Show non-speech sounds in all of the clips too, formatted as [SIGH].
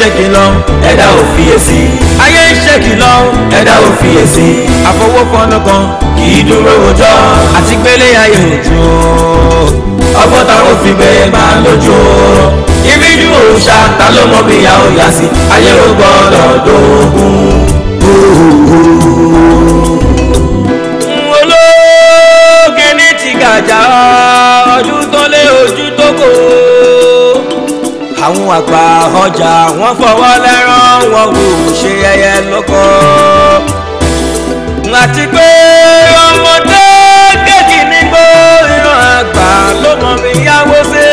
ṣèkìlọ̀ ẹ̀dá ò fiyèsí. ayé ń ṣèkìlọ̀ ẹ̀dá ò fiyèsí. àfọwọ́fọ́nù kan kì í dúró ọjọ́. àti gbélé ayé òjò. ọgbọ́n táwọn fi bẹ́ẹ̀ máa lójú. ìrìndù òòṣà ta ló mọ bí ìyá òyà sí. ayé ò gbọ́dọ̀ dógún. olóògùn ní ti gàjà ọdún tó lé ojú tó kò àwọn àgbà ọjà wọ́n fọwọ́ lẹ́rán wọn kò ṣe ẹyẹ lóko. àti pé ọmọdé kéèkì nígbó ìran àgbà ló mọ mi yáwó sí.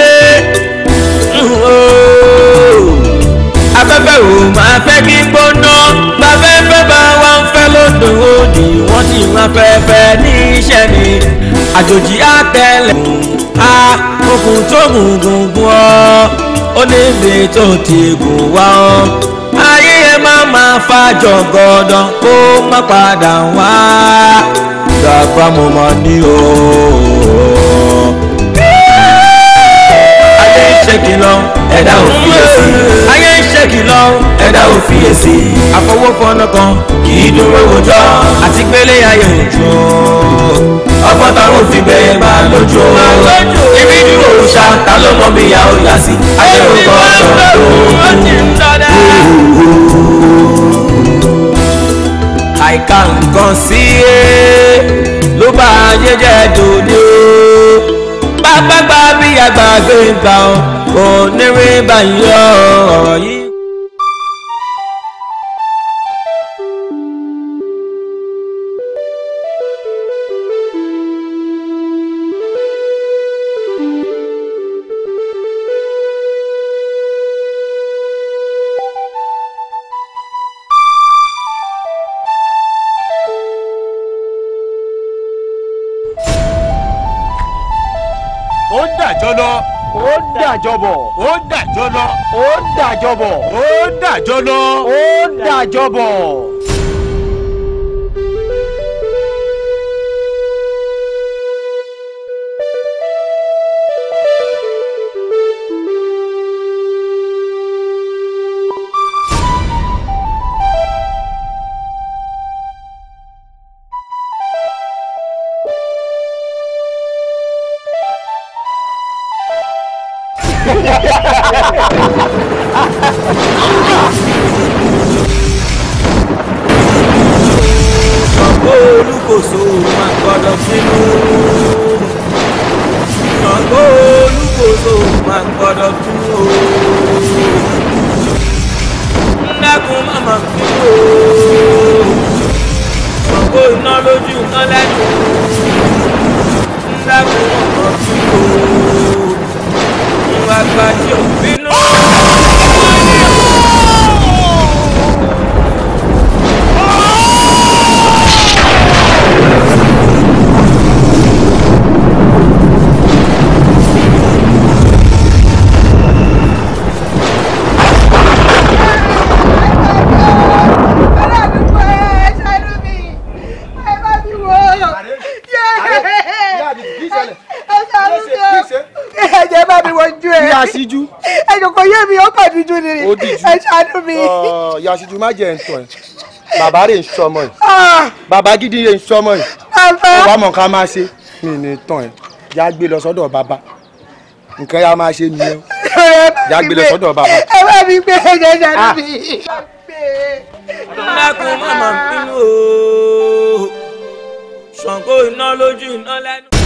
afẹ́fẹ́ ò máa fẹ́ kí gbóná gbafẹ́fẹ́ bá wa ń fẹ́ lódò òdì wọ́n sì máa fẹ́ fẹ́ ní iṣẹ́ ni àjòjì àtẹlẹ̀ a okùn tó gùn gùn gùn ọ́ ó níbi tó ti gùn wá ọ́ ayé ẹ má máa fàjọ gọdọ kó má padà wá gbàgbà mo mọ̀ ní o. ayé ń ṣe kìlọ̀ ẹ̀dá òfin ẹ̀sìn méjèèjì lọ ẹ̀dá ò fiyèsí àfọwọ́fọ́nà kan kì í dúró wòjọ́ àti gbélé ayé òjò ọgbọ́n táwọn òfin bẹ́ẹ̀ máa lójú ibi dúró òòṣà ta ló mọ bí ìyá ọ̀yà sí ayé òkò ọ̀sán tó àìka nǹkan sí e ló bá jẹjẹ dòde bá bá gbà bí àgbà gbé gbà ọ onírìbà yọ ọ̀rọ̀ yìí. dàjọbọ̀. ó dàjọ lọ. ó dàjọbọ̀. èṣù má jẹ́ ntọ́ ah! yìí bàbá rẹ̀ ń sọmọ yìí bàbá gidi rẹ̀ ń sọmọ yìí bàbá mọ̀ ká máa ṣe mí ní tán ẹ̀ yá gbé lọ sọ́dọ̀ bàbá nǹkan yá máa ṣe nìyẹn yá gbé lọ sọ́dọ̀ bàbá. ẹ bá mi gbé ẹ jẹ jẹ ah! mi. mọ̀mọ́ bínú o Ṣàngó iná lójú iná lẹ́nu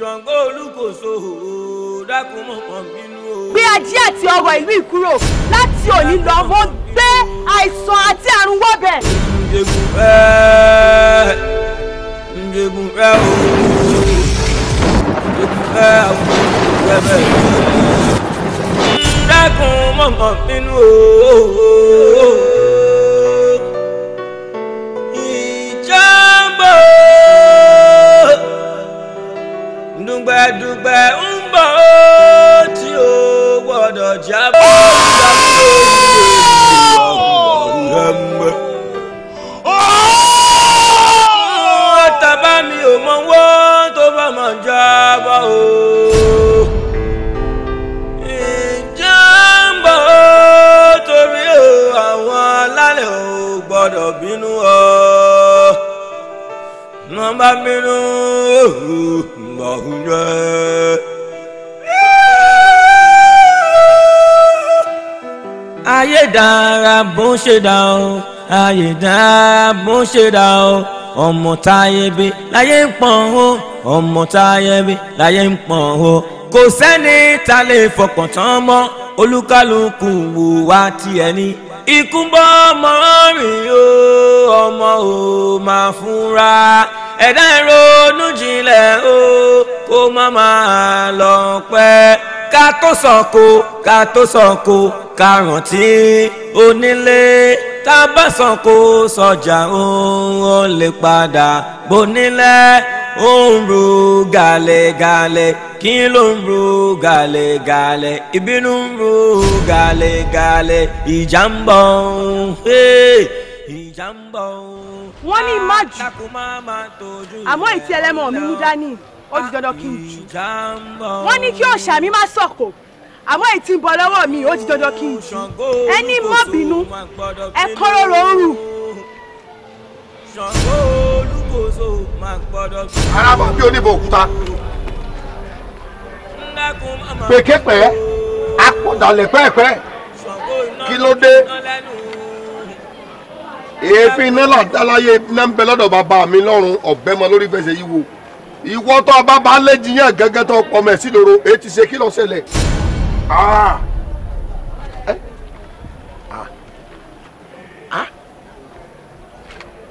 ṣàngó olùkóso dákun mọ̀ kàn bínú o. gbé ajé àti ọrọ̀ ìlú ìkúrò láti òní lọ mo gbé àìsàn àti àrùn wọ́bẹ̀. ǹjẹ̀gùn fẹ́ ǹjẹ̀gùn fẹ́ o ǹjẹ̀gùn fẹ́ àwọn ǹjẹ̀gùn dákun mọ̀ kàn bínú o. ìjọba. dùgbẹ̀dùgbẹ̀ ń bọ̀ ó tí ó gbọ́dọ̀ jábọ́ nígbà tó lè lè lọ́gbọ̀n rẹ̀. tàbá mi ò mọ wọ́n tó bá mọ̀ jábọ́ o. ǹjẹ́ ń bọ̀ ó torí àwọn alálẹ̀ ò gbọ́dọ̀ bínú o nọmba mínú gbọ̀húnjẹ. ayé dára bó ṣe dá o ayé dára bó ṣe dá o ọmọ táyé bí láyé ń pọ̀n o ọmọ táyé bí láyé ń pọ̀n o kò sẹ́ni tá lè fọkàn tán mọ́ olúkálùkù wù wá tiẹ̀ ní ìkúbọ ọmọ rìn o ọmọ ò máa fúnra ẹ̀dá ìrònú jinlẹ̀ o kó má máa lọ pẹ́ ká tó sọ̀kò ká tó sọ̀kò ká rántí onílé tá bá sọ̀kò sọjà òun ò lè padà bónílẹ̀ ó ń ro gàlẹ́gàlẹ́ kí ló ń ro gàlẹ́gàlẹ́ ìbínú ń ro gàlẹ́gàlẹ́ ìjà ń bọ̀ ìjà ń bọ̀. wọ́n ní májú àmọ́ ìtì ẹlẹ́mọ̀ mi mú dání ó di dandan kí n jù wọ́n ní kí òòṣà mi má sọ̀kò àmọ́ èyí ń bọ̀ lọ́wọ́ mi ó di dandan kí n jù ẹni mọ́ bínú ẹ kọ́ ń rù. Ṣàngó Olúkòso máa gbọ́dọ̀. arábọ̀ bí oníbò òkúta. pèképẹ́ apọ̀dàlẹ̀ pẹ́ẹ́pẹ́ kí ló dé èéfín iná làdáláyé iná ń bẹ lọ́dọ̀ bàbá mi lọ́rùn ọ̀bẹ mọ lórí fẹsẹ̀ yìí wo ìwọ bàbá lẹ́jìyàn gẹ́gẹ́ tó pọ̀ mẹ́sìlóró etí ṣe kí ló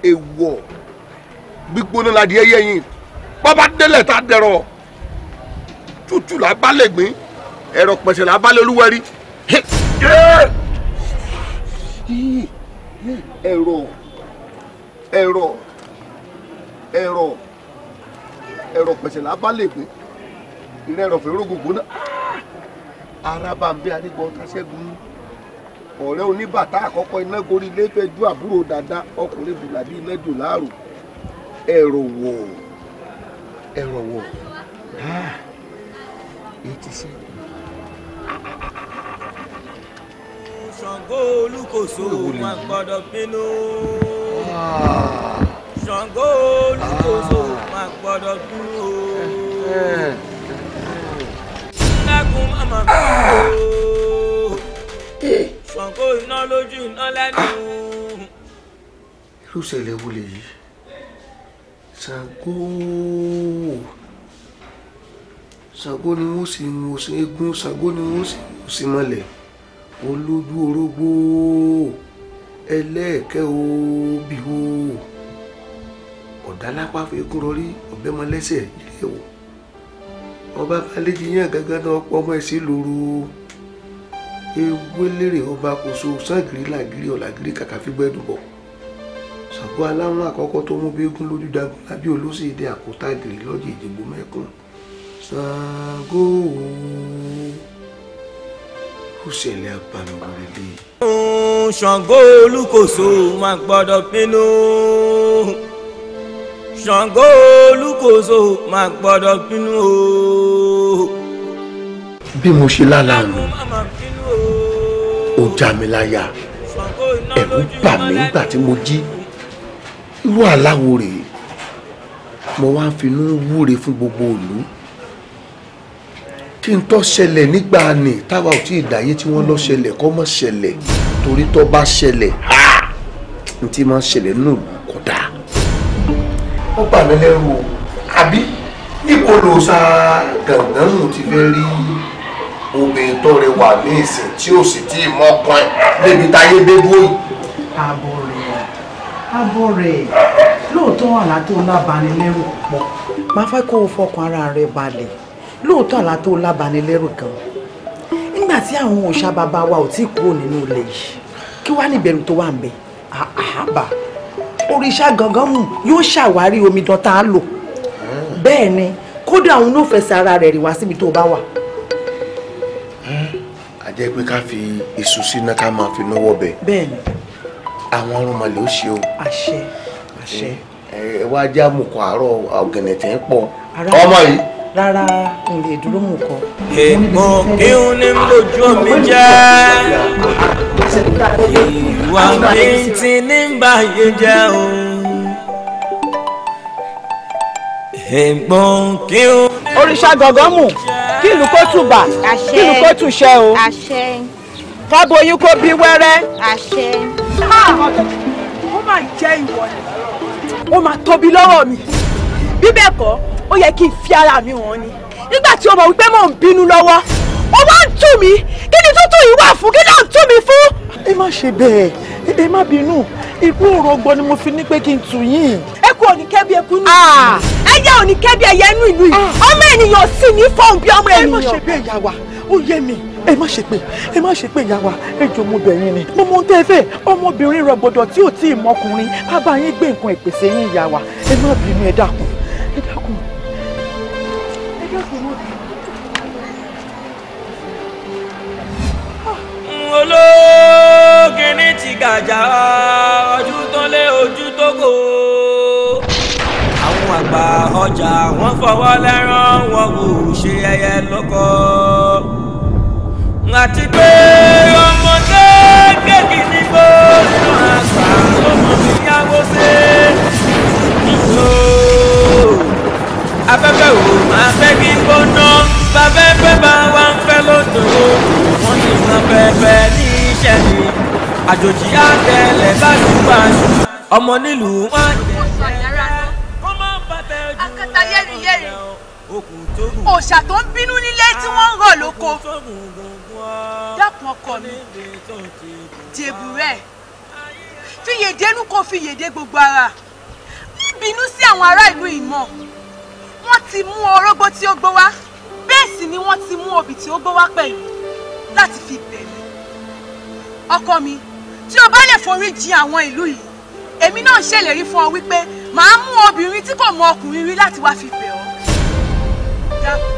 èèwọ̀ gbígbóná la di ẹyẹ yìí bàbá délẹ̀ tá a dẹ̀rọ̀ tútù là bá lè gbìn ẹ̀rọ pẹ̀sẹ̀ là bá lè olúwẹ̀rí ẹ̀rọ ẹ̀rọ ẹ̀rọ ẹ̀rọ pẹ̀sẹ̀ là bá lè gbìn ìrẹ́rọ̀ fẹ́ràn gbogbo náà ara bá ń bẹ adigun ọ̀tá ṣẹ́gun ọ̀rẹ́ oníbàtà àkọ́kọ́ iná gorí lẹ́fẹ̀ẹ́jú àbúrò dada ọkùnrin bùlàbí iná ẹ̀rọ ẹ̀rọ etí sí. Ṣàngó máa bínú. Ah. Ṣàngó máa bínú. ṣàǹkó iná lójú iná lẹ́nu. irú ìṣẹ̀lẹ̀ wo lèyí ṣàǹkó ṣàǹkó ni wọ́n sì ń wọ́n sì ń gún ṣàǹkó ni wọ́n sì ń wọ́n sì mọ́lẹ̀ olójú orógbó ẹlẹ́ẹ̀kẹ́ obì o ọ̀dálápá fi kún rọrí ọ̀bẹ́mọlẹ́sẹ̀ ilé ẹ̀wọ̀ ọba balẹ̀ jiyàn gángan náà pọ́ ọmọ ẹ̀ sí lóru ewélèrè ọba kòso ságìrì làgìrì ọ̀làgìrì kàkà fi gbẹ́dùn bọ̀ ṣàgbọ́ aláwọn àkọ́kọ́ tó mú bíégún lójú dagun lábí olóṣè èdè àkótá gìrì lọ́jọ́ ìdìbò mẹ́kún Ṣàngó ó ṣẹlẹ̀ abàmìwòrẹ́ lé. Ṣàngó Olúkòso máa gbọ́dọ̀ pinnu Ṣàngó Olúkòso máa gbọ́dọ̀ pinnu o. bí mo ṣe lálàánú ó já mi láyà ẹ̀rù bà mí nígbà tí mo jí irú aláwo rèé mo wá ń finú wúre fún gbogbo ìlú kí n tó ṣẹlẹ̀ nígbà ni táwa ò tí ì dáyé tí wọ́n lọ ṣẹlẹ̀ kọ́ mọ́ ṣẹlẹ̀ torí tó bá ṣẹlẹ̀ ha n ti máa ṣẹlẹ̀ nínú ìlú kódà ó bà mí lẹ́rù o àbí níbo lòṣà gàngán mo ti fẹ́ rí i obìnrin tó rẹwà ní ìsìn tí ò sì tí ì mọ́kàn ẹ̀ níbi táyé débú yìí. ààbò rẹ̀ ààbò rẹ̀ lóòótọ́ àlá tó lábanilẹ́rù pọ̀ máa fẹ́ kó o fọkàn ara rẹ balẹ̀ lóòótọ́ àlá tó lábanilẹ́rù kan nígbà tí àwọn òòṣà bàbá wa ò tí ì kúrò nínú ilẹ̀ yìí kí wàá níbẹ̀rù tó wà ń bẹ̀ àhábà òrìṣà gangan mu yóò ṣàwárí omidan tá a lò bẹ́ẹ̀ ni kódà òun ló fẹsẹ̀ ara rẹ̀ rí wá síbi tó bá wà jẹ́ pé ká fi èso síná ká máa fi náwó ọbẹ̀. bẹ́ẹ̀ni. àwọn arúnmalẹ̀ ó ṣe o. àṣẹ àṣẹ. ẹ wá jẹ́ àmùkọ àárọ̀ ọ̀gẹ̀nẹ̀ tẹ̀ ń pọ̀. ọmọ yìí. rárá n lè dúró mú kọ. èèmọ̀ kí ní lójú omi jẹ́ ìwà mi ti ní báyé jẹ́ o. èèmọ̀ kí òrìṣà gọ̀gọ́mù kí ìlú kó tùbà kí ìlú kó tùṣẹ́ o káboyún kó bí wẹ́rẹ́. ó máa jẹ́ ìwọ ni ó máa tóbi lọ́rọ̀ mi bí kọ́ ó yẹ kí n fi ara mi hàn ni nígbà tí ó mọ̀ wípé mò ń bínú lọ́wọ́ ó wá ń tù mí kí ni tútù yìí wà fún kí ló ń tù mí fún. ẹ má ṣe bẹ́ẹ̀ ẹ má bínú ikú òrò ọgbọ́n ni mo fi ní pé kí n tù yín. ẹ kú òní kẹ́bí ah. ẹ kú ní. ẹyẹ òní kẹ́bí ẹyẹ inú ìlú yìí ah. ọmọ ènìyàn sì ní fóun bí ọmọ ènìyàn. ẹ má ṣe bẹ́ẹ̀ yà wá ó yé mi ẹ má ṣe pé ẹ má ṣe pé ìyá wa ẹ jọ ọmọbìnrin ni mo mọ tẹ́ fẹ́ ọmọbìnrin rọ̀gbọ̀dọ̀ tí ò tí ì mọkùnrin bàbá yín gbé nǹkan ìpèsè yín ìyá wa ẹ má bínú ẹ dákun. olóògì ní ti gàjà ojú tó lé ojú tó kò. àwọn àgbà ọjà wọ́n fọwọ́ lẹ́rán wọn kò ṣe ẹyẹ lóko. àti pé ọmọdé kéèkì ní gbòòrò àgbà lọ́mọ mi yáwó sí. afẹ́fẹ́ wo máa fẹ́ kí gbóná bàbá ẹgbẹ́ bá wa ń fẹ́ lódò ìran pẹpẹ ní ìṣẹ̀lẹ̀ àjòjì àtẹlẹ báṣubàṣu ọmọ nílùú wọn. akata yẹ́rìyẹ́rì òòṣà tó ń bínú nílé tí wọ́n ń rọ̀ lóko dákun ọkọ mi dèbúrẹ́ fìyèdénú kò fìyèdé gbogbo ara bínú sí àwọn ará ìlú ìmọ̀ wọ́n ti mú orógbó tí ó gbó wá bẹ́ẹ̀ sì ni wọ́n ti mú obì tí ó gbó wá pẹ̀lú láti fi bẹ̀ mí ọkọ mi tí o bá lè forí jì àwọn ìlú yìí èmi náà ṣèlérí fún ọ wípé màá mú obìnrin tí kò mọ ọkùnrin rí láti wá fi bẹ̀ ọ́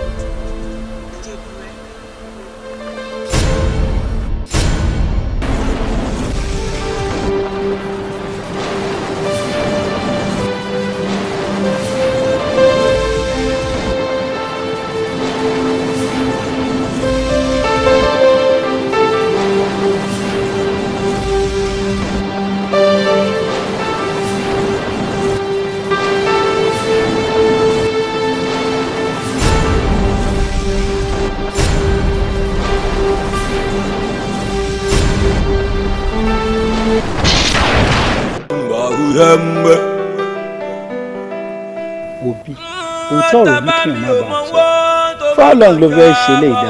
long ló fẹ́ ṣe lè dà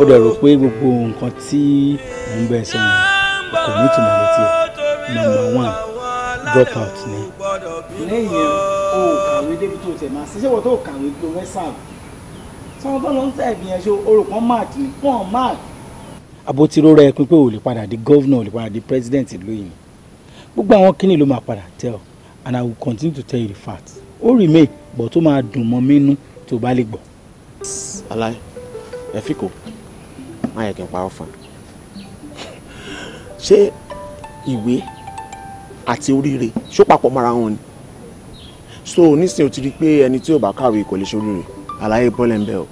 ó dẹ̀ rò pé gbogbo nǹkan tí mò ń bẹ sọ yẹn kò ní ìtumọ̀ létí ẹ̀ number one drop out ni. lẹ́yìn o kàwé débi tó tẹ̀ máa ṣiṣẹ́ wọ́n tó kàwé tó fẹ́ sáàbù tí wọ́n bá lọ ń tẹ̀ ìgbìyànjú orúkọ mark ni wọ́n mark. àbótiró rẹ pín pé ò lè padà di gọ́vnà ò lè padà di president ìlú yìí gbogbo àwọn kíni ló máa padà tell and i will continue to tell you the fact ó remain but ó máa dùn mọ́ mínú tó bá lè gbọ́. Alai, efiko. fi kò má yẹ kí n parọ́ fún ẹ ṣé ìwé àti oríire ṣó papọ̀ mọ́ra wọn ni so nísìnyí o ti rí i pé ẹni tí ò bá kàwé I lè ṣoríire aláì bọ́lẹ̀ ń bẹ́ o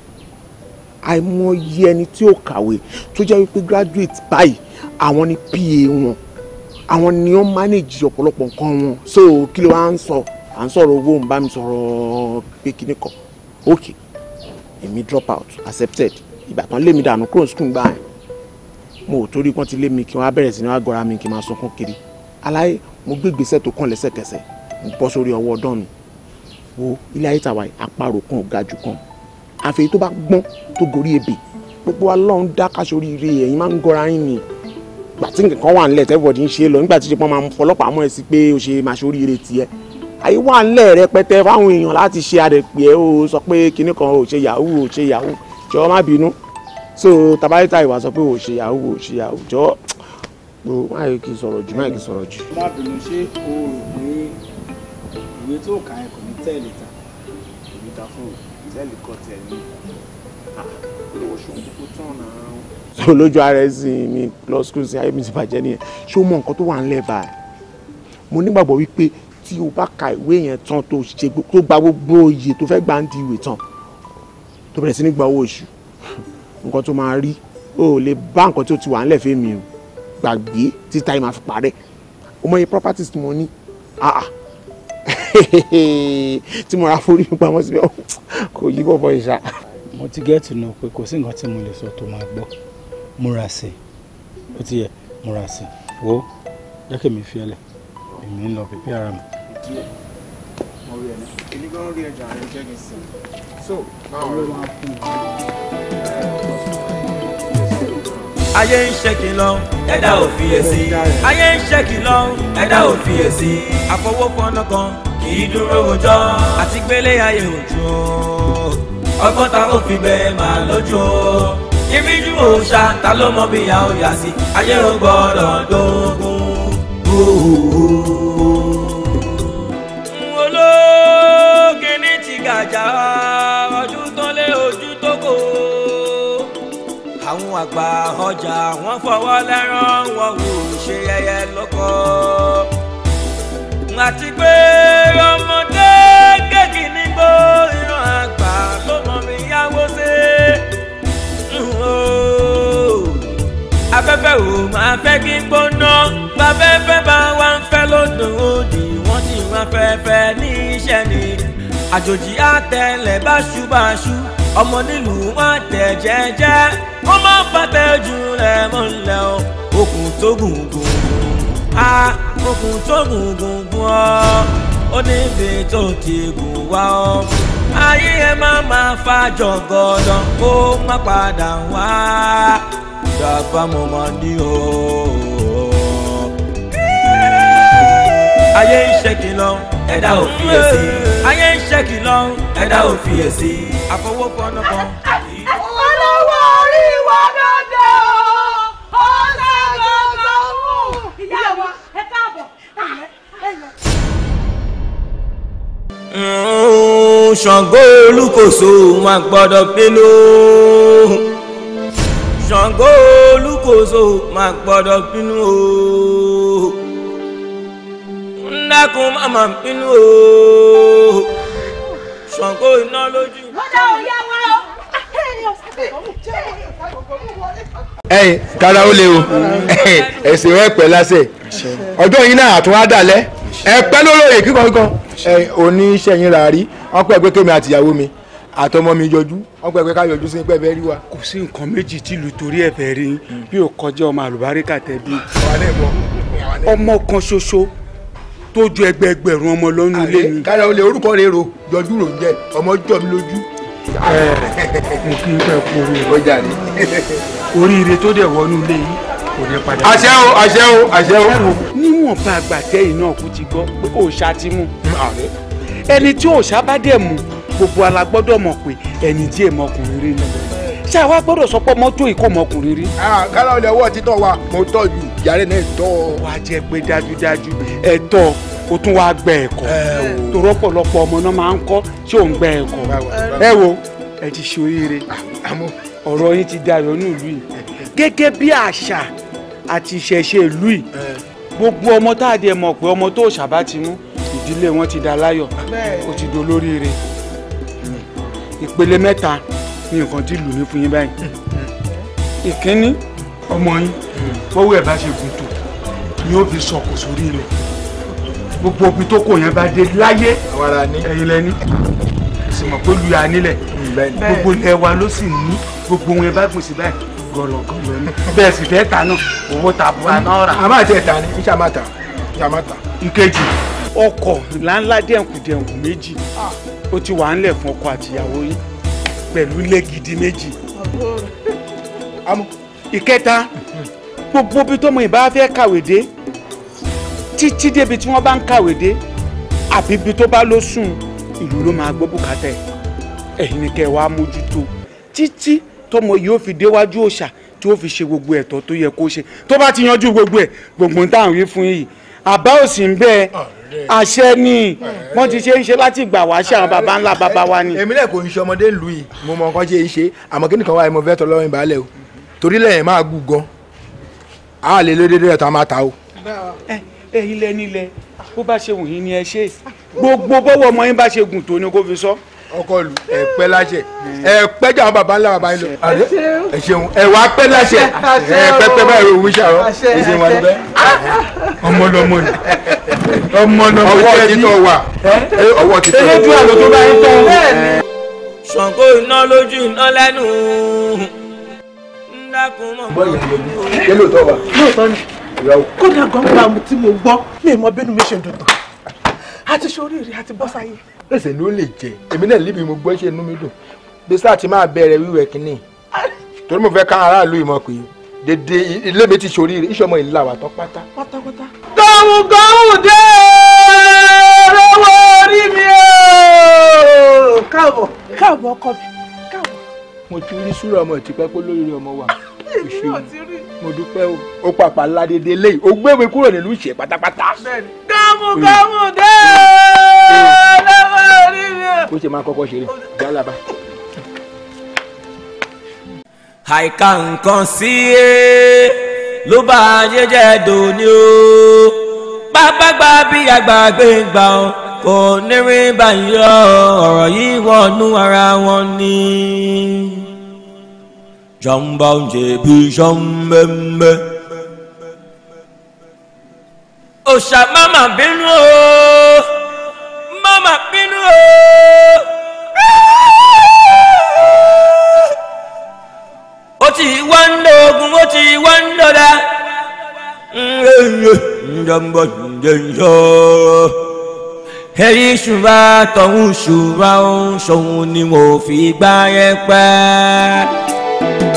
àìmọye ẹni tí ò graduate báyìí àwọn ni pa wọn àwọn ni wọ́n manage ọ̀pọ̀lọpọ̀ nǹkan wọn so kí ló wá ń sọ à ń sọ̀rọ̀ mi sọ̀rọ̀ pé kíní kan okay èmi drop out accepted ìgbà kan lé mi dànù kúrò school gbà yẹn mo ò torí kán ti lé mi kí wọn á bẹ̀rẹ̀ sí ní wọn gọra mi kí n máa sunkún kiri aláyé mo gbé ìgbésẹ̀ tó kàn lẹ́sẹ̀kẹsẹ̀ mo bọ́ sórí ọwọ́ ọdán mi wo ilé ayé tàwa yìí àparò kan ò ga jù kan àfẹ́yí tó bá gbọ́n tó gorí ebè gbogbo wa lọ́n dá kaṣọ oríire ẹ̀yin máa ń gọra yín ni gbàtí nǹkan wà nílẹ̀ tẹ́fọ̀dì ń ṣe é lọ nígbà tí ṣe pọ́n máa ń fọlọ́pàá mọ́ ẹ sí pé o ṣe máa ṣoríire tiẹ̀ àyè wà ńlẹ̀ rẹpẹtẹ fáwọn èèyàn láti ṣe àdẹ̀pẹ́ o sọ pé kinní kan ò ṣe yahoo ò ṣe yahoo jọ má bínú so tabarita ìwà sọ pé ò ṣe yahoo ò ṣe yahoo jọ o má yẹ kí n sọ̀rọ̀ jù má yẹ kí n sọ̀rọ̀ jù. má bínú ṣé o rò pé ìwé tó kà ẹ̀ kò ní tẹ̀lé ta ìwé ta fún tẹ̀lé kọ tẹ̀lé ah, olówó ṣòwò kó tán náà. so lójú ara ẹ sìn mi lọ school sí ayé mi ti bàjẹ́ nìyẹn ṣé o mọ nǹkan tó wà ńlẹ̀ báyìí mo nígbàgbọ́ wípé tí o bá ka ìwé yẹn tán tó ṣe tó gba gbogbo oyè tó fẹ́ gbà ń di ìwé tán tó bẹ̀rẹ̀ sí ní gba owó oṣù nǹkan tó máa rí o ò lè bá nǹkan tó ti wà ńlẹ̀ fẹ́mi o gbàgbé títa yìí máa fi o mọ iye properties tí mo ní ah ah [LAUGHS] tí mo ra forí mi pamọ́ síbẹ̀ [LAUGHS] kò yí bọ̀ ìṣá. mo ti gẹ́ẹ̀tì náà pé kò sí nǹkan tí mo lè sọ tó máa gbọ́ múra sí i ó ti yẹ múra sí i wo jẹ́ kí mi fi ẹ èmi ń lọ pípẹ́ ara mi díẹ̀ mo rí ẹni èmi gan rí ẹjọ́ ààrẹ jẹ́ kí n sìn so báwo ló máa fún mi. ayé ń ṣẹ́kì lọ ẹ̀dá ò fiyèsí ayé ń ṣẹ́kì lọ ẹ̀dá ò fiyèsí àfọwọ́fọ́nà kan kì í dúró ọjọ́ àti gbélé ayé òjò ọgbọ́n ta ó fi bẹ́ẹ̀ máa lójú ìríjú òòṣà ta ló mọ bí ìyá ó yà sí ayé ò gbọ́dọ̀ dógún. àjà ọdún tó lé ojú tó kò. àwọn àgbà ọjà wọ́n fọwọ́ lẹ́rán wọn kò ṣe ẹyẹ lọ́kọ. àti pé ọmọdé kéèkì nígbó ìran àgbà ló mọ mi yáwó sí. afẹ́fẹ́ ò máa fẹ́ kí n gbóná gbafẹ́fẹ́ bá wa ń fẹ́ lódò òdì wọ́n sì wọ́n fẹ́fẹ́ ní iṣẹ́ ni àjòjì àtẹlẹ báṣubàṣu ọmọ nílùú má tẹ̀ jẹ́jẹ́ ó má bàtẹ jù rẹ mọ́lẹ̀ o okùn tó gùngùn a okùn tó gùngùn gùn ọ ó níbi tó ti gùn wá ọ ayé ẹ má máa fa jọgọdọ kó má padà wá ìjàpá mo máa ní o. ayé ń ṣe kìlọ̀ ẹ̀dá ò fiyèsí. ayé ń ṣẹ́kì lọ. ẹ̀dá ò fiyèsí. àfọwọ́pọ̀ ọ̀nà kan. olówó orí wa dandan o ọ̀sẹ̀ gbọ̀ngàn mú. ìyá wa ẹ káàbọ̀ ṣàngó olúkòso wọn gbọ́dọ̀ pinnu ṣàngó olúkòso wọn gbọ́dọ̀ pinnu o dákun màmá bínú o Ṣàngó iná lójú. kódà ò yá wa o. ẹyin kára ó lè o ẹsìn rẹ pẹ lásẹ ọjọ́ yìí náà àtúnwá dalẹ ẹ pẹ lóróyè kíkan kíkan ẹyin oníṣẹ́ yín rà rí wọn pẹ pé àtìyàwó mi àtọmọ mi yọjú wọn pẹ pé ká yọjú sí pẹ bẹ́ẹ̀ rí wa. kò sí nǹkan méjì tí torí ẹ fẹ́ rí bí o kọjá ọmọ àlùbáríkà tẹ bí. ọmọ kan ṣoṣo tó ju ẹgbẹ ẹgbẹ̀rún ọmọ lọ́nu ilé mi. kára olè orúkọ rẹ ro jọjú rò jẹ ọmọ jọ mi lójú. ẹ mo kí n pẹ kú orí ọjà ni. oríire tó dẹ̀ wọnú ilé yìí kò ní padà. àṣẹ o àṣẹ o àṣẹ o. níwọ̀n bá náà kú ti gbọ́ pé òòṣà ti mú. ẹni tí òòṣà bá dẹ̀ mú gbogbo alágbọ́dọ̀ mọ̀ pé ẹni tí èèmọkùnrin rí ni ṣé àwa gbọ́dọ̀ sọ pé mọ́tò ìkómọkùnrin rí. Ah, kálá olè ọwọ́ títọ́ wa mo tọ́ ju yàrá náà tọ́. wàá jẹ pé dájúdájú ẹ̀tọ́ o tún wàá gbẹ ẹ̀kọ́ torí ọ̀pọ̀lọpọ̀ ọmọ náà máa ń kọ́ tí ò ń gbẹ ẹ̀kọ́ ẹ wo ẹ ti ṣe oríire ah, ọ̀rọ̀ yín ti dayọ̀ ní ìlú yìí gẹ́gẹ́ bí àṣà àti ìṣẹ̀ṣe ìlú yìí gbogbo ọmọ tá a dẹ̀ mọ̀ pé ọmọ tó ṣàbá ti mú ìdílé wọn ti dá láyọ̀ ó ti dolóríire ìpele mẹ́ta nǹkan tí lù ní fún yín báyìí ìkíní ọmọ yín bọ́wọ́ ẹ̀ bá ṣe gùn tó ni ó fi sọ̀kò sórí ilẹ̀ gbogbo obi tó kò yẹn bá dé láyé ẹ̀yin lẹ́ni sì mọ̀ pé luya nílẹ̀ mm, gbogbo ilẹ̀ wa ló sì ní gbogbo wọn bá gbèsè báyìí gọ̀lọ̀gọ̀lọ̀ ni bẹ́ẹ̀ sì fẹ́ ta náà owó ta bọ́ àná rà. a máa tẹ ta ni kí sàmà ta sàmà ta. ìkejì ọkọ̀ ńláńlá dẹ̀kùdẹ̀kù méjì ah. ó ti wà ńlẹ̀ fún ọkọ àtìyàwó yìí pẹ̀lú ilé gidi méjì. àmọ́ ìkẹta gbogbo bí tọ́mọ ìbá fẹ́ kàwé dé títí débi tí wọ́n bá ń kàwé dé àbí bí tó bá lọ sùn ìlú ló máa gbọ́ bùkátà ẹ̀ ẹ̀yin ni kẹ́ ẹ wá mójútó títí tọ́mọ yìí ó fi déwájú òòṣà tí ó fi ṣe gbogbo ẹ̀tọ́ tó yẹ kó ṣe tó bá ti yanjú gbogbo ẹ̀ gbogbo ń tàn wí fún yìí àbá òsì ń bẹ́ẹ̀ àṣẹ ni wọ́n ti ṣe ń ṣe láti ìgbà wá ṣe àwọn baba ńlá baba wa ni. èmi náà kò ń ṣe ọmọdé ìlú yìí mo mọ nǹkan ṣe é ṣe àmọ́ kí nìkan wáyé mo fẹ́ tọ́lọ́run ìbálẹ̀ o torí lẹ́yìn máa gùn gan a lè lé dédé ẹ̀ta máa ta o. ẹ ẹ ilẹ̀ nílẹ̀ bó bá ṣe wù yín ni ẹ ṣe gbogbo bọ́wọ́ ọmọ yín bá ṣe gùn tó ni kó fi sọ. So ọkọ lu ẹ pẹ́ láṣẹ ẹ pẹ́ jẹ àwọn baba ńlá baba yín lọ ẹ ṣeun ẹ láṣẹ ẹ pẹpẹ báyìí ro wíṣà ọ wà níbẹ̀ ọmọ ni ọmọ lọmọ títọ wà ọwọ́ títọ wà. eléjú àlọ tó bá yín tán. Ṣàngó iná lójú iná lẹ́nu ṣe lóòótọ́ wa. lóòótọ́ ni kódà gọ́ngàn tí mo gbọ́ mi ì mọ bẹ́ẹ̀ ni mi ṣe dùn tán àti ṣoríire àti bọ́sáyé ẹsẹ̀ ló lè jẹ èmi náà líbi mo gbọ́ ṣe inú mi dùn bí sáà ti máa bẹ̀rẹ̀ wíwẹ̀ kínní torí mo fẹ́ ká aráàlú ìmọ̀ pé dédé ilé mi ti ṣoríire iṣọmọ ìlú àwàtọ́ pátá pátápátá. gọ́hùn gọ́hùn dé rọwọ́ orí mi o káàbọ̀ káàbọ̀ ọkọ mi káàbọ̀. mo ti rí súrà ọmọ ìtìpẹ́ pé lórí ọmọ wa. èmi náà ti rí mo dúpẹ́ o ó pàpà ládédé léyìí ó gbéwèé kúrò nílùú ìṣe pátápátá. gámù gámù dé lọ́wọ́ orí mi. ó ṣe máa kọ́kọ́ ṣeré jálàbá. àìka nǹkan sí e ló bá ayé dòní o pápágbá bí àgbàgbé gbà ó kò ní rí báyìí ọ̀rọ̀ yìí wọnú ara wọn ni trong bao chế bi trong mềm mê ô sa mama bínú o mama bínú o ó ti wá ń lọ ogun ó ti wá ń lọ dá njọmbọ njẹnjọ ẹ̀rí ṣùgbà tọ̀hún ṣùgbà ń ṣòun ni mo fi gbá yẹn pẹ́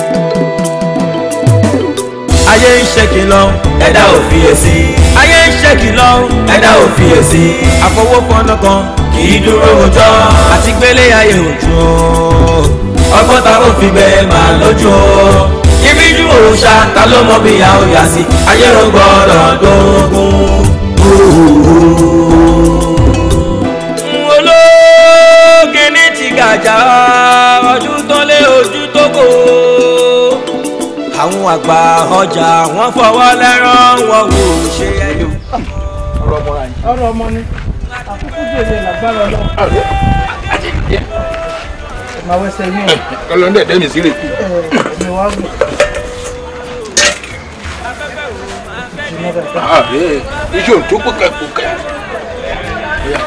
ayé ń ṣe kìlọ̀ ẹ̀dá ò fiyèsí. ayé ń ṣe kìlọ̀ ẹ̀dá ò fiyèsí. àfọwọ́fọ́nà kan kì í dúró ọjọ́ àti gbélé ayé òjò. ọgbọ́n ta ló fi bẹ́ẹ̀ máa lójú o. ibi ju òòṣà ta ló mọ bí ìyá òyà sí ayé ló gbọ́dọ̀ dógún. olóògì ní ti gàjà ojú tó lé ojú tó kò àwọn àgbà ọjà wọ́n fọwọ́ lẹ́rọ̀ wọn ò ṣe ẹyọ. ọ̀rọ̀ ọmọ ni. ọ̀rọ̀ ọmọ ni àkókò dèlè làgbára lọ. màá wẹsẹ̀ yín o. kọ́lọ́ ní ẹ̀dẹ́ mi sí rè. mi wá gùn. Ah, eh, iṣẹ́ òtún pọ̀kẹ́ pọ̀kẹ́. Yeah.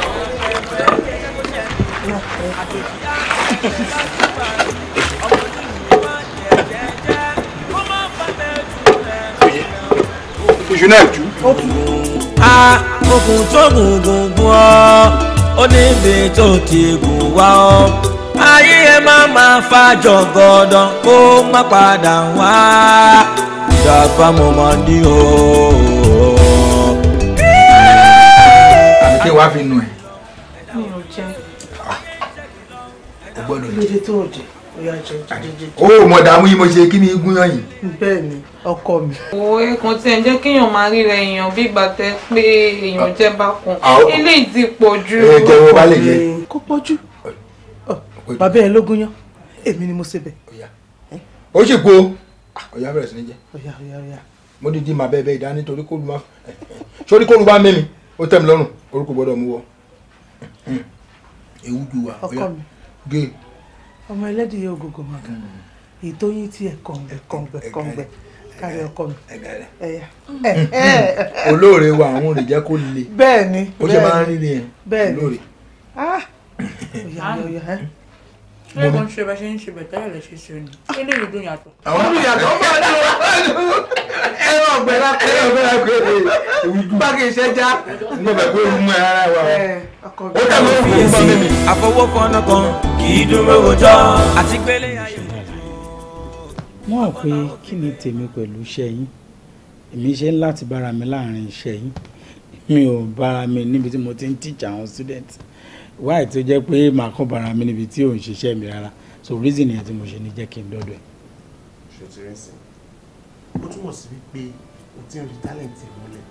iṣu náà tú. a ogun tó gùn gùn gùn ọ ó níbi tó ti gùn wá ọ ayé ẹ má máa fa jọgọdàn kó má padà wá ìdàgbà mo máa ní o. àbíké wàá fi nù ẹ. mi ò jẹ. Ah, o gbọ́dọ̀ jẹ. gbèdé tó jẹ o yà jẹ jẹ jẹ. o mọ̀ dààmú yìí mo ṣe kí ni igun yàn yìí. bẹ́ẹ̀ ni ọkọ mi. òwe kan tí ẹ jẹ́ kéèyàn máa ríra èèyàn bí ìgbà tẹ pé èèyàn jẹ́ bákan eléyìí ti pọ̀ jù. ẹ jẹ́ wọn bá lè jẹ. kó pọ̀ jù bàbá ẹ lógún yán èmi ni mo ṣe bẹ̀. ó sì po ọ̀yà bẹ̀rẹ̀ sí ní jẹ́ mo dídí màá bẹ́ẹ̀ bẹ́ẹ̀ dá nítorí kó lu ma sórí kó lu bá o ó tẹ̀ mí lọ́rùn orúkọ gbọ́dọ̀ mú wọ. ewu ju wa ọkọ mi gé. ọmọ ẹlẹ́dìí ògògò màgà èyí tó yín ti ẹ̀kọ́ ń bẹ̀ kọ́ ń bẹ̀ kọ́ kárí ọkọ mi olóore wa àwọn olè jẹ́ kó le bẹ́ẹ̀ ni ó ṣe máa ń rí ni ẹ̀ olóore. Ilé ah! ah. kan ṣe bá ṣe ń ṣe bẹ̀tẹ́ rẹ̀ ṣe ṣe ni. Ṣé lè dùn yàtọ̀? Àwọn ọmọ ìyàtọ̀ máa ń lọ ẹ̀rọ ọ̀gbẹ́ lápẹ́ ẹ̀rọ ọ̀gbẹ́ lápẹ́ ẹ̀rọ bá kì í ṣe já. Mo bẹ̀ pé mú ẹ rárá wa. Ó dàbí òfin sí àfọwọ́fọ́nà kan kì í dúró wòjọ́ àti gbélé ayé mo hàn pé kí ni tèmi pẹ̀lú iṣẹ́ yín èmi ṣe ń láti bára mi láàrin iṣẹ́ yín mi ò bára mi níbi tí mo ti ń teach àwọn students wáyé tó jẹ́ pé màá kọ́ bára mi níbi tí ò ń ṣiṣẹ́ mi rárá so reason yẹn tí mo ṣe ní jẹ́ kí n dọ́dọ̀ ẹ̀. ṣètò rẹ sìn ó túmọ̀ sí wípé o ti ń rí talent ẹ̀ mọ́lẹ̀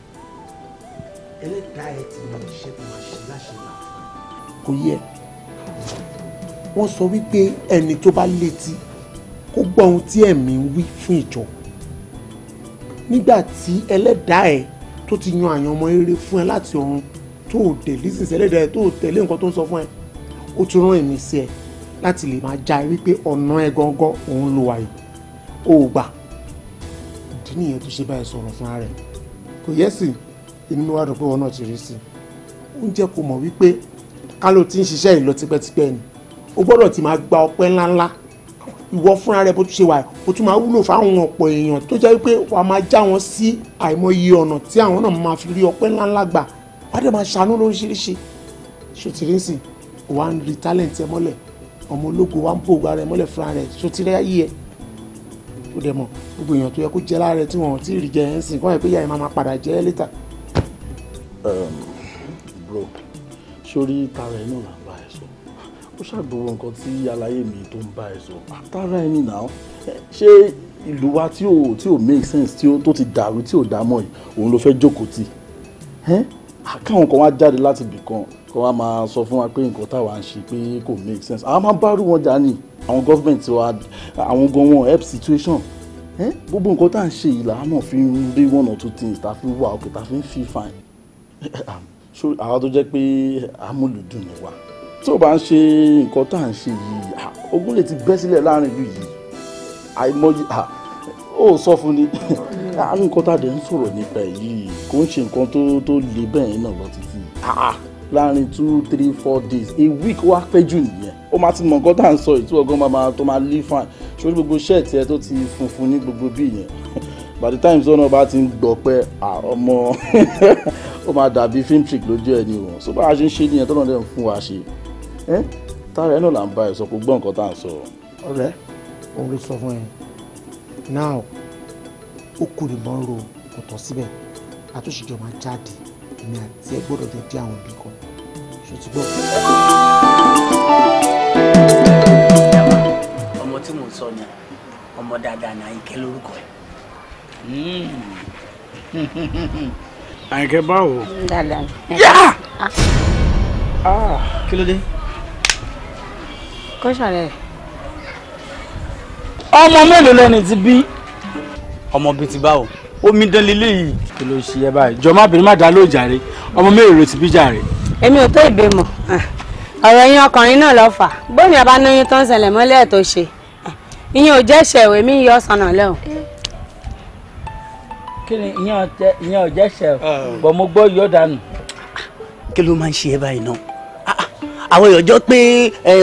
ẹlẹ́dàá ẹ̀ ti mọ iṣẹ́ tó máa ṣe láṣẹlá. kò yẹ wọ́n sọ wípé ẹni tó bá létí kó gbọ́ ohun tí ẹ̀mí ń wí fún ìjọ nígbà tí ẹlẹ́dàá ẹ̀ tó ti yan àyàn ọmọ rere fún ẹ láti ọ̀run tó ò dé lísìsì ẹlẹ́dàá ẹ̀ tó ò tẹ̀lé nǹkan tó ń sọ fún ẹ ó tún rán ẹ̀mí sí ẹ láti lè máa já wípé ọ̀nà ẹ gangan òun ló wà yìí ó gbà ìdí nìyẹn tó ṣe báyìí sọ̀rọ̀ fún ara rẹ̀ kò yẹ sí inú mi wá rò pé wọn náà ti rí sí i ó ń jẹ́ kó mọ̀ wípé ká ló ti ń ṣiṣẹ́ ìlọ tipẹ́tipẹ́ ni o gbọ́dọ̀ ti máa gba ọpẹ́ ńláńlá ìwọ fúnra rẹ bó tún ṣe wà ó tún máa wúlò fáwọn ọ̀pọ̀ èèyàn tó jẹ́ pé wàá máa já wọn sí àìmọye ọ̀nà tí àwọn náà máa fi rí ọpẹ́ ńláńlá gbà wàá dẹ̀ máa ṣàánú lóríṣiríṣi ṣòtìrìnsì wà á rí tálẹ̀ǹtì ẹ mọ́lẹ̀ ọmọ ológo wà á ń bò wà rẹ mọ́lẹ̀ fúnra rẹ ṣòtìrẹ́ ayé ẹ ó dẹ̀ mọ̀ gbogbo èèyàn tó yẹ kó jẹ láàrẹ tí wọn ti rí jẹ ẹ ń sìn bro sórí tara ẹ ó ṣàgbọ́n nǹkan tí aláyé mi tó ń bá ẹ sọ àtàrà ah, ẹni náà eh, ṣé ìlú wa tí ò tí ò make sense tí ó tó ti dàrú tí ò dámọ̀ yìí òun ló fẹ́ jókòó tì àkàwọn kan wá jáde láti ibì kan kó wá máa sọ fún wa pé nǹkan táwa ń ṣe pé kò make sense àwọn máa bá rú wọn dání àwọn gọ́fìmẹ̀ntì wa àwọn gan wọn help situation gbogbo nǹkan tá à ń ṣe yìí làwọn náà fi ń rí one or two things tá a fi wà òkè tá a fi ń fi fine [LAUGHS] àwọn tó jẹ́ pé amúlùdùn ni wa tí ò bá ń ṣe nǹkan tá à ń ṣe yìí ogun lè ti bẹ́ sílẹ̀ láàrin ìlú yìí àìmọye ó sọ fún ni [LAUGHS] àárín nǹkan tá a dẹ̀ ń sọ̀rọ̀ nípa ẹ̀ yìí kò ń ṣe nǹkan tó tó le bẹ́ẹ̀ náà lọ títí láàrin two three four days a week wá pẹ́ jù nìyẹn ó máa ti mọ nǹkan tá à ń sọ yìí tí ọgbọ́n máa tó máa lé fine ṣòro gbogbo ṣẹ́ẹ̀tì ẹ tó ti funfun ní gbogbo bí yẹn [LAUGHS] by the time sọ́nà bá ti ń gbọ́ pé ọmọ [LAUGHS] ó máa dàbí film trick lójú ẹ ni so bá a ṣe ń ṣe nìyẹn tọ́nà dẹ̀ fún wa ṣe Eh? tára ẹ náà là ń bá ẹ sọ kó gbọ́ nǹkan tá à ń sọ. ọ̀rẹ́ òun ló sọ fún ẹ now ó kù ní mọ́ ro kò tán síbẹ̀ àtúnṣe jọ máa jáde èmi àti ẹ gbọ́dọ̀ jọ dé àwọn ibì kan ṣòtúbọ̀. ọmọ tí mò ń sọ ni ọmọ dáadáa ní àyíkẹ́ lórúkọ ẹ̀. àyíkẹ́ báwo. dáadáa. Ah! Ah! kí ló dé kó ṣàlẹ̀. ọmọ mélòó lẹni ti bí ọmọ bíi ti báwo omi dán lélẹ̀ yìí kí ló ṣe ẹ báyìí jọmọ abìnrin má dá lóòjà rẹ ọmọ mélòó ti bí jàre. èmi ò tó ìbè mọ ah, ọ̀rọ̀ yín ọkùnrin náà lọ fà bómi abánáyín tó ń ṣẹlẹ̀ mọ́lẹ̀ tó ṣe ah, ìyẹn ò jẹ́ ṣẹ̀wé mi yọ sànà lẹ́hìn kíni ìyẹn ọjẹ ìyẹn ọjẹ ṣe bọ mo gbọ́ yóò dànù. kí ló máa ń ṣe é báyìí náà àwọn èèyàn jọ pé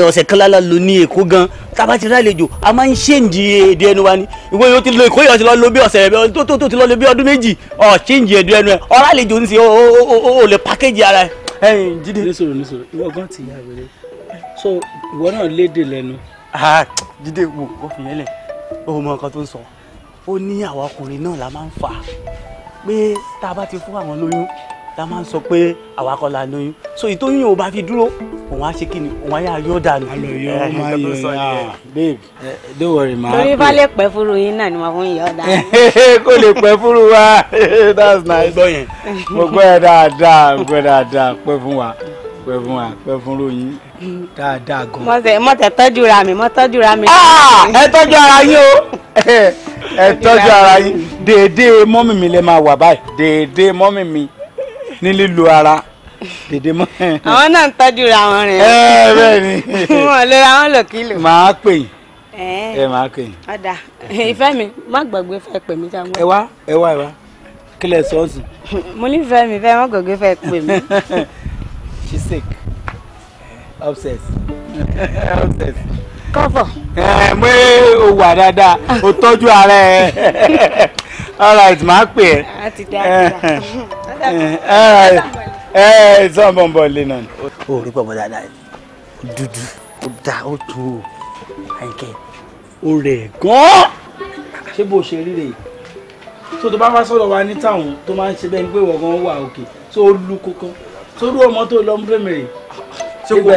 ọ̀sẹ̀ kan lálá ló ní èkó gan tábà ti rálejò a máa ń ṣéǹjì èdè ẹnu wa ni ìwé yóò ti lo èkó yóò ti lọ lo bí ọ̀sẹ̀ rẹ̀ tó tó tó ti lọ lo bí ọdún méjì ọ̀ ṣéǹjì èdè ẹnu ẹ̀ ọ̀rọ̀ àlejò ń ṣe ó lè pákéjì ara ẹ̀. ẹyin jíde. nísòro nísòro ìwọ gan ti yà wẹrẹ so ìwọ náà léde lẹ́nu. jíde wò wọ́n fi yẹn lẹ̀ ó mọ nǹkan tó ń sọ ó ní àwọn ọkùnrin náà la máa ń fà pé tá a bá ti fún àwọn lóyún la máa ń sọ pé àwa kọ́ la lóyún so ìtóyún yóò bá fi dúró òun á ṣe kí ni òun á yà yọ dànù. alo yọ ọ ma yọ ah, ya babe don't worry ma. torí bá lè pẹ́ fúru yín náà ni màá fún yọ dànù. [LAUGHS] kó lè pẹ́ fúru wa [LAUGHS] that's nice. gbọ́ yẹn. mo gbọ́ yẹn dáadáa mo gbọ́ dáadáa pẹ́ fún wa pẹ́ fún wa pẹ́ fún ròyìn dáadáa gan. mo tẹ mo tẹ tọ́jú ra mi mo tọ́jú ra mi. Ah! ẹ tọ́jú ara yín o [LAUGHS] ẹ tọ́jú ara yín déédéé mọ́mì mi lè máa wà báyìí déédéé mọ́mì mi ní lílo ara dèdè mọ́. àwọn náà ń tọ́jú ra wọn rẹ̀. ẹ bẹ́ẹ̀ ni. wọn lè ra wọn lọ kílò. màá pè yín ẹ máa kè yín. ọ̀dà ìfẹ́ mi má gbàgbé fẹ́ pè mí jáwọ́. ẹ wá ẹ wá ẹ wá kí lẹ sọ ọ́ sí. mi fẹ́ má gbàgbé fẹ́ pè mí. [LAUGHS] she's sick obsessed [LAUGHS] obsessed kọ́fọ̀. ẹ mú o wà dáadáa o tọ́jú ara ẹ [LAUGHS] alright máa pè ẹ. a ti dá a ti dá [LAUGHS] ẹ sọ bọ̀ bọ̀ lè nà. o rí pọ̀pọ̀ dáadáa dúdú ó dá ó tó o àyìnkẹ́ ó rẹ̀ gan-an. ṣé bó ṣe ríre tó tó bá wá sọ̀rọ̀ wa ní táwọn tó máa ń ṣe bẹ́ẹ̀ ń pè wọ́n gan wà òkè tó lu kókó tó rú ọmọ tó lọ ń pèmèrè. ṣé kò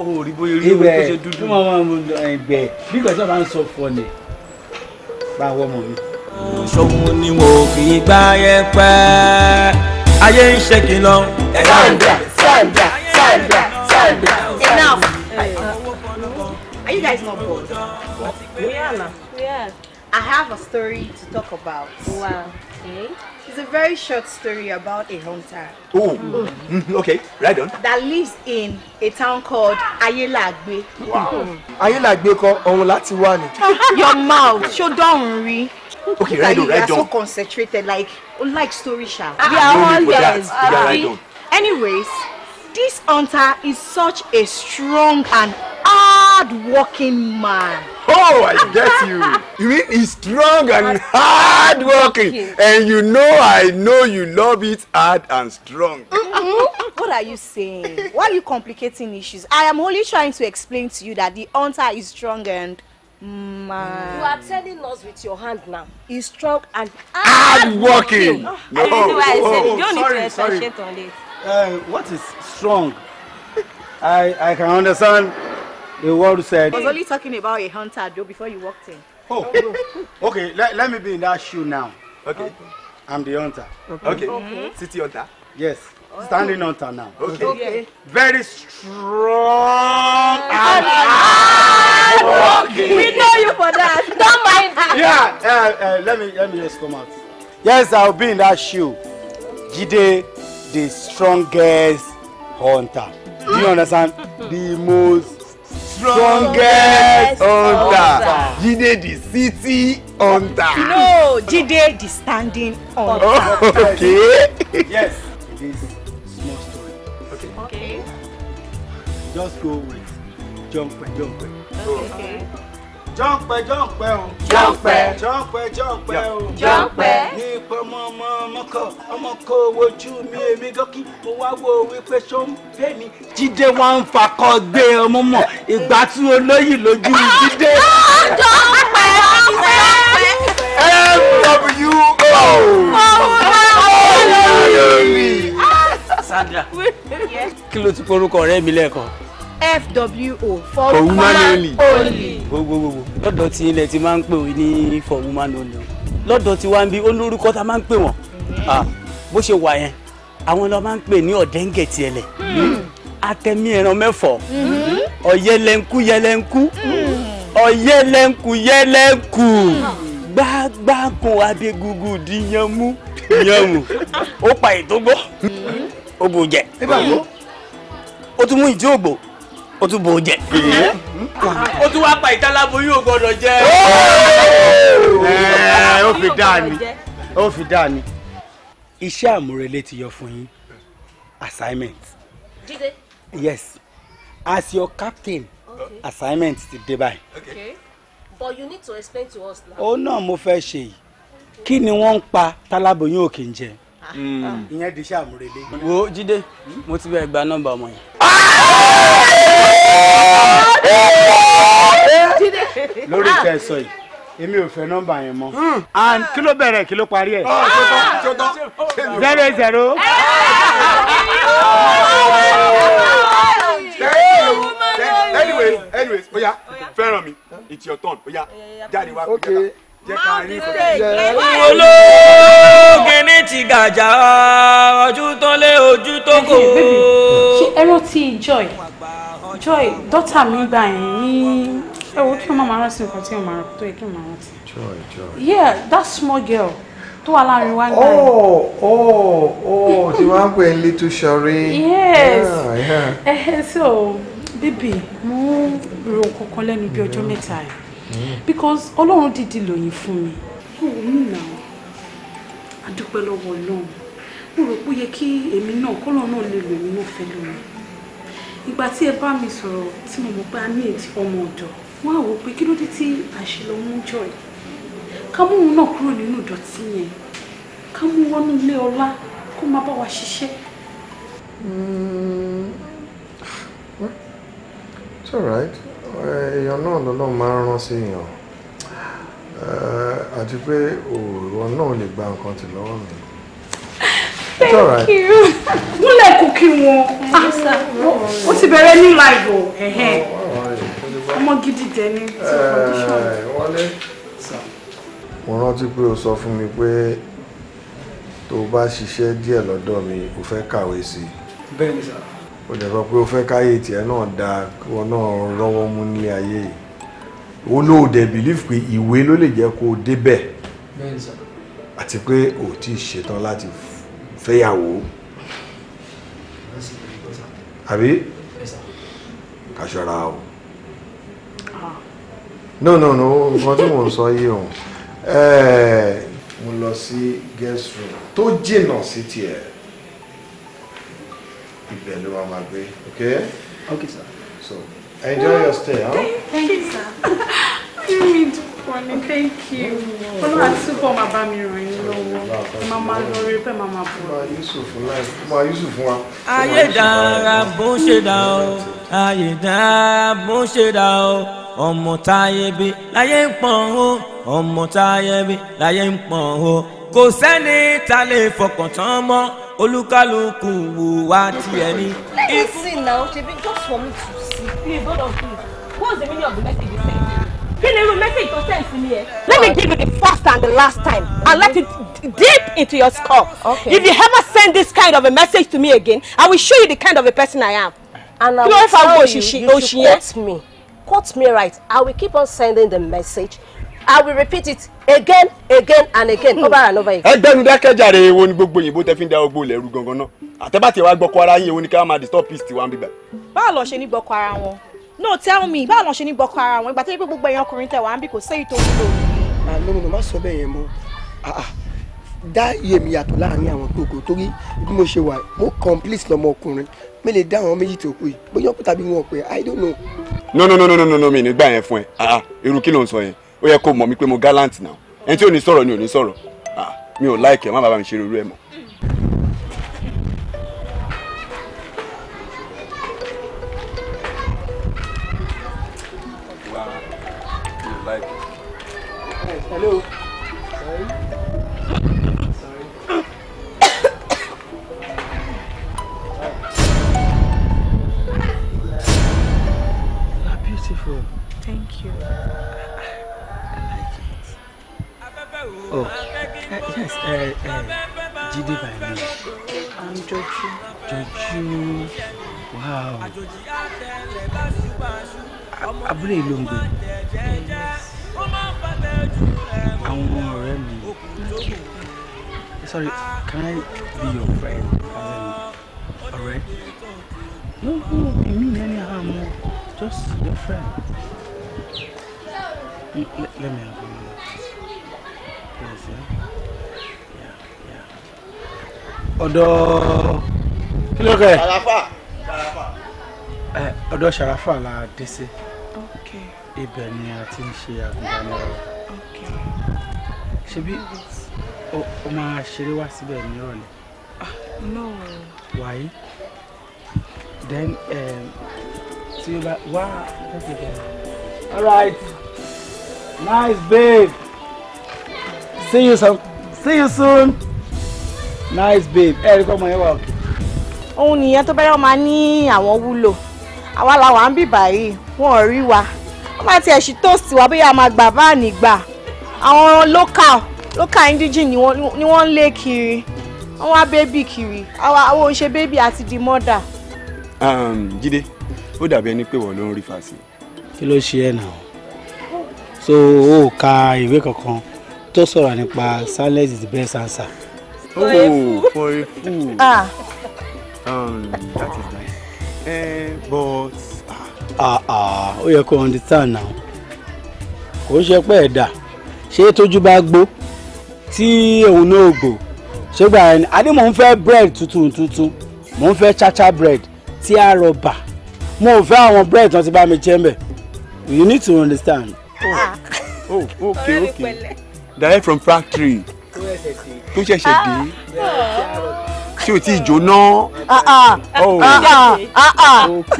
o ò rí bóyá tó ṣe dúdú. ìwẹ̀ fún ọmọ ìgbẹ́ bí kòtò bá ń sọ fún ọ ni bá wọ́ ọmọ mi. ṣòun ni mo kì gbá yẹn pẹ́ ayé ń ṣe kìlọ̀. Sandra Sandra Sandra Sandra enough. Are you guys not bored? We are now. We are. I have a story to talk about. Wow. Okay. It's a very short story about a hunter. Oh, mm-hmm. okay, right on. That lives in a town called Ayelagbe. Wow. Ayelagbe kọ́ ọ̀hún láti wá ni. Your mouth ṣó down, rí. Okay, right on, right on. You are so concentrated, like, like story sha. Ah, we are no all ears. Yeah, right on. Anyways, this hunter is such a strong and hard-working man. Oh, I get you. You mean he's strong and hardworking, And you know I know you love it hard and strong. Mm-hmm. What are you saying? Why are you complicating issues? I am only trying to explain to you that the hunter is strong and man. You are telling us with your hand now. He's strong and hard working. Ah, no, oh, oh, oh, sorry, sorry. Uh, what is strong? I, I can understand The world said. I was only talking about a hunter, Joe, before you walked in. Oh, oh [LAUGHS] okay. Let, let me be in that shoe now. Okay. okay. I'm the hunter. Okay. okay. Mm-hmm. City hunter. Yes. Oh. Standing hunter now. Okay. okay. Very strong and hard We know you for that. Don't mind that. Yeah. Uh, uh, let me let me just come out. Yes, I'll be in that shoe. Jide, the strongest hunter. Do you understand? The most strongest hunter Jide the city hunter. no Jide the standing hunter. Oh, okay. yes it is small story. okay. okay. just go with jump jump. okay. okay jọ́ǹpẹ́ jọ́ǹpẹ́ o. jọ́ǹpẹ́. jọ́ǹpẹ́ jọ́ǹpẹ́ o. jọ́ǹpẹ́. ní ipò ọmọ ọmọ ọmọkọ ọmọkọ ojú mi èmi gọ́kí mo wá wo wípé ṣó ń pè mí. jíde wọn ń fakọ gbé ọmọ mọ ìgbà tí olóyè lójú jíde. jọ́ǹpẹ́ jọ́ǹpẹ́. mwo. Sandra kí ló ti porúkọ ọ̀rẹ́ mi lẹ́ẹ̀kan. Ah, fwo for woman only gbogbogbò lọ́dọ̀ tí ilẹ̀ ti máa ń pè wọ́n ní for woman only lọ́dọ̀ tí wá ń bí olórúkọ ta máa ń pè wọ́n bó ṣe wà yẹn àwọn lọ máa ń pè ní ọ̀dẹ́ǹgẹ̀ tiẹ̀ lẹ̀ atẹ́mí ẹran mẹ́fọ̀ ọ̀yẹ́lẹ́nkú yẹlẹ́nkú ọ̀yẹ́lẹ́nkú yẹlẹ́nkú gbágbágun abégugu di yanmu yanmu ó pa ètò gbọ́ ó bò jẹ́ ó tún mú ìdí ògbò ó tún bò ó jẹ. ó tún wá pa ìtaláboyún ò gbọdọ̀ jẹ. ó fi dáa ni ó fi dáa ni. iṣẹ́ àmúrelé ti yọ fún yín assignment. jíde. yes as your captain okay. assignment ti dé báyìí. okay but you need to explain to us now. ó náà mo fẹ́ ṣe yìí kí ni wọ́n ń pa tálábòyún òkè ń jẹ. Mm. ìyẹn di iṣẹ́ àmúrelé. wo jíde mo ti bẹ̀rẹ̀ gba nọ́mbà ọmọ yẹn. lórí ìtẹ́ ah. sọ yìí èmi ò fẹ́ nọ́mbà yẹn mọ́. Mm. and kí ló bẹ̀rẹ̀ kí ló parí ẹ̀. Oh, zero zero. Eh! Anyway, anyways oya fẹ́ràn mi it's your turn oya jáde wá olóògùn ní ti gàjà ojú tó lé ojú tó kò. ṣé ẹrọ ti joy joy dọ́tà mi gbà yín ní ẹwọ kí n máa rán sí nǹkan tí n máa rán tó yẹ kí n máa rán sí. joy joy. yeah that small girl tó wà láàrin wá gbà yín. oh oh oh tí wọ́n á pè é little sọ̀rí. yes ẹ eh, eh, so bíbí mo ń ro kankan lẹ́nu bí ọjọ́ mẹ́ta yìí. Mm. because ọlọ́run dìdí lòyìn fún mi. òun mi nà ó adúpẹ́ lọ́wọ́ ọlọ́run mo rò pé ó yẹ kí èmi náà kọ́lọ́ náà lè lò èmi náà fẹ́ ìgbà tí ẹ bá mi sọ̀rọ̀ tí mo mọ̀ pé a ní èdè ọmọ ọ̀dọ̀ wọ́n á wò pé kí ló dé tí àṣìlọ mú jọ ẹ̀ ká mú òun náà kúrò nínú ìdọ̀tí yẹn ká mú wọnú ilé ọlá kó má bá wa ṣiṣẹ́. Mm. It's all right èèyàn náà lọ́lọ́run máa ń rán sí èèyàn àti pé òòrùn náà lè gba nǹkan tì lọ́wọ́ mi. Thank you. Múlẹ̀ kò kí wọn. Ah, Ó ti bẹ̀rẹ̀ new life o. Oh, Ọmọ gidi jẹ ní condition. Mo rántí pé o sọ fún mi pé tó o bá ṣiṣẹ́ díẹ̀ lọ́dọ̀ mi, o fẹ́ kàwé sí i. Bẹ́ẹ̀ni sá o dẹ̀ sọ pé o fẹ́ káyé tiẹ̀ náà dáa kí wọn náà rọ́wọ́ mú nílé ayé yìí o ló dẹ̀ bìlíf pé ìwé ló lè jẹ́ kó o débẹ̀ àti pé o ti ṣetán láti fẹ́yàwó àbí ká o no no no nǹkan tí mò ń sọ yìí o mo lọ sí guest room tó jìnnà sí tiẹ̀ ibẹ̀ ló wà máa gbé ok. ok sir. so enjoy your stay. Huh? thank you sir. [LAUGHS] you mean to fun ni thank you. olúwa túbọ̀ máa bá mi ràn yín lọ́wọ́ màmá lórí pé màmá bọ̀. máa yusuf láì máa yusuf wa. ayé dára bó ṣe dá o ayé dára bó ṣe dá o ọmọ táyé bí láyé ń pọ̀n o ọmọ táyé bí láyé ń pọ̀n o kò sẹ́ni tá lè fọkàn tán mọ́ olúkálùkù wùwà tiẹ̀ ni. let me see now ṣebi just for me to see. please hold on please what's the meaning of the message you send me. kí ni irú message tó send sí mi yẹn. let me give you the first and the last time and let it deep into your skull. okay if you ever send this kind of a message to me again i will show you the kind of a person i am. and i will tell you you should quote me. quote me right i will keep on sending the message I will repeat it again again and again over and over again. ẹgbẹ́nu dákẹ́jàre èwo ni gbogbo òyìnbó tẹ́ fi ń da ogbó lẹ́rú gangan náà àtẹ́bàtì wa gbọ́kọ ara yín èwo ni ká máa disturb peace tiwa ń bíbá. báwo lọ ṣe ní gbọ́kọ ara wọn no tell me báwo lọ ṣe ní gbọ́kọ ara wọn ìgbà tó yẹ pé gbogbo èèyàn ọkùnrin tẹ̀ wá ń bí kò sẹ́yìn tó wúlò. àlọ́ mi ah, má sọ bẹ́ẹ̀ yẹn mọ́ ah, ah, dá iyèmí yàtọ̀ láàrin àwọn gbogbo torí bí mo ṣe wà mo complete lọmọ ọkùnrin mi lè dá àwọn méjì tó kù yìí bóyá ọkùnrin tàbí wọn pé i don't know. no no no no no no mi nígbà yẹn fún ẹ irú kí ló ń sọ yẹn ó yẹ kó mọ̀ mí pé mo gallant náà ẹni tí ò ní sọ̀rọ̀ ni ò ní sọ̀rọ̀ ah, mi ò láìkẹ́ má bàbá mi ṣe irú ẹ̀ mọ́. Oh, uh, yes, uh, eh, uh, eh, Jide by me, I'm Joju. Joju, wow. Abúlé ló ń I'm Àwọn ọ̀rẹ́ Sorry, can I be your friend? Alright? No, no, I mean any harm. Just your friend. Mm, let, let me help you. ọ̀dọ̀ kí ló kẹ́ ẹ ọ̀dọ̀ Ṣàràfà la dé sí ibẹ̀ ni a ti ń ṣe àgùnbánirọ̀ ṣebí o máa ṣeré wá síbẹ̀ nírọ̀lẹ́. Ah, no. wàyí then eh, tí o bá wá tètè bẹ̀rẹ̀. all right nice babe see you, soon. see you soon nice babe ẹ rí kọ́mọ yẹn wà òkè. òun nìyẹn tó bẹ́rẹ̀ máa ní àwọn wúlò àwa làwa ń bì báyìí wọn ò rí wa wọ́n máa tiẹ̀ ṣí tóòsì wa bóyá a máa gbà bá nígbà àwọn local local indigenous ni wọ́n ń lé kiri wọ́n wá bébì kiri àwa àwọn òun ṣe bébì àti di mọ́dà. Um, jíde ó dàbí ẹni pé wọ́n ló ń rí fàṣì. kí ló ṣe ẹ́ náà so ó ka ìwé kankan tó sọ̀rọ̀ nípa silence is the best answer. Oh, for a fool. Ah. Um, that is nice. Eh, but. Ah. ah ah, ó yẹ kó understand now. Kò ń ṣe pé ẹ̀dà. Ṣé tójú bá gbó? Tí òun náà gbò. Ṣé gbà ẹni? Adé mò bread tuntun tuntun. Mò ń fẹ́ chacha bread Ti a rọ Mo ò fẹ́ bread tán ti ba mi jẹ́ mbẹ̀. You need to understand. Ah. Oh, oh okay, okay. Direct from factory tó ṣẹ̀ṣẹ̀ ah. dé ṣé o ti jóná ah, ah. Oh. ok.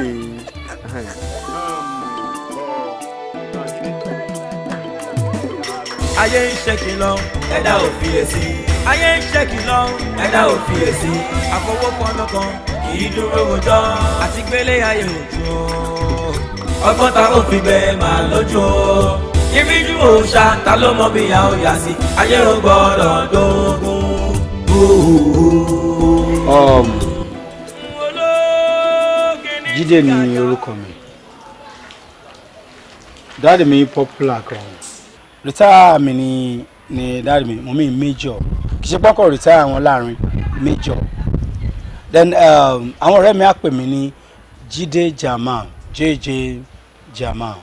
ayé ń ṣèkì lọ ẹ̀dá ò fiyèsí ayé ń ṣèkì lọ ẹ̀dá ò fiyèsí àfọwọ́pọ́nà kan kì í dúró wọjọ́ àti gbélé ayé òjò ọgbọ́n ta kò fi bẹ́ẹ̀ máa lójú o ìríjú òòṣà ta ló mọ bí àwọn yà sí ayé ò gbọ́dọ̀ dógún. Um, Jídé ni orúkọ mi dáàdì mi popular kan rìtáà mi ni ni dáàdì mi mo mi major kì í ṣe pọ́kọ̀ rìtáà wọn láàrin major then um, àwọn ọ̀rẹ́ mi á pè mí ní Jídé Jamal jj Jamal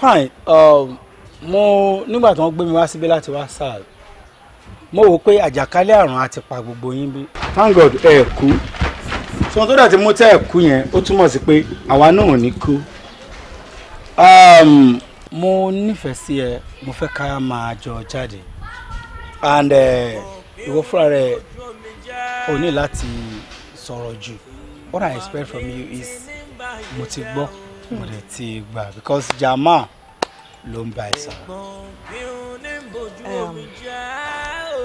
fine um, mo nígbà tí wọ́n gbé mi wá síbí láti wá sáà mo wò pé àjàkálẹ̀ àrùn á ti pa gbogbo yín bí. thank god ẹ kú sọ tó dà tí mo tẹ́ ẹ kú yẹn ó túmọ̀ sí pé àwa náà ò ní kú. Um, mo nífẹ̀ẹ́ sí ẹ mo fẹ́ ká máa jọ jáde and eh, ìwọ fúnra rẹ ò ní láti sọ̀rọ̀ jù what i expect from you is mo ti gbọ́ mo lè ti gbà because jama ló ń bá ẹ sọ̀rọ̀.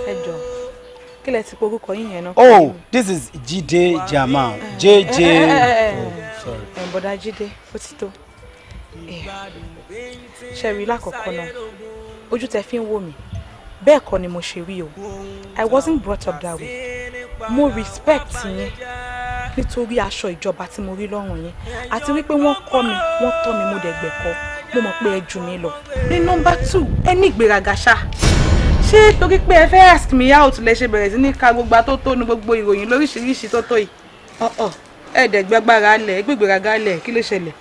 ẹ jọ kí lẹ ti porúkọ yín yẹn náà. oh this is Jide Jamal jj eh, eh, eh, oh, bọ̀dá Jide ó ti tó ṣẹ̀rí lákọ̀ọ́kọ́ náà ojú tẹ fi ń wò mí bẹ́ẹ̀ kọ́ ni mo ṣe rí o i wasn't brought up that way mo respect yín nítorí aṣọ ìjọba tí mo rí lọ́rùn yín àti wípé wọ́n kọ́ mi wọ́n tọ́ mi mo dẹ̀ gbẹ̀kọ́ mo mọ̀ pé ẹ jù mí lọ. ní nọ́mbà two ẹ ní ìgbéraga ṣá ṣé torí pé ẹ fẹ́ ask me out lẹ ṣe bẹ̀rẹ̀ sí ní ka gbogbo atótó ní gbogbo ìròyìn lóríṣiríṣi tótó yìí ọ̀ọ̀ ẹ̀ẹ́dẹ̀gbẹ́gbára lẹ̀ gbégbéraga lẹ̀ kí ló ṣẹlẹ̀.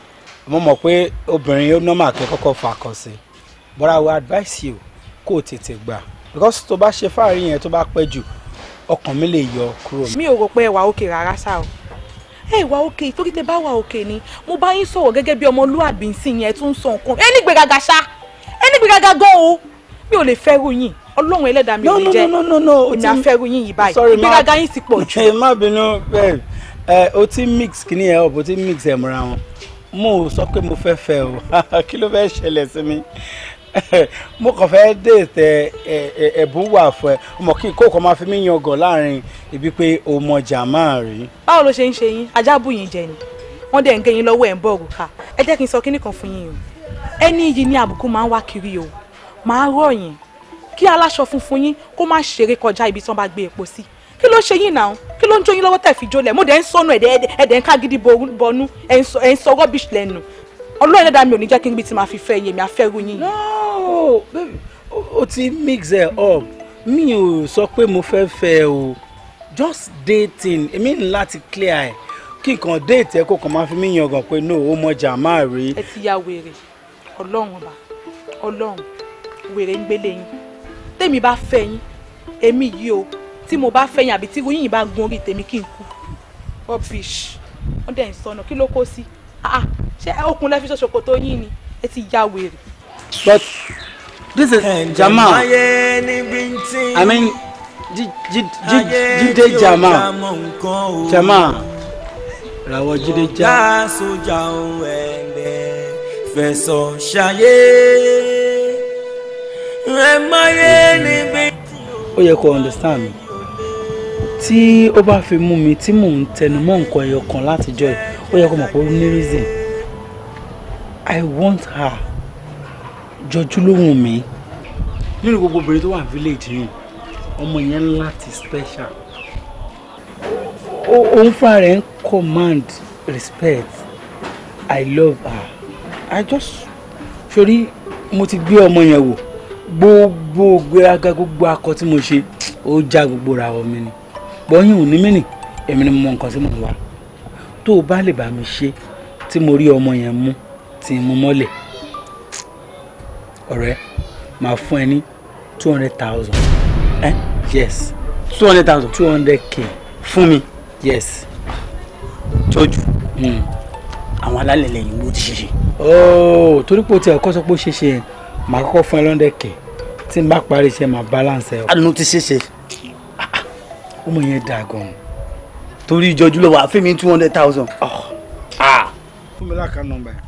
mo mọ̀ pé obìnrin ó nọ́mà kẹ́kọ̀ọ́ fà kàn sí but I will advise you kó o tètè gbà because tó bá ṣe fáàrí yẹn tó bá pẹ́ jù ọkàn mi lè yọ kúrò. mi ò rò pé ẹ òkè rárá ṣá o ẹ wà òkè torí bá wà òkè ni mo bá yín sọ̀rọ̀ gẹ́gẹ́ bí ọmọlúwàbí sí yẹn tún sọ nǹkan ẹni gbèrágà ṣá ẹni gbèrágà gan o mi ò lè fẹ́rù yín ọlọ́run ẹlẹ́dàá mi ò lè jẹ́ èmi àfẹ́rù yín yìí báyìí ìgbéraga yín ti pọ̀ jù. [LAUGHS] ẹ má bínú bẹ́ẹ̀ o ti mix kíní ẹ ọ̀bùn ti mix ẹ̀ mọ́ra wọn mo sọ pé mo fẹ́ fẹ́ o [LAUGHS] kí ló fẹ́ ṣẹlẹ̀ sí mi [LAUGHS] mo kàn fẹ́ dètè ẹ̀bùn wà fún ẹ ọmọ kí n kó kọ́ máa fi mí yan ọgọ̀ láàrin ibi pé o mọ jàmáà rí. báwo ló ṣe ń ṣe yín ajábù yín jẹ ni wọn dẹ̀ ń gé yín lọ́wọ́ ẹ̀ ń bọ̀ òrùka ẹ jẹ́ kí n sọ kínní kan fún yín o ẹni yìí ní àbùkù máa ń wá kiri o máa rọ̀ yín kí aláṣọ funfun yín kó má ṣeré kọjá ibi tí wọ́n bá gbé epo sí kí ló ṣe yín náà kí ló ń jó yín lọ́wọ́ tẹ̀ fi jólẹ̀ mo dẹ̀ ń sọnù ẹ̀dẹ̀ ẹ̀dẹ̀ ń ọlọ́run ẹ̀dá mi ò ní jẹ́ kí n gbé tí màá fi fẹ́ yèmí afẹ́rú yín. no baby o ti mix ẹ up mi ò sọ pé mo fẹ́ fẹ́ o just dating èmi ń láti clear ẹ kí nǹkan déètì ẹ kó kàn máa fi mí yangàn pé no ó mọjà máa rí. ẹ ti ya wèrè ọlọ́run ọba ọlọ́run wèrè ń gbélé yín tèmi bá fẹ́ yín èmi yìí o tí mo bá fẹ́ yín àbí tí yín bá gun orí tèmi kí n kú rubbish wọ́n dẹ̀ ń sọnù kí ló kó sí. Ah, ṣé okùn lẹ́fi ṣe ṣòkòtò yín ni ẹ ti ya wèrè. but this is Jama. I mean Jídé Jamal Jamal ràwọ̀ Jídé já. sójà ohun ẹ̀ẹ́dẹ̀ fẹ̀sọ̀ ṣayé ẹ máyé níbi. ó yẹ kó understand mi tí ó bá fi mú mi tí mò ń tẹnu mọ́ nǹkan ẹyọ kan látijọ́ ẹ̀ ó yẹ kó mọ̀ pé ó ní reason i want her jọjú lóhùn mi. nínú gbogbo obìnrin tó wà ní village yìí ọmọ yẹn láti special. òun fúnra rẹ̀ ń command respect i love her i just sori mo ti gbé ọmọ yẹn wò gbogbo gbéraga gbogbo akọ tí mo ṣe ó já gbogbo ra ọmọ mi ni bọ́yìn ò ní mí nì èmi ni mo mọ nǹkan tí mò ń wá tó o bá lè bá mi ṣe tí mo rí ọmọ yẹn mú tí mo mọ́lẹ̀ ọ̀rẹ́ màá fún ẹ ní two hundred thousand Eh? yes two hundred thousand two hundred k fún mi yes tọ́jú hmm. àwọn alálẹ̀ lẹ́yìn ló ti ṣe. ooo oh, torí pé o ti ẹ̀kọ́ sọ pé ó ṣe ṣe màá kọ́kọ́ fún ẹ lọ́ndẹ̀kẹ̀ tí n bá parí iṣẹ́ màá balance ẹ. a nù ti ṣe ṣe ọmọ yẹn dà gan torí ìjọjú lọ wà fún mi two hundred thousand. Ah. Ah. fún mi láàkà nọ́mbà yẹn.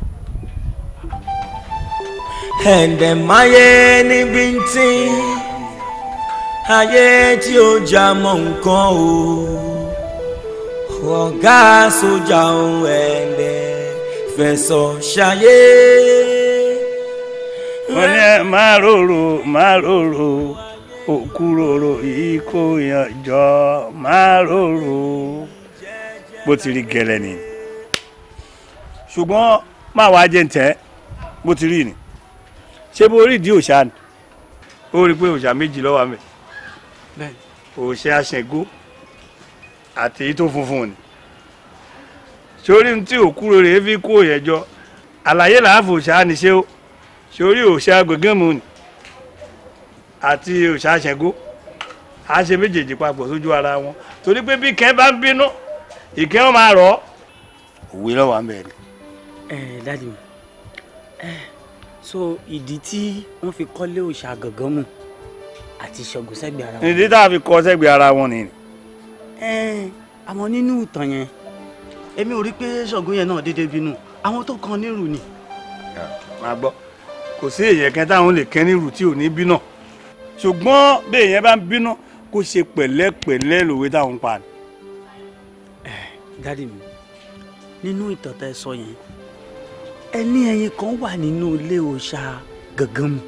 ẹ̀ǹdẹ̀ máyé níbi tí ayé tí ó jà mọ́ nǹkan o ọ̀gá sójà ohun ẹ̀ǹdẹ̀ fẹ̀sọ̀ ṣayé. mo ní ẹ má rorò má rorò òkúròrò ikó ìyànjọ máròrò bó ti rí gẹ́lẹ́ ni ṣùgbọ́n máa wá jẹ́ ntẹ́ bó ti rí ni ṣé bó rí ìdí òṣà ni ó rí i pé òṣà méjì ló wà mẹ́ òṣà Ṣàngó àti èyí tó funfun ni sórí tí òkúròrò yẹn fi jọ àlàyé làá fòṣà ni ṣé ó sórí òṣà gbẹ̀gẹ́mu ni àti òòṣà Ṣàngó a ṣe méjèèjì papọ̀ sójú ara wọn torí pé bí kẹ́ bá ń bínú ìkẹ́ wọn máa rọ̀ ọ́ òwe lọ́wọ́ àmì ẹ̀rí. ẹ dáàdi mi so ìdí tí wọ́n fi kọ́lé òòṣà gangan mu àti Ṣàngó sẹ́gbẹ̀ẹ́ ara wọn. ìdí tá a fi kọ́ sẹ́gbẹ̀ẹ́ ara wọn ni. ẹ àmọ́ nínú ìtàn yẹn èmi ò rí pé Ṣàngó yẹn náà déédéé bínú àwọn tó kan nírù ni. máa gbọ́ kò sí èèyàn kan táwọn lè kẹ́ nírù tí ò ní bí ṣùgbọ́n bẹ́ẹ̀ yẹn bá ń bínú kó ṣe pẹ̀lẹ́pẹ̀lẹ́ lòwe táwọn pa ni. ẹ eh, dáàdi mi nínú ìtàn tẹ́ sọ yẹn ẹni ẹyin kan wà nínú ilé òòṣà gàngán mu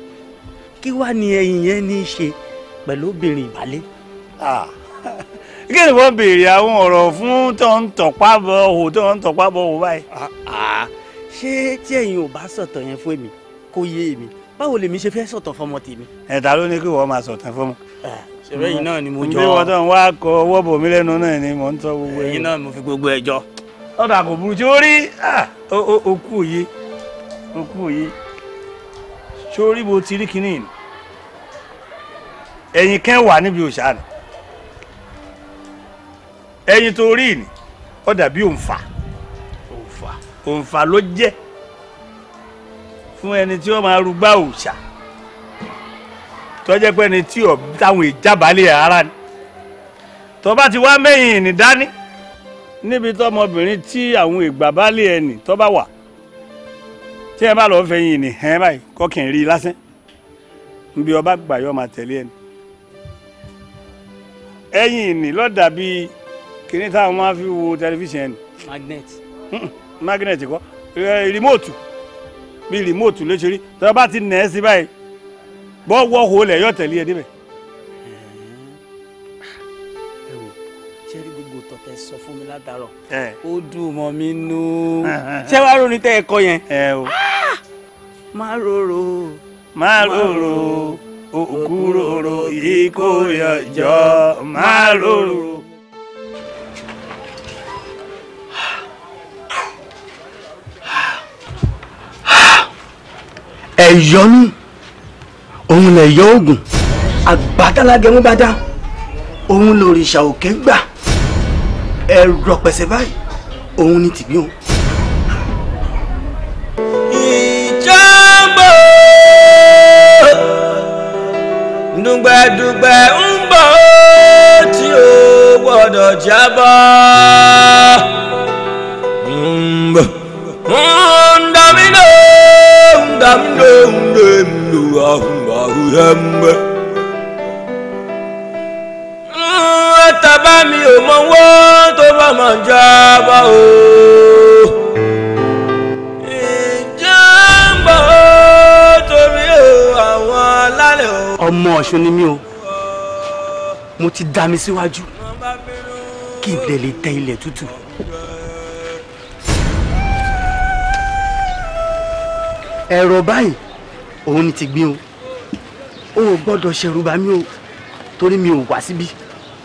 kí wàá ní ẹyin yẹn ní í ṣe pẹ̀lú obìnrin ìbálẹ̀. Ah, [LAUGHS] kí ni wọ́n béèrè àwọn ọ̀rọ̀ fún tó ń tọ̀pá bọ̀ òhò tó ń tọ̀pá bọ̀ òhò báyìí. Ah, ah, ṣé tí ẹ̀yin ò bá sọ̀tàn yẹn fún mi kó yé mi báwo lèmi ṣe fẹ́ sọ̀tàn fọmọ tèmi. ẹ̀ta ló ní kí wọ́n máa sọ̀tàn fọmọ. ṣèlú ẹ̀yin náà ni mo jọ. ǹjẹ́ wọ́n tó ń wá kọ ọwọ́ bò mí lẹ́nu náà ni mò ń tọ́ gbogbo ẹ̀yin náà mo fi gbogbo ẹ̀ jọ. ọ̀dà kò burú tí ó rí okú òye okú òye tí ó rí bó ti rí kinní ni ẹ̀yin kẹ́ wà níbi òṣà ni ẹ̀yin tó rí ni ọ̀dà bí òǹfà òǹfà ló jẹ́ fún ẹni tí ó máa rúgbà òòṣà tọ́jẹ́ pé ẹni tí táwọn ìjábálẹ̀ ara ni tó ti wá mẹ́yìn ní dání níbi tọmọbìnrin tí àwọn ìgbàbálẹ̀ ẹni tó wà tí ẹ bá lọ́ọ́ fẹ̀yìn ní hẹ́n báyìí kọ́kìn rí lásán níbi ọba gbàyọ́ máa tẹ̀lé ẹni ẹ̀yìn ní lọ́ọ́ dàbí kíní táwọn fi wo tẹlifíṣàn ẹni. magnet. Hmm, magnet kọ́ rìmóòtù bí rìmóòtù ló ṣe rí tọ́ bá ti nà ẹ́ sí báyìí bọ́ wọ́ hó lẹ̀ yọ̀ tẹ̀lé ẹ níbẹ̀. ẹ gbogbo tọ̀tẹ̀ sọ fún mi látàárọ̀ ó dùn mọ́ mi nú [LAUGHS] ṣé wàá tẹ́ ẹ kọ yẹn. Ah! má rorò má rorò òkú rorò ìkórè ọjọ́ má rorò. ẹ̀yọ́ ní òun lẹ̀yọ́ ogun àgbàdàlágẹ wọn bá dá òun lòrìṣà òkè gbà ẹ̀rọ pẹ̀sẹ̀ báyìí òun ni tìbí òun. ìjọba dùgbẹ̀dùgbẹ̀ ń bọ̀ tí ó gbọ́dọ̀ jábọ̀ ń bọ̀ ń dàmínà đắm đêm đêm đủ ông bảo em tàbá mi ò mọ wọ́n tó bá mà já bá o. ìjàmbá o torí o àwọn alálẹ̀ o. ọmọ ọ̀ṣun ni ẹ̀rọ báyìí òun ni ti gbin o ò gbọ́dọ̀ ṣẹ̀rù bá mi o torí mi ò wá síbí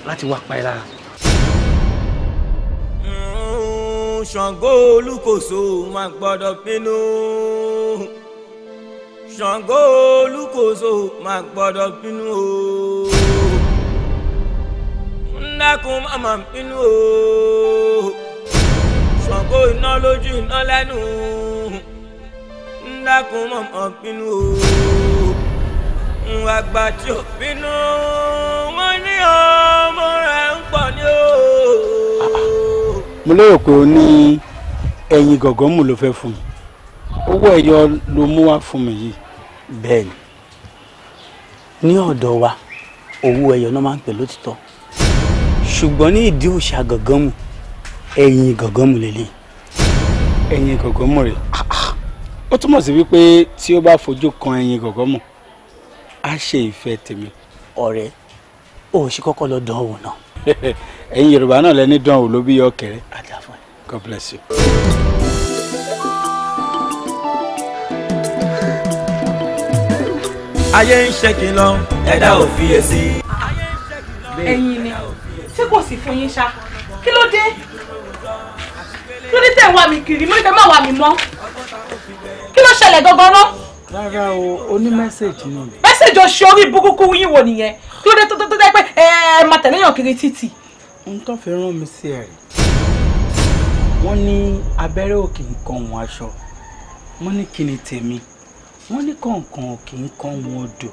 láti wá pa ẹ́ lára. Ṣàngó Olúkòso máa gbọ́dọ̀ pinnu Ṣàngó Olúkòso máa gbọ́dọ̀ pinnu o ńlákun má pinnu o Ṣàngó iná lójú iná lẹ́nu dákun mọ̀mọ́ bínú o àgbà tí ò bínú wọ́n ní ọmọ rẹ̀ ń pọ̀ ní o. mo lérò pé o ní ẹyin gọ̀gọ́ mù ló fẹ́ fún mi owó ẹ̀yọ ló mú wá fún mi yìí bẹ́ẹ̀ ni ní ọ̀dọ̀ wa owó ẹ̀yọ náà máa ń pè lótìtọ́ ṣùgbọ́n ní ìdí òòṣà gọ̀gọ́ mù ẹyin gọ̀gọ́ mù lélẹ̀ ẹyin gọ̀gọ́ mù rẹ̀ ó túmọ̀ sí wípé tí ó bá fojú kan ẹyin gọ̀gọ́ mọ̀ á ṣe ìfẹ́ tèmi. ọ̀rẹ́ o ò ṣe kọ́kọ́ lọ dán wò náà. [LAUGHS] ẹ̀yin yorùbá náà lẹni dán wò ló bí ọkẹrẹ. àdàfọ̀ God bless you. ayé ń ṣẹ́kì lọ ẹ̀dá ò fiyèsí. ẹ̀yin ni tí kò sì fún yín ṣá kí ló dé kí ló dé tẹ̀ wá mi kiri mo ní tẹ́ máa wá mi mọ́ ṣẹlẹ̀ gangan náà. rárá o ó ní mẹ́sẹ̀jì ni. mẹ́sẹ̀jì oṣù orí burúkú yín wo nìyẹn kí ló dé tó tó dé pé ẹ ẹ máa tẹ̀lé yàn kiri títì. n tó fi rán mi sí ẹ wọ́n ní abẹ́rẹ́ òkè ń wọn aṣọ wọ́n ní kí ni tèmi wọ́n ní kọ̀ọ̀kan òkè ń kan wọn odò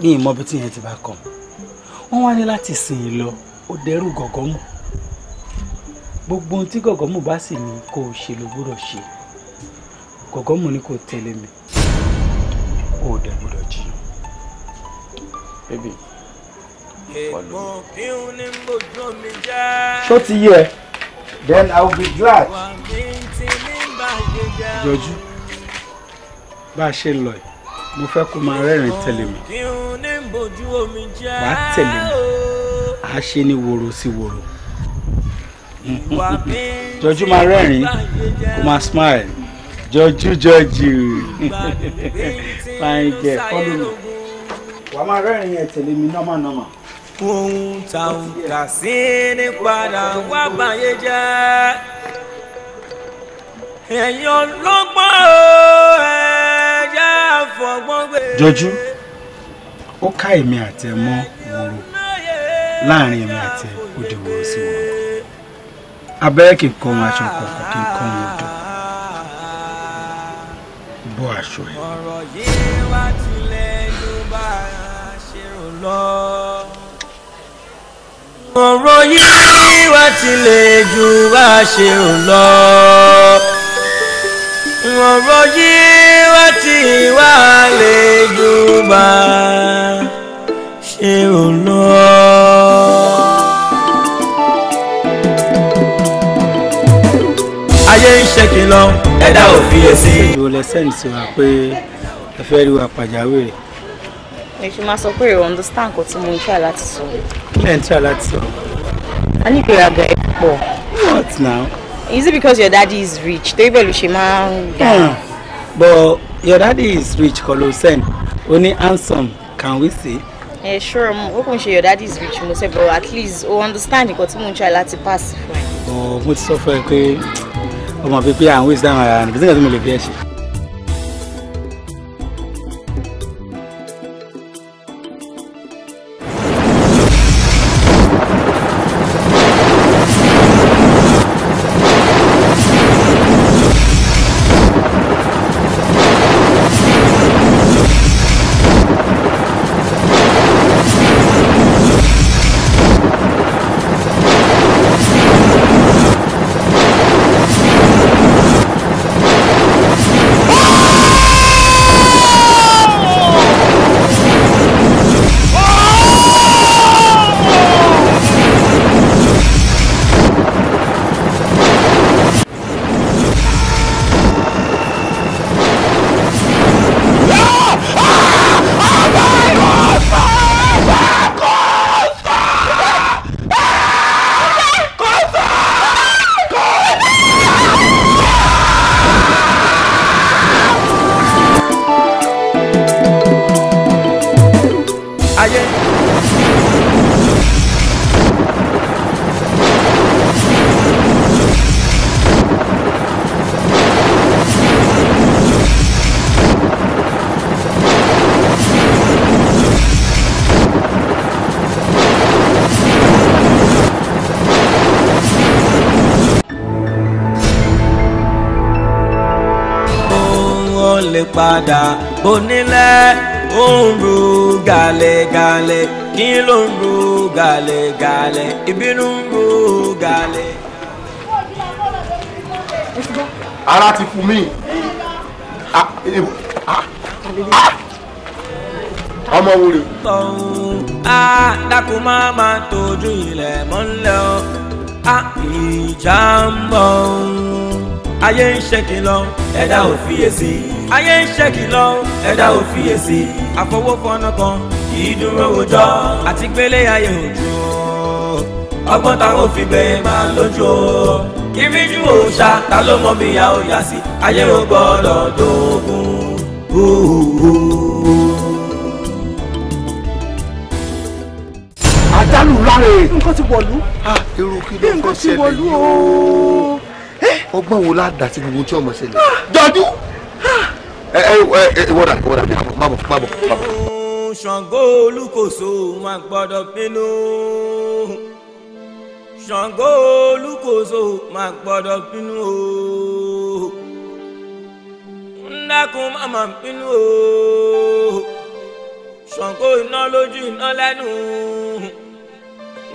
ní ìmọ̀bi tí yẹn ti bá kàn wọ́n wá ní láti sìn ín lọ ó dẹrù gọ̀gọ́mù gbogbo ohun tí gọ̀gọ́mù bá sì ní kó o ṣe ló gbúdọ̀ ṣe gọ̀gọ́ mo ní kò tẹ̀lé mi ó dẹ̀ gbọ́dọ̀ jí. bébì fọlọ. ṣó ti yẹ then i will be glad. jọjú bá a ṣe lọ yìí mo fẹ́ kó máa rẹ́rìn tẹ̀lé mi wàá tẹ̀lé mi àá ṣe ní wòrò sí wòrò [LAUGHS] jọjú máa rẹ́rìn kó máa smile jọjú jọjú fine girl follow me. wàá máa rẹ́rìn yẹn tẹ̀lé mi normal normal. ohun tá ò kà sí ní padà wá báyé jẹ́ ẹ̀yọ́ lọ́gbọ́n ẹ̀yà fọgbọ́n gbé. jọjú ó ká èmi àti ẹ mọ́ wòrò láàrin èmi àti ẹ ó di wòrò sí wòrò abẹ́rẹ́ kì í kọ́ wọn aṣọ kọ̀ọ̀kan kì í kọ́ wọn yín wá ti lè ju bá a ṣe ò lọ. ọ̀rọ̀ yín wá ti wá lè ju bá a ṣe ò lọ. ayé ń ṣèkì lọ ẹ̀dá ò fiyèsí. ìwọ lẹ sẹ́ǹsì wa pé ẹ fẹ́ rí wa pàjáwìrì. ẹ máa sọ pé ẹ understand nǹkan tí mo ń ṣá láti sọ. kílẹ̀ ń ṣá láti sọ. I need to get poor. What now? Is it because your daddy is rich? Torí bẹ́ẹ̀ ló ṣe But your daddy is rich, Colossian. Only handsome, can we see? Yeah, sure, mo kàn ṣe your daddy is rich mo sẹ́ but at least we understand nǹkan got mo ń try láti pass fún ẹ. Oh, mo ti sọ fún ẹ pé ọmọ pípé à ń waste time ara nìkan Bùnmi e, ọmọ wo rè. a dákun máa ma tójú ilẹ̀ mọ́lẹ̀ o a ìjà ń bọ̀ ayé ń ṣèkìlọ̀ ẹ̀dá ò fiyèsí ayé ń ṣèkìlọ̀ ẹ̀dá ò fiyèsí àfọwọ́fọ́nà kan kì í dúró wòjọ́ àti gbélé ayé òjò ọgbọ́n táwọn ò bẹ́ẹ̀ máa lójú o kíríjú òòṣà ta ló mọ bí a ó yà sí ayé ò gbọ́dọ̀ dógún. àjálù láre. nǹkan ti wọ̀lú. irú kí ló fẹ́ ṣẹlẹ̀ yóò eh? ọgbọ́n wo la dà sí gbogbo tí ọmọ ṣẹlẹ̀. Ah, jọjú ẹ ẹ ẹ wọ́dà wọ́dà mábọ̀ mábọ̀ mábọ̀. Ṣàngó Olúkòso máa gbọ́dọ̀ pinnu Ṣàngó kóso máa gbọ́dọ̀ bínú o ńlákun máma bínú o ṣàǹkó iná lójú iná lẹ́nu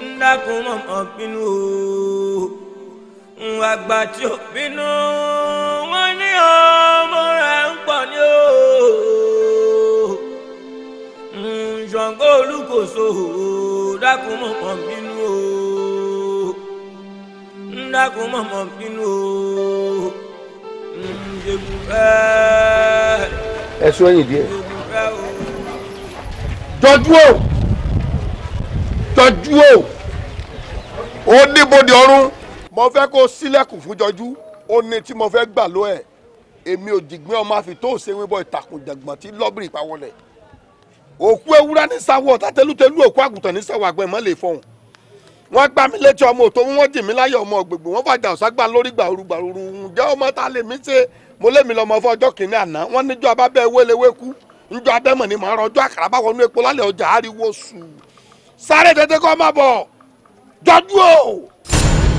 ńlákun máma bínú o àgbà tí ò bínú wọn ní ọmọ rẹ̀ ń pọ̀ ní o ṣàǹkó olùkóso dákun máma bínú dákun mọ̀mọ́ bínú o jẹ̀bù ẹ́. ẹ o jọjú o ó ní bòde ọ̀run mo fẹ́ kó sílẹ̀kùn fún jọjú ó ní tí mo fẹ́ gbà ló ẹ̀ èmi ò dìgbẹ́ ọmọ àfi tó ṣe wíbọ̀ ìtàkùn jàgbọ̀n tí lọ́bìrì pawọ́lẹ̀ òkú ewúrẹ́ ní sáwọ́ tàtẹ́lútẹ́lú òkú àgùntàn ní sáwọ́ àgbẹ̀ mọ́ lè fọ̀hún wọ́n gbá mi létí ọmọ òtó wọ́n dì mí láyọ̀ ọmọ gbogbo wọ́n fàjà ọ̀ságbá lórí gbàrú gbàrú ǹjẹ́ ọmọ ta lèmi ṣe mo lèmi lọ́mọ fún ọjọ́ kìíní àná wọ́n níjọ́ abábẹ́ wéléwé kú njọ́ abẹ́mọ̀ ni màá rọjọ́ àkàrà bá wọnú epo lálẹ́ ọjà ariwo sù sáré tètè kọ́ má bọ̀ jọjú o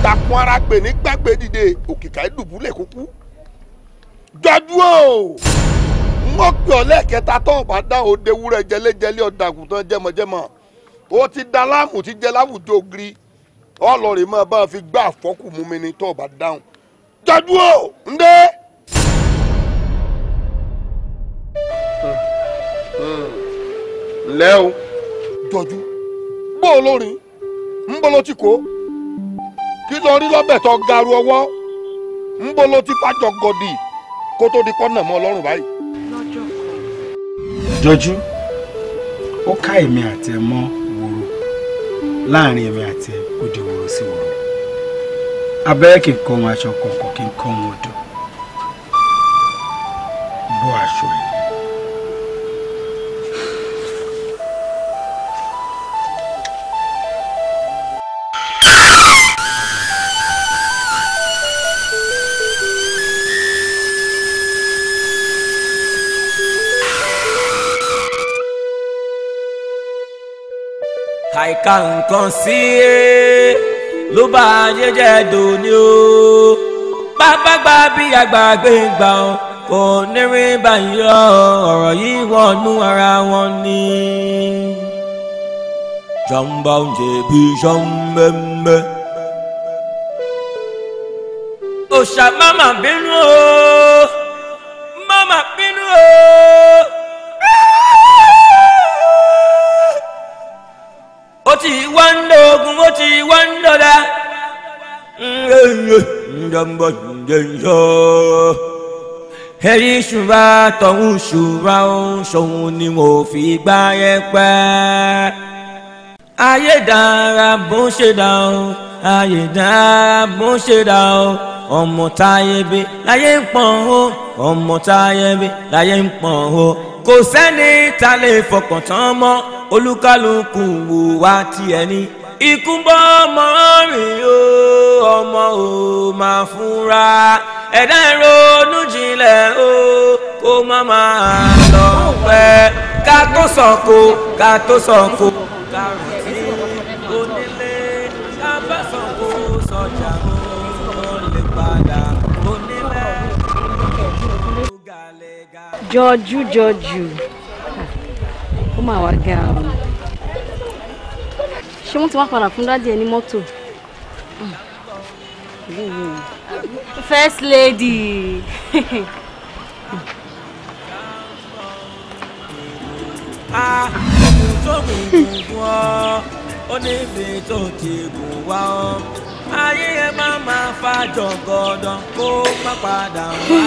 dàkún ara pè ní gbàgbé dìde òkìkà ìdùbúlẹ̀ kúkú jọjú o mọ̀pẹ́ ọ̀lẹ́kẹta tó ọ̀bá dá òde wúrẹ́ jẹlẹ́jẹlẹ́ ọ̀dàgùn tán jẹmọ̀jẹmọ̀ ó ti da láàmù ti jẹ láwùjọ ògiri ọlọrin máa bá fi gbá àfọkù mú mi ní tó o bá dáhùn jájú o ǹdẹ. ǹlẹ́ o jọjú bó olórin ń bọ́ ló ti kó kí lọ rí lọ́bẹ̀ tó garu ọwọ́ ń bọ́ ló ti fàjọ gọ̀dì kó tó di pọ́nà mọ́ ọlọ́run báyìí. lọ́jọ́ kan. jọjú ó ká èmi àtẹ mọ́ láàrin èmi àti ẹ ó di wòrò sí wòrò abẹ́rẹ́ kì í kọ́ wọn aṣọ kọ̀ọ̀kan kì í kọ́ wọn odò bọ́ aṣọ yìí. kàìka nǹkan sí i ló bá ayé jẹ́ dòní o bàbá gba bí àgbàgbé gbà ó kò ní rí báyìí ọ̀rọ̀ yìí wọnú ara wọn ni. jọ̀ǹbà oúnjẹ bí jọ̀ǹbẹ̀mẹ̀. òṣà má bínú o má bínú o. ti wá ń lọ ogun ó ti wá ń lọ́la. ǹjọ́nbọ̀ ǹjẹ́njọ́ ẹ̀rí ṣùgbà tọ̀hún ṣùgbà òun ṣòun ni mo fi gbá yẹn pẹ́. ayé dára bó ṣe dá ayé dára bó ṣe dá ọmọ táyé bí láyé ń pọ̀n o ọmọ táyé bí láyé ń pọ̀n o kò sẹ́ni tá lè fọkàn tán mọ́ olúkálùkù wò wá tiẹ̀ ní. ikú ọmọ rìn o ọmọ ò máa fúnra ẹ̀dá ìrònú jinlẹ̀ o kó má máa lọ pẹ́ ká tó sọ̀kò ká tó sọ̀kò ká rò sí onílé ká ó mà wá ga o ṣé wọ́n ti wá padà fún dáàdì ẹ ní mọ́tò hmm. first lady. ọkùnrin tó gùn tó ti gùn wá ọ́ ayé ẹ má máa fa jọ̀gọ̀dọ̀ kó má padà wá.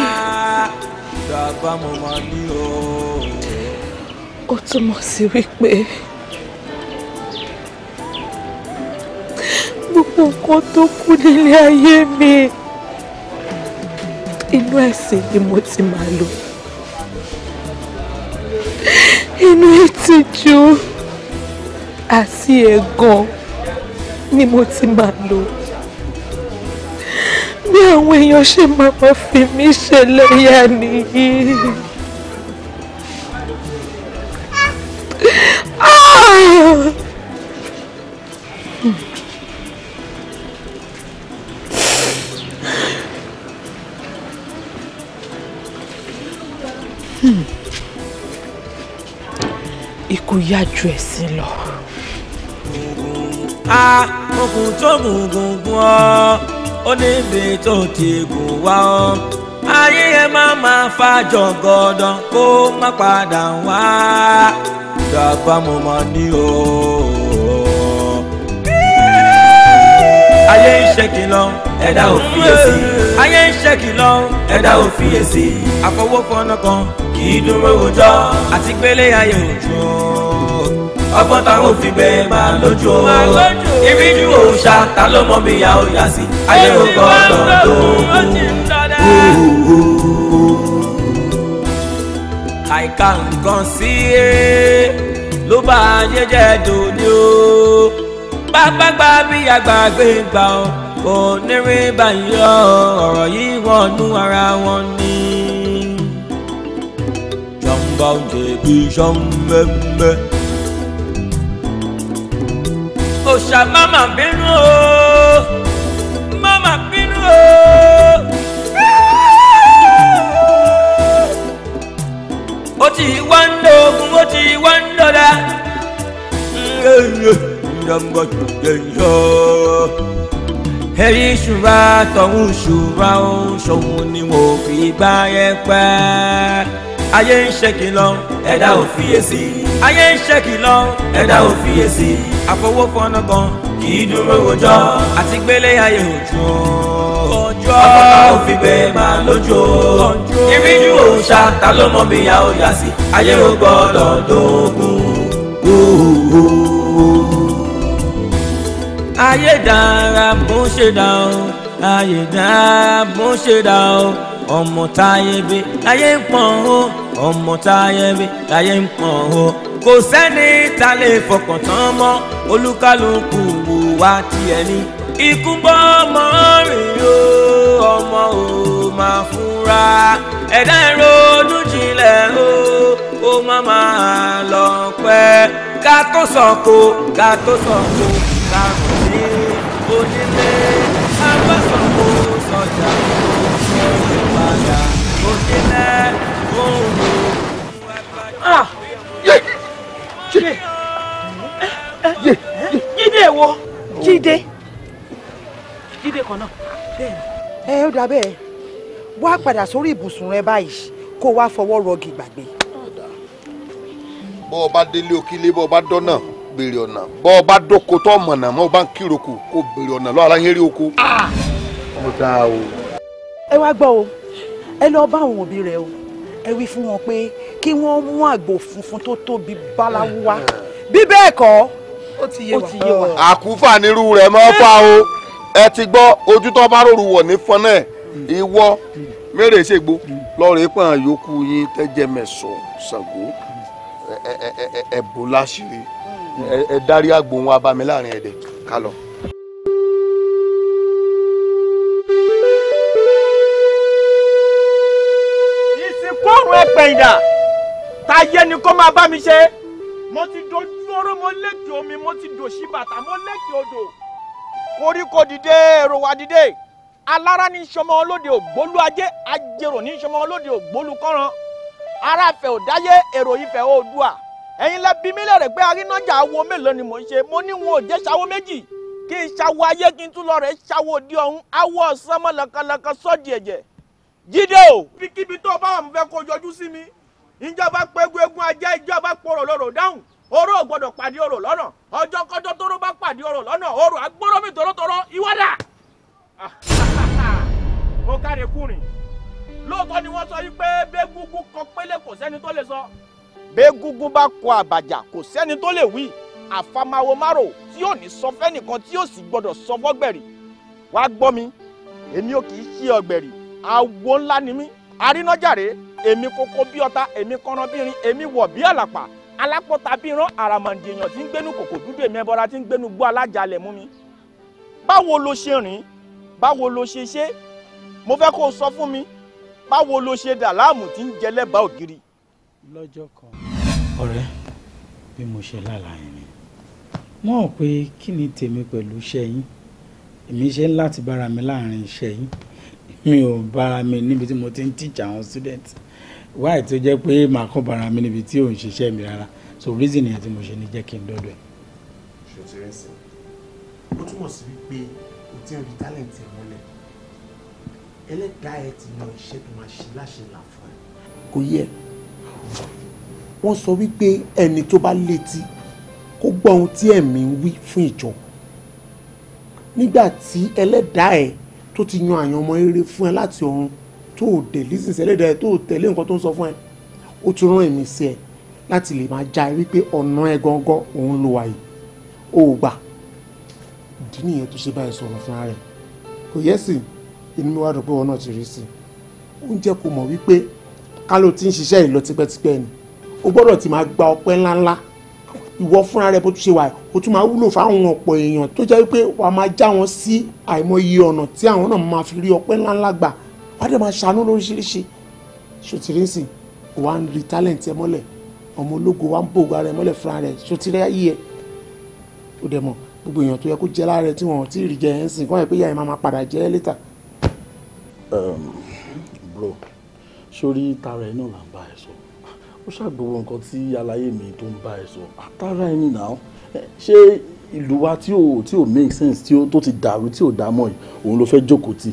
ìjọba mo mọ̀ ní o ó túmọ̀ sí wípé gbogbo nǹkan tó kù nílé ayé mi inú ẹ̀sìn ni mo ti máa lò inú ìtìjú àti ẹ̀gàn ni mo ti máa lò bí àwọn èèyàn ṣe máa fi mí ṣẹlẹ́yà nìyí. yá ju ẹ̀sìn lọ. a ogun tó gùn gùn gùn ọ́ ó níbi tó ti gùn wá ọ́ ayé ẹ má máa fàjọ gọdàn kó má padà wá dàgbà mo mà ní o. ayé ń ṣe kìlọ̀ ẹ̀dá ò fiyèsí. ayé ń ṣe kìlọ̀ ẹ̀dá ò fiyèsí. àfọwọ́fọ́nà kan kì í dúró wòjọ́ àti gbélé ayé òjò ọgbọ́n táwọn fi bẹ́ẹ̀ máa lójú o ibi ju òòṣà ta ló mọ bí ìyá òòyà sí ayé mo gbọ́ ọ̀dọ̀ tó àìka nǹkan sí e ló bá ayé jẹ́ dòní o pápágbá bí àgbàgbé gbà ó kò ní rí báyìí ọ̀rọ̀ yìí wọnú ara wọn ni bao chế quy sông òòṣà má mà bínú o má mà bínú o. ó ti wá ń lo ogun ó ti wá ń lọ́la. ẹ̀rí ìṣúra tọ̀hún ìṣúra òun ṣòun ni mo fi gbá yẹn pẹ́ ayé ń ṣe kìlọ̀ ẹ̀dá ò ayé ń ṣe kìlọ̀ ẹ̀dá ò àfọwọ́fọ́nà kan kì í dúró wọjọ́ àti gbélé ayé òjò ọjọ́ àbọ̀tá òfin bẹ́ẹ̀ máa lójó ìríjú òòṣà ta ló mọ bí ìyá òyà sí ayé ò gbọ́dọ̀ dógún. ayé dára bó ṣe dá ayé dára bó ṣe dá ọmọ táyé bí ayé ń pọ̀n o ọmọ táyé bí ayé ń pọ̀n o kò sẹ́ni tá lè fọkàn tán mọ́ olúkálùkù wò wá tiẹ̀ ní. ikú bọ́ ọmọ rìn o ọmọ ò máa fúnra ẹ̀dá ẹ̀rọ ojújìnlẹ̀ o ó má máa lọ pẹ́ ká tó sọ̀kò ká tó sọ̀kò ká tó ní onílé abásọ̀kò sọ̀jà ó ṣe padà onílé òun ò wá Jide! Jide! Jide! Jide kona! Eh, o da be. Wa pada sori ibusun re bayi. Ko wa fowo rogi gbagbe. Bo ba dele okile bo ba dona bere ona. Bo ba doko to mona mo ba nkiroku ko bere lo ara yin Ah! Mo ta o. E wa gbo o. E lo ba won obi re o. ẹ wí fún wọn pé kí wọ́n mú àgbò funfun tó tóbi báláwo wá bí bẹ́ẹ̀ kọ́ ó ti yé wa. àkúfà nírú rẹ̀ máa fà o ẹ ti gbọ́ ojú tó bá rò wọ̀ ní fọ́nà ẹ̀ ìwọ mẹ́rẹ̀ ṣègbó lọ́ọ̀rẹ́ pọ̀n yòókù yín tẹ́jẹ́ mẹ́sàn-án ṣàgó ẹ̀bùn láṣìírí ẹ darí àgbò wọn abami láàrin ẹ̀dẹ̀ máa bá mi ṣe. mo ti dojú oró mo lékè omi mo ti dòṣì bàtà mo lékè odò. koríko dìde èrò wa dìde alára ní sọmọ olóde ògbólú ajé ajérò ní sọmọ olóde ògbólú kọ́ran aráfẹ́ òdáyé èrò ìfẹ́ oòdùà ẹ̀yin lẹ bí mi lẹ́rẹ̀ pé arínájà awo mélòó ni mò ń ṣe mo ní wọn ò jẹ́ ṣàwo méjì kí n ṣàwo ayé kí n tún lọ rẹ̀ ṣàwo di ọ̀hún awọ ọ̀sán mọ́ lọ́kànlọ́kàn sọ́ọ̀dì ẹ̀jẹ̀ jíde o. ibikíbi tó o bá wà mo fẹ́ kó o yọjú sí mi ìjọba pẹ́gun egun ajẹ́ ìjọba pọ̀rọ̀ lọ́rọ̀ dáhùn oró ò pàdé ọ̀rọ̀ lọ́nà ọjọ́ kọjọ́ tóró bá pàdé ọ̀rọ̀ lọ́nà ọ̀rọ̀ agbọ́rọ̀ mi tòrótòró ìwádà. [LAUGHS] mo káre kùnrin lóòótọ́ ni wọ́n sọ yìí pé bẹ́gúngún kan pélé kò sẹ́ni tó lè sọ. bẹ́gúngún bá kọ àbàjá kò sẹ́ni tó lè wí àfàmàwò márò tí ò ní sọ fẹ́nìkan tí ò sì gbọ́dọ̀ sọ fọ́gbẹ̀rì wàá gbọ́ mi èmi ò kì í ṣe ọ̀gbẹ̀rì àwo ńlá ni mí arínájàre èmi kókó bí ọ̀tá èmi kọ́nà bí irin èmi wọ̀ bí àlàpà alápọ̀tà bí irán àràmàǹdì èèyàn tí ń gbénu kòkò dúdú èmi ẹbọra tí ń gbénu gbó alájàlẹ̀ mú mi. báwo lo ṣe rìn báwo lo ṣe ṣe mo fẹ́ kó o sọ fún mi báwo lo ṣe dà láàmú tí ń jẹ lẹ́bàá ògiri. lọ́jọ́ kan ọ̀rẹ́ bí mo ṣe lálàá yẹn ni mo hàn pé kí ni tèmi pẹ̀lú iṣẹ́ yín èmi ṣe ń láti bára mi láàrin iṣẹ́ yín mi ò bára mi níbi tí mo ti ń tíjà àwọn students why tó jẹ́ pé màá kàn bára mi níbi tí ò ṣiṣẹ́ mi rárá so reason yẹn tí mo ṣe ní jẹ́ kí n dọ́dọ̀ ẹ̀. ṣòtì rẹ sí ó túmọ̀ sí wípé o ti ń rí talent ẹ̀ mọ́lẹ̀ ẹlẹ́dàá ẹ̀ ti yan iṣẹ́ tó máa ṣe láṣẹ làfọ́ ẹ̀. kò yẹ wọ́n sọ wípé ẹni tó bá létí kó gbọ́ ohun tí ẹ̀mí ń wí fún ìjọ nígbà tí ẹlẹ́dàá ẹ̀ tó ti yan àyànmọ́ eré fún ẹ láti ọ̀run tó o dé lísìn sẹ́lẹ̀dẹ̀ tó o tẹ̀lé nǹkan tó ń sọ fún ẹ ó tún rán èmi sí ẹ láti lè máa já ẹ wípé ọ̀nà ẹ gangan òun ló wà yìí ó gbà ìdí nìyẹn tó ṣe báyìí sọ̀rọ̀ fúnra rẹ̀ kò yẹ sí inú wa rò pé wọn náà ti rí sí i ó ń jẹ́ kó mọ̀ wípé kálò tí ń ṣiṣẹ́ ìlọ tipẹ́tipẹ́ ni o gbọ́dọ̀ ti máa gba ọpẹ́ ńláńlá ìwọ fúnra rẹ bó tún ṣe wà ó tún máa wúlò fáwọn ọ̀pọ̀ èèyàn tó jẹ́ wípé wàá máa já wọn sí àìmọye ọ̀nà tí àwọn náà máa fi rí ọpẹ́ ńláńlá gbà wàá dẹ̀ máa ṣàánú lóríṣiríṣi ṣòtìrẹ́sì wàá ń rí talent ẹ mọ́lẹ̀ ọmọ ológo wàá ń bò ara ẹ mọ́lẹ̀ fúnra rẹ ṣòtìrẹ́ ayé ẹ ó dẹ̀ mọ̀ gbogbo èèyàn tó yẹ kó jẹ lára ẹ tí wọn ò tí ì rí jẹ ẹ ń sìn kọ́ ẹ pé ìyá ẹ máa padà jẹ ẹ létà. Ehm, bro sórí tara ẹ náà là ń bá ẹ sọ ó ṣàgbọ́wọ́ nǹkan tí aláyé mi tó ń bá ẹ sọ àtàrà ẹni náà ṣé ìlú wa tí ò tí ò make sense tí ó tó ti dàrú tí ò dá mọ́ yìí òun ló fẹ́ jókòó tì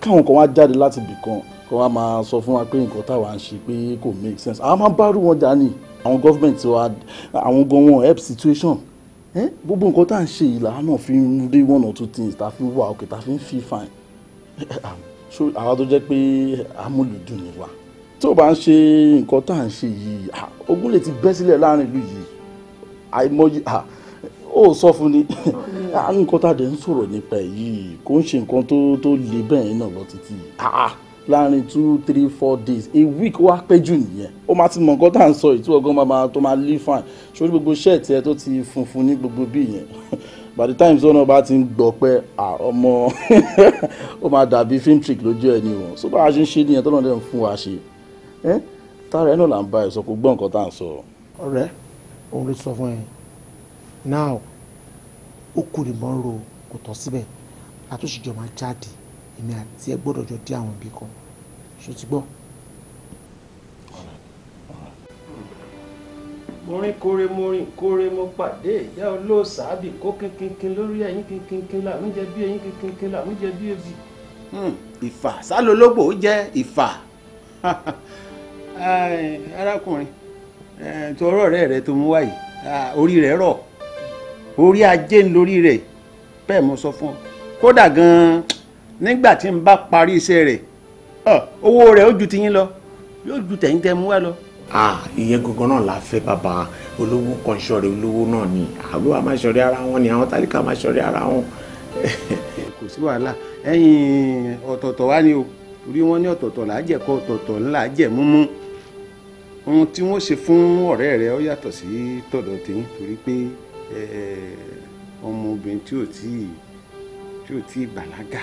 káwọn kan wá jáde láti ibì kan kó wá máa sọ fún wa pé nǹkan táwa ń ṣe pé kò make sense àwọn máa bárù wọn jà ní àwọn gọ́fìmẹ̀ntì wa àwọn gan wọn help situation gbogbo nǹkan tá à ń ṣe yìí làwọn náà fi ń rí one or two things tá a fi wà òkè tá a fi ń feel fine [LAUGHS] so àwa tó jẹ́ pé amúlùdùn ni wa tí o bá ń ṣe nǹkan tá à ń ṣe yìí ogun lè ti bẹ́ sílẹ̀ láàrin ìlú yìí àìmọye ó sọ fún ni ah, nǹkan tá a dẹ̀ ń sọ̀rọ̀ nípa yìí kò ń ṣe nǹkan tó tó le bẹ́ẹ̀ náà lọ títí ah, láàrin two three four days a week wá pẹ́ jù nìyẹn ó máa ti mọ̀ nǹkan tá à ń sọ ìtú ọgán máa tó máa lé fine sórí gbogbo ṣẹ́ẹ̀tì ẹ tó ti funfun ní gbogbo bí yẹn [LAUGHS] by the time zona bá ti ń gbọ́ pé ah, ọmọ [LAUGHS] ó máa dàbí film lójú ẹ ni wọn so bá ń ṣe nìyẹn tọ́lọ́ dẹ̀ fún wa ṣe tára ẹ náà là ń bá ẹ sọ kó gbọ́ nǹkan tá à ń sọ. ọ̀rẹ́ òun ló sọ fún ẹ now ó kù ní mọ́rò kò tán síbẹ̀ àtúnṣe jọ máa jáde èmi àti ẹ gbọ́dọ̀ jọ dé àwọn ibì kan ṣó ti gbọ́. morin kore morin kore mo pàdé ìyá olóòsà àbí kó kínkínkín lórí ẹyin kínkínkín là ń jẹ bí ẹyin kínkínkín là ń jẹ bí ebi. ìfà hmm, sálólógbò jẹ ìfà [LAUGHS] arákùnrin tó ọ̀rọ̀ rẹ̀ rẹ̀ tó mú wáyé orí rẹ̀ rọ̀ orí ajé ń lórí rẹ̀ bẹ́ẹ̀ mo sọ fún ọ kódà gan-an nígbà tí n bá parí iṣẹ́ rẹ̀ owó rẹ̀ ó ju tiyín lọ yóò ju tẹ̀yìn tẹ̀ mú wá lọ. ìyẹn gangan náà la fẹ́ bàbá olówó kan ṣọ̀rẹ́ olówó náà ni àbúrò àmàṣọ̀rẹ́ ara wọn ni àwọn tálíkà àmàṣọ̀rẹ́ ara wọn. [LAUGHS] kò sí wàhálà ẹ̀yin ọ̀tọ̀ọ̀tọ̀ wá ni o torí wọ́n ní ọ̀tọ̀ọ̀tọ̀ là á jẹ kọ ọ̀tọ̀ọ̀tọ̀ ńlá jẹ múmú ohun tí wọ́n ṣe fún ọ̀rẹ́ rẹ̀ ó yàtọ̀ sí tọ̀dọ̀ tèmi torí pé Eh, ọmọbìnrin tí ò tí tí ò tí bàlágà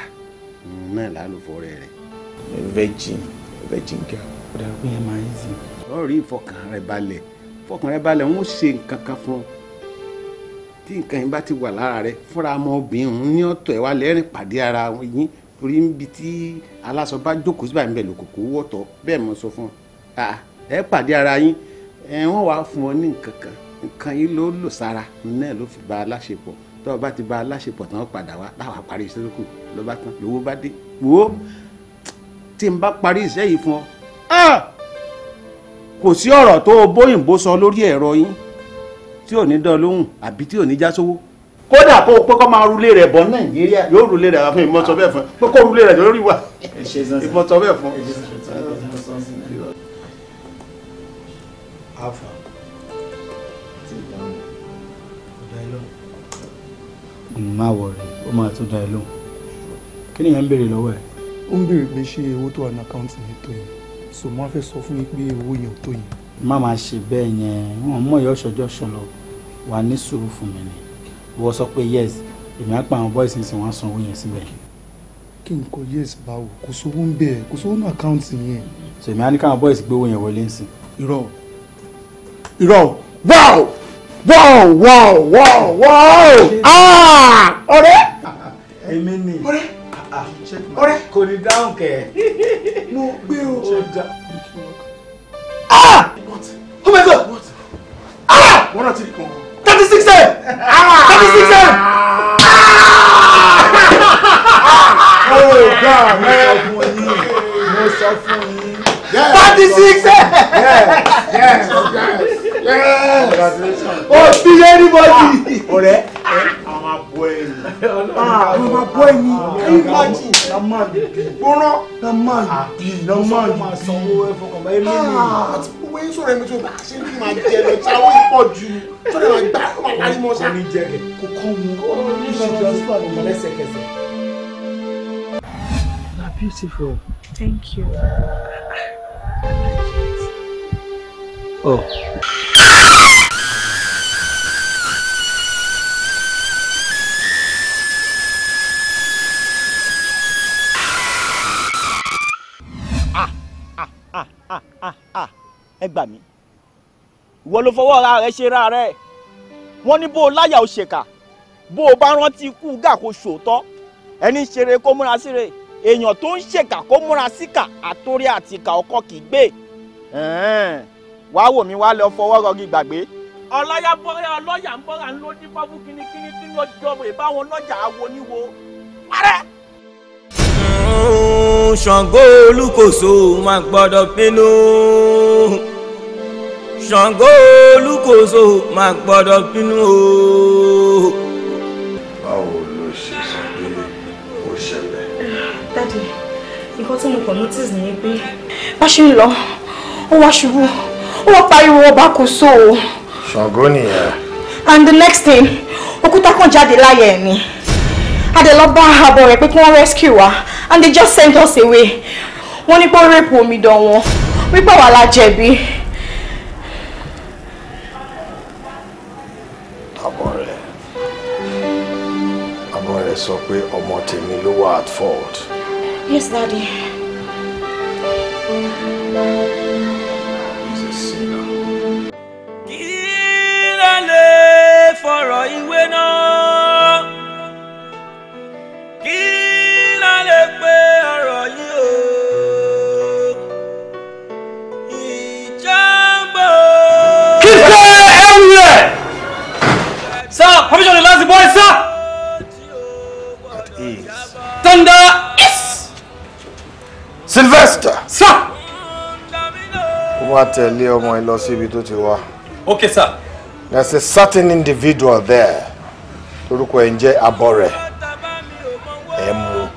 náà lálùfọ rẹ rẹ. virgin virgin girl ó dàrú pé máa ń sìn. lọ́ọ̀rí ìfọkàn rẹ balẹ̀ fọkàn rẹ balẹ̀ wọ́n ṣe nǹkan kan fún ọ tí nǹkan bá ti wà lára rẹ fúnra ọmọbìnrin ní ọ̀tọ̀ ẹ̀ wá lẹ́rìn pàdé ara yín torí níbi tí aláṣọ bá jókòó síbà níbẹ̀ lòkòkò wọ̀tọ̀ bẹ́ẹ̀ sọ fún ọ ẹ pàdé ara yín ẹ wọ́n wàá fún ọ ní nǹkan kan nǹkan yìí ló lò sára náà ló fi bá a láṣepọ̀ tó o bá ti bá a láṣepọ̀ tán padà wá láwa parí iṣẹ́ tó kù ló bá tán lówó bá dé wo tí n bá parí iṣẹ́ yìí fún ọ kò sí ọ̀rọ̀ tó o bóyìnbó sọ lórí ẹ̀rọ yín tí ò ní dán lóhùn àbí tí ò ní já sówó kódà kó o pé kó máa rulé rẹ̀ bọ́ nàìjíríà yóò rulé rẹ̀ fún ìmọ̀tọ́ bẹ́ẹ̀ fún pé kó rulé rẹ̀ lórí wa ìmọ̀tọ́ bẹ́ẹ̀ fún. Mm, má wọ̀rẹ̀ ó máa tún dá ẹ lóhùn kí nìyẹn ń béèrè lọ́wọ́ ẹ̀. ó ń béèrè pé ṣé owó tó wà ní àkáǹtì mi tó yẹn so mo á fẹ́ sọ fún yín pé owó yẹn ò tó yẹn. má máa ṣe bẹ́ẹ̀ yẹn wọn mọ̀ yọ ṣọjọ́ ṣọlọ wà ní sùúrù fún mi ni wọ́n sọ pé yes èmi á pa àwọn boys ní sìn wọ́n á san owó yẹn síbẹ̀. kí n kọ yes báwo kò sówó ń bẹ̀ kò sówó ní àkáǹtì yẹn. so èmi á ní káwọn boys gbé owó yẹn wọlé ń sìn. irọ́ irọ́ wow wọ́ọ̀ wọ́ọ̀ wọ́ọ̀ wọ́ọ̀ ọ̀rẹ́. èmi ni ah, ah, ọ̀rẹ́ kò ní dáhùn kẹ̀. mo gbé o. ah oh my god ah one hundred and thirty six m ah! thirty six m. oh god mo sọ fún yín mo sọ fún yín. thirty six m. yes yes yes o bí everybody. ọ̀rẹ́ a máa bọ a máa bọ ẹyin. imagine na man gbọ́nrán na man bí ah, na man bí. sanwó ẹfọkànbá ẹ lónìí. Ah, àti gbogbo yín sọ̀rọ̀ ẹ̀mí tó bá a ṣe kí máa jẹ lọ tí àwọn ìpọ̀ jù sọ̀rọ̀ máa gbá kó máa lárí mọ́ sá. kò ní jẹ kò kọ́ wọn. ó ní sọ́jọ́ sí ọ̀dọ̀ lẹ́sẹ̀kẹsẹ̀. You are beautiful. Thank you. Oh. à à à ẹ gbà mí ìwọ ló fọwọ́ ara rẹ ṣe ra rẹ wọ́n ní bó o láyà ó ṣèkà bó o bá rántí ikú gà kó ṣòótọ́ ẹni ṣeré kó múra síre èèyàn tó ń ṣèkà kó múra síkà àtórí àti ìkà ọkọ kì í gbé wàá wò mí wàá lọ fọwọ́ rọgí gbàgbé ọláyà bọ́ra ọlọ́yà ń bọ́ra ń lójú fọ́bù kínníkínní tí ló jọ ìbáwọn lọ́jà awo níwo. parẹ́ ṣàngó olúkòso máa gbọ́dọ̀ pinnu ṣàngó olúkòso máa gbọ́dọ̀ pinnu o. báwo ló ṣe sọ pé ó ṣẹlẹ̀. dádì nǹkan tí mo kàn notice ni pé bá ṣe ń lọ ó wá ṣubú ó wá pariwo ọba kò so o. ṣàngó nìyẹn. and the next thing òkúta kan jáde láyé ẹ̀ ni a dẹ̀ lọ bá abọ rẹ̀ pé kí wọ́n rescue wa and they just sent us away wọ́n ní pé rape omidan wọn wípé wà la jẹ̀bi. àbọ̀ rẹ̀ Abore, rẹ̀ sọ pé ọmọ tèmi ló wà at fault. yes daddy. he's a sinner. kí ló lè fọ̀rọ̀ ìwé náà. up! How much are the last boy, sir? That is. Thunder is. Sylvester. Sir. What tẹ̀lé ọmọ ẹ lọ síbi to ti wá. Okay, sir. There's a certain individual there. Torúkọ look ń jẹ́ Abọ́rẹ̀. Ẹ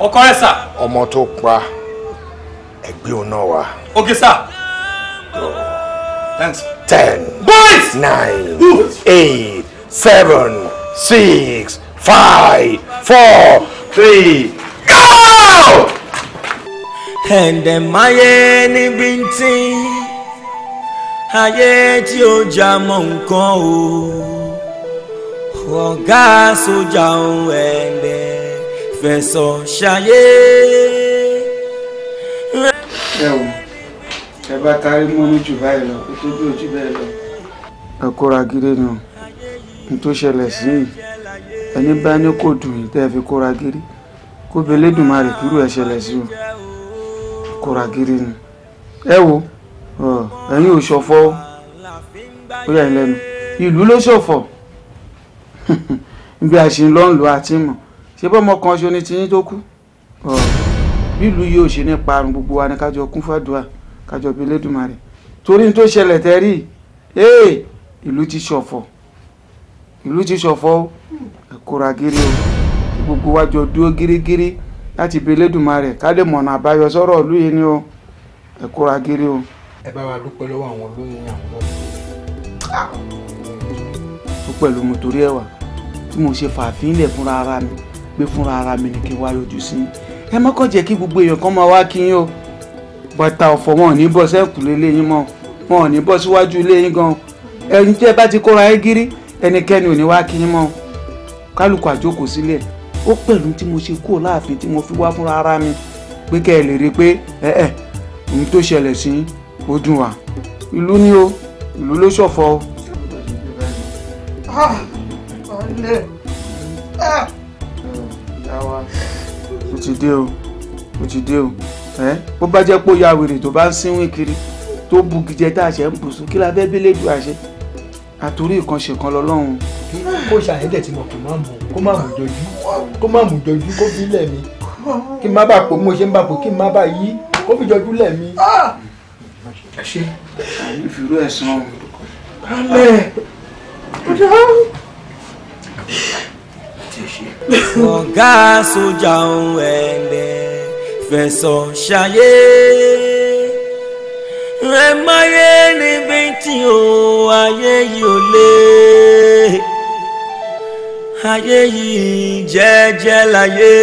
Okay, sir. rẹ̀ sà. Ọmọ tó pa Okay, sir. Go. Thanks. Ten. Boys! Nine. Ooh. Eight seven six five four three go. ẹ̀ǹdẹ̀máyé níbi tí ayé tí ó jà mọ́ nǹkan o ọ̀gá sójà ohun ẹ̀ǹdẹ̀ fẹ̀sọ̀ ṣayé. ẹ wò ẹ bá tarí mọ́ jù báyìí lọ kó tó bí ojú bẹ́ẹ̀ lọ. ẹ kóra gidi nù tó ṣẹlẹ̀ sí yìí ẹni bá ní kò dùn yìí tẹ́ ẹ fi kóra gírí kó belé dùn máa rè kúrò ẹ ṣẹlẹ̀ sí o kóra gírí ni ẹ wo ẹ̀yin ò ṣọ̀fọ̀ ó yà lẹ́nu ìlú ló ṣọ̀fọ̀ [LAUGHS] bí a ṣe ń lọ́nlò àti mọ̀ ṣé bọ́mọ kan ṣo ni tiyín tó kú bí ìlú yìí ò ṣe ní parun gbogbo wa ni kájọ kún fàdúrà kájọ belé dùn máa rè torí ní tó ṣẹlẹ̀ tẹ́rí ìlú ti ṣọ̀fọ̀ ìlú ti ṣọ̀fọ̀ ó ẹ̀kọ́ra gírí o gbogbo wa jọ dúró gírígírí láti ibi Elédùmarè ká lè àbáyọ sọ́rọ̀ ìlú yìí ni o ẹ̀kọ́ra gírí o. ẹ bá wa dúpẹ́ lọ́wọ́ àwọn olóyè àwọn ọ̀dọ́. ó pẹ̀lú mo torí ẹ̀wà tí mo ṣe fàáfin ilẹ̀ fúnra ara mi gbé fúnra ara mi ni kí n wá lójú sí ẹ mọ́kàn jẹ́ kí gbogbo èèyàn kan máa wá kí yín o bàtà ọ̀fọ̀ wọn ò ní bọ́ sẹ́kùn lé lẹ́yìn mọ́ wọn ò ní bọ́ síwájú lẹ́yìn gan ẹ̀yin tí ẹ bá ti kóra ẹ gírí ẹnikẹ́ni ò ní wá kí yín mọ́ kálukú àjókòó sílẹ̀ ó pẹ̀lú tí mo ṣe kúrò láàfin tí mo fi wá fúnra ara mi pé kẹ́ ẹ lè rí i pé ẹ ẹ ohun tó ṣẹlẹ̀ sí ó dùn wá ìlú ni o ìlú ló ṣọ̀fọ̀ o. Ah, ah. ó ti dé o ó ti dé o ẹ bó bá jẹ́ pé ó ya wèrè tó bá ń sínwín kiri tó bu gìjẹ tá a ṣe ń bùsùn kí la fẹ́ bí lè ju àṣẹ àtòrí ìkànṣe kan lọ́lọ́run. kó ṣàyẹ̀dẹ̀ tí mo kò má mú kó má mú jọjú kó má mú jọjú kó fi lẹ̀ mi kí n má bà pò mo ṣe ń bà pò kí n má bà yí kó fi jọjú lẹ̀ mi. ẹ ṣe ìfìró ẹ̀sán o. balẹ̀ ọ̀dọ́. ọ̀gá sójà ohun ẹ̀ẹ́dẹ̀ fẹ̀sọ̀ ṣayé ẹ̀ máa yé ni tí o ayé yìí ò lé ayé yìí jẹ́jẹ́ láyé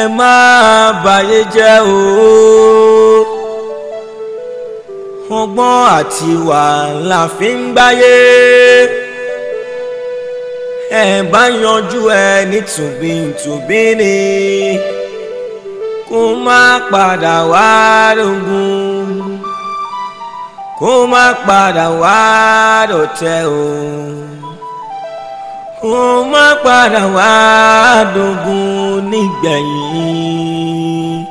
ẹ má bàyé jẹ́ o ọgbọ́n àti wà la fi ń gbáyé ẹ bá yanjú ẹ ní tùbíntùbí ni. Tùbí kó má padà wá lógun kó má padà wá dọ̀tẹ̀ o kó má padà wá dogun nígbẹ̀yìn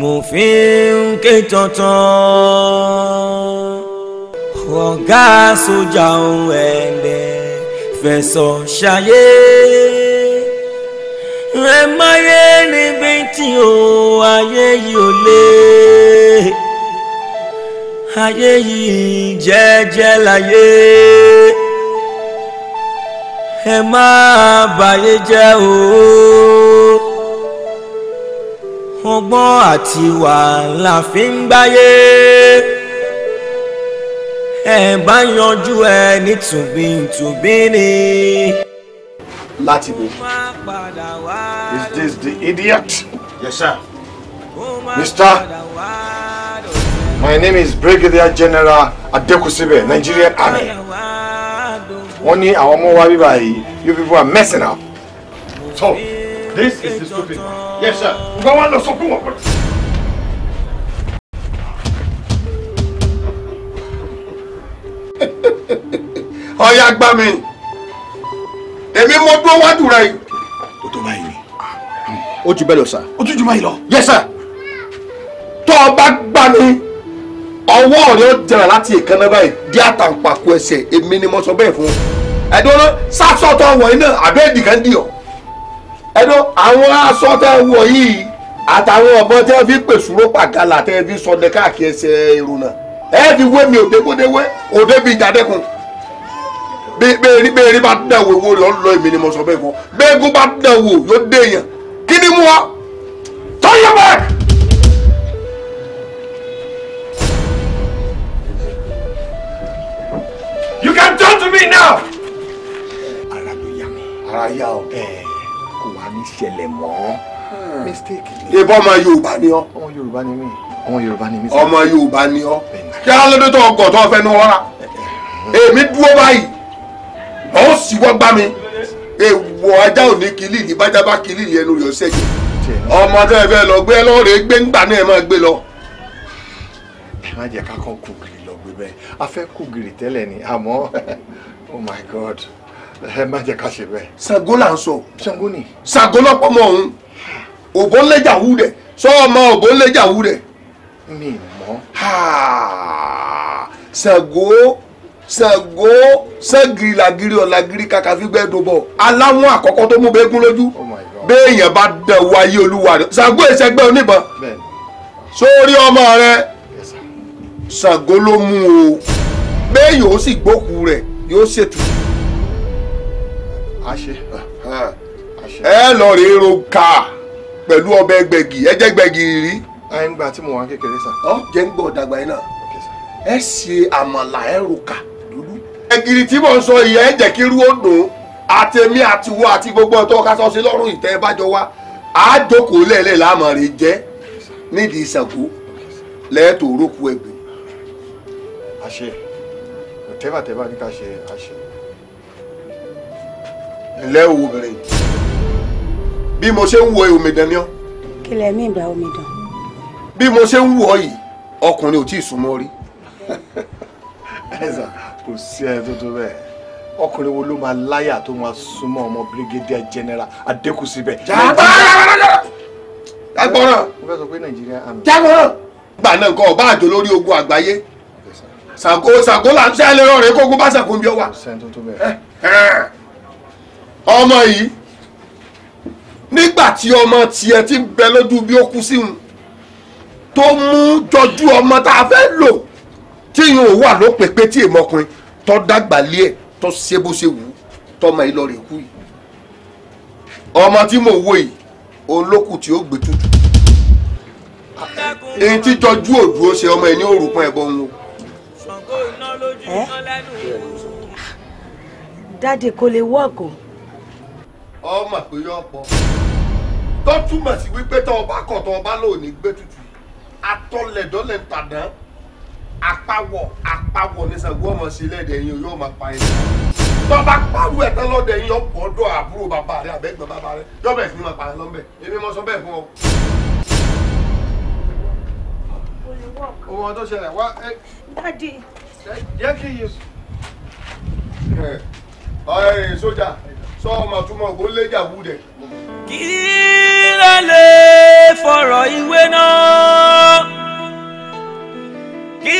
mo fi ń ké tọ̀tàn ọ̀gá sójà ohun ẹ̀ẹ́dẹ̀ fẹ̀sọ̀ ṣayé ẹ máyé níbi tí o ayé yìí ò lé ayé yìí jẹ́jẹ́ láyé ẹ má bàyé jẹ́ o ọgbọ́n àti wà la fi ń gbáyé ẹ bá yanjú ẹ ní tùbíntùbí ni. láti bò is this the idiot. yes sir. mister. My name is Brigadier General Adekusibe, Nigerian Army. Only our àwọn ọmọ you people are messing up. So, this is the stupid one. Yes, sir. Nǹkan wá lọ sọ fún wọn. [LAUGHS] Ọya gbá mi, èmi mo dúró wájú rẹ̀ yìí. O tó báyìí ni. O jù bẹ́ẹ̀ lọ, sir. O tún jù báyìí lo. Yes, sir. Tọ́ ọ bá gbà mí ọwọ́ rẹ̀ ó jẹrà láti ìkànnà báyìí dí àtàǹpàkò ẹsẹ̀ èmi ni mo sọ bẹ́ẹ̀ fún un ẹ̀dọ́ sásọ̀tọ̀ wọ̀nyí náà àbẹ́ẹ̀dì kan dì ẹ̀dọ́ àwọn asọ́tọ̀ wọ̀nyí àtàwọn ọ̀bọ̀n tẹ́ fi pèsúrò pàgàlà tẹ́ fi sọdẹ káàkiri ẹsẹ̀ èrò náà ẹ̀ fi wé mi òdekódewé òde bíi jàdẹ́kun bẹ́ẹ̀ni bá dàn wò wò lọ́ọ́ lọ èmi ni mo sọ bẹ́ẹ̀ fún ọ bẹ́ẹ̀. You can talk to me now. Ara ló yá mi. Ara yá o. Ẹ kò wá ní ṣẹlẹ̀ mọ́. Hmm. Mistake. Ìbọn ma Yorùbá ni o? Omo Yorùbá ni mí. Omo Yorùbá ni mí. Omo Yorùbá ni ọ́. Kí á do to ọkọ̀ to fẹ́ nu ọ́ra. Èmi dúró báyìí. Ọ̀ ń ṣíwọ́ gbá mi. Èèwọ̀ ajá ò kili kìlì ní bájá bá kìlì yẹn lórí ọ̀sẹ̀ yìí. Ọmọ tẹ́ ẹ fẹ́ lọ gbé lọ́ọ̀rẹ́ gbé ńgbà náà ẹ máa gbé lọ. Ẹ má jẹ́ ká bẹ́ẹ̀ a fẹ́ kú gìrì tẹ́lẹ̀ ni àmọ́ [LAUGHS] oh my god ẹ má jẹ́ ká ṣe bẹ́ẹ̀. Ṣàngó là ń sọ. Ṣàngó ni. Sango, lọ́pọ̀ mọ́ òun òbó ńlẹ́jà wú rẹ̀ sọ ọmọ òbó ńlẹ́jà wú rẹ̀. mi mọ. Ṣàngó Ṣàngó Ṣàngìrì làgìrì ọ̀làgìrì kàkà fi gbẹ́ dùbọ̀ aláwọn àkọ́kọ́ tó mú bẹ́ẹ̀ gún lójú oh bẹ́ẹ̀ yẹn bá dẹ̀ wáyé olúwa rẹ̀ Ṣàngó ìṣẹ́gbẹ́ oníbọn sórí ọmọ rẹ̀. Ṣàngó ló mú o bẹ́ẹ̀ yóò sì gbókù rẹ̀ yóò ṣètò. ẹ lọ rí roka pẹ̀lú ọbẹ̀ gbẹ̀gì ẹ jẹ́ gbẹ̀gì rí. ayé ń gbà tí mo wà kékeré sà. ọ jẹ́ ń gbọ́ dàgbà yín náà ẹ ṣe àmàlà ẹ roka lólu. ẹgìrì tí mò ń sọ ìyá ẹ jẹ́ kí irú ó dùn àtẹ̀mí àtiwọ́ àti gbogbo ọ̀tọ́ ká sọ sí lọ́rùn ìtẹ́ ẹ bá jọ wá lẹ́ẹ̀lẹ́ láàmọ̀ rẹ̀ jẹ́ nídìí Ṣàngó lẹ́ẹ̀tọ̀ orókù ẹgbẹ́ a ṣe whatever tẹ́ bá ní ká ṣe a ǹlẹ́ o obìnrin bí mo ṣe ń wọ omidan ni ọ́. kílẹ̀ mi ìgbà omidan. bí mo ṣe ń wọ yìí ọkùnrin ò tí ì súnmọ́ rí ẹ̀sà kò sí ẹ tó tó bẹ́ẹ̀ ọkùnrin wo ló máa láyà tó máa súnmọ́ ọmọ brigadier general adékù síbẹ̀. jagbọ́ràn jagbọ́ràn gbà náà nǹkan ọba àjò lórí ogun àgbáyé Ṣàngó Ṣàngó là ń tẹ́ lérò rẹ kókó bá Ṣàngó ń bí ọ wà. ọmọ yìí nígbà tí ọmọ tiẹ̀ ti ń bẹ lójú bí ó kú sí hun tó mú jọjú ọmọ tá a fẹ́ lò tí ìyẹn ò wà ló pépé tí èmọkùnrin tó dàgbà lé ẹ̀ tó ṣe bó ṣe wù ú tọmọ yìí lọ rè kú yìí ọmọ tí mò wò yìí olókù tí ó gbé tutù èyí tí jọjú òdùó ṣe ọmọ yìí ní òrùpọ̀ ẹ̀bọ̀ ń wò ògo iná lójú eh? iná kò lè wọ́ọ̀kù. ọmọ pé yọ tó túmọ̀ sí wípé tó ọba kọ̀ tó ọba lò gbé tutù atọ́lẹ̀dọ́lẹ̀ ń tàdán apáwọ̀ apáwọ̀ ní Ṣàngó ọmọ sí lẹ́dẹ̀ yín yóò máa pa ẹ̀ tọ́ba pàwọ̀ ẹ̀tàn lọ́dẹ̀ yín ọ̀pọ̀ ọ̀dọ̀ àbúrò bàbá rẹ̀ àbẹ́gbẹ̀ bàbá rẹ̀ yọ̀bẹ̀ fi máa pa ẹ̀ lọ́mbẹ̀ èmi mọ sọ bẹ́ẹ̀ fún ọ. ohun jẹ́ kí iye sùn. ọ̀rẹ́ sójà sọ ọmọ túmọ̀ kó lé jàbú dẹ̀. kí lálẹ́ fọ̀rọ̀ ìwé náà kí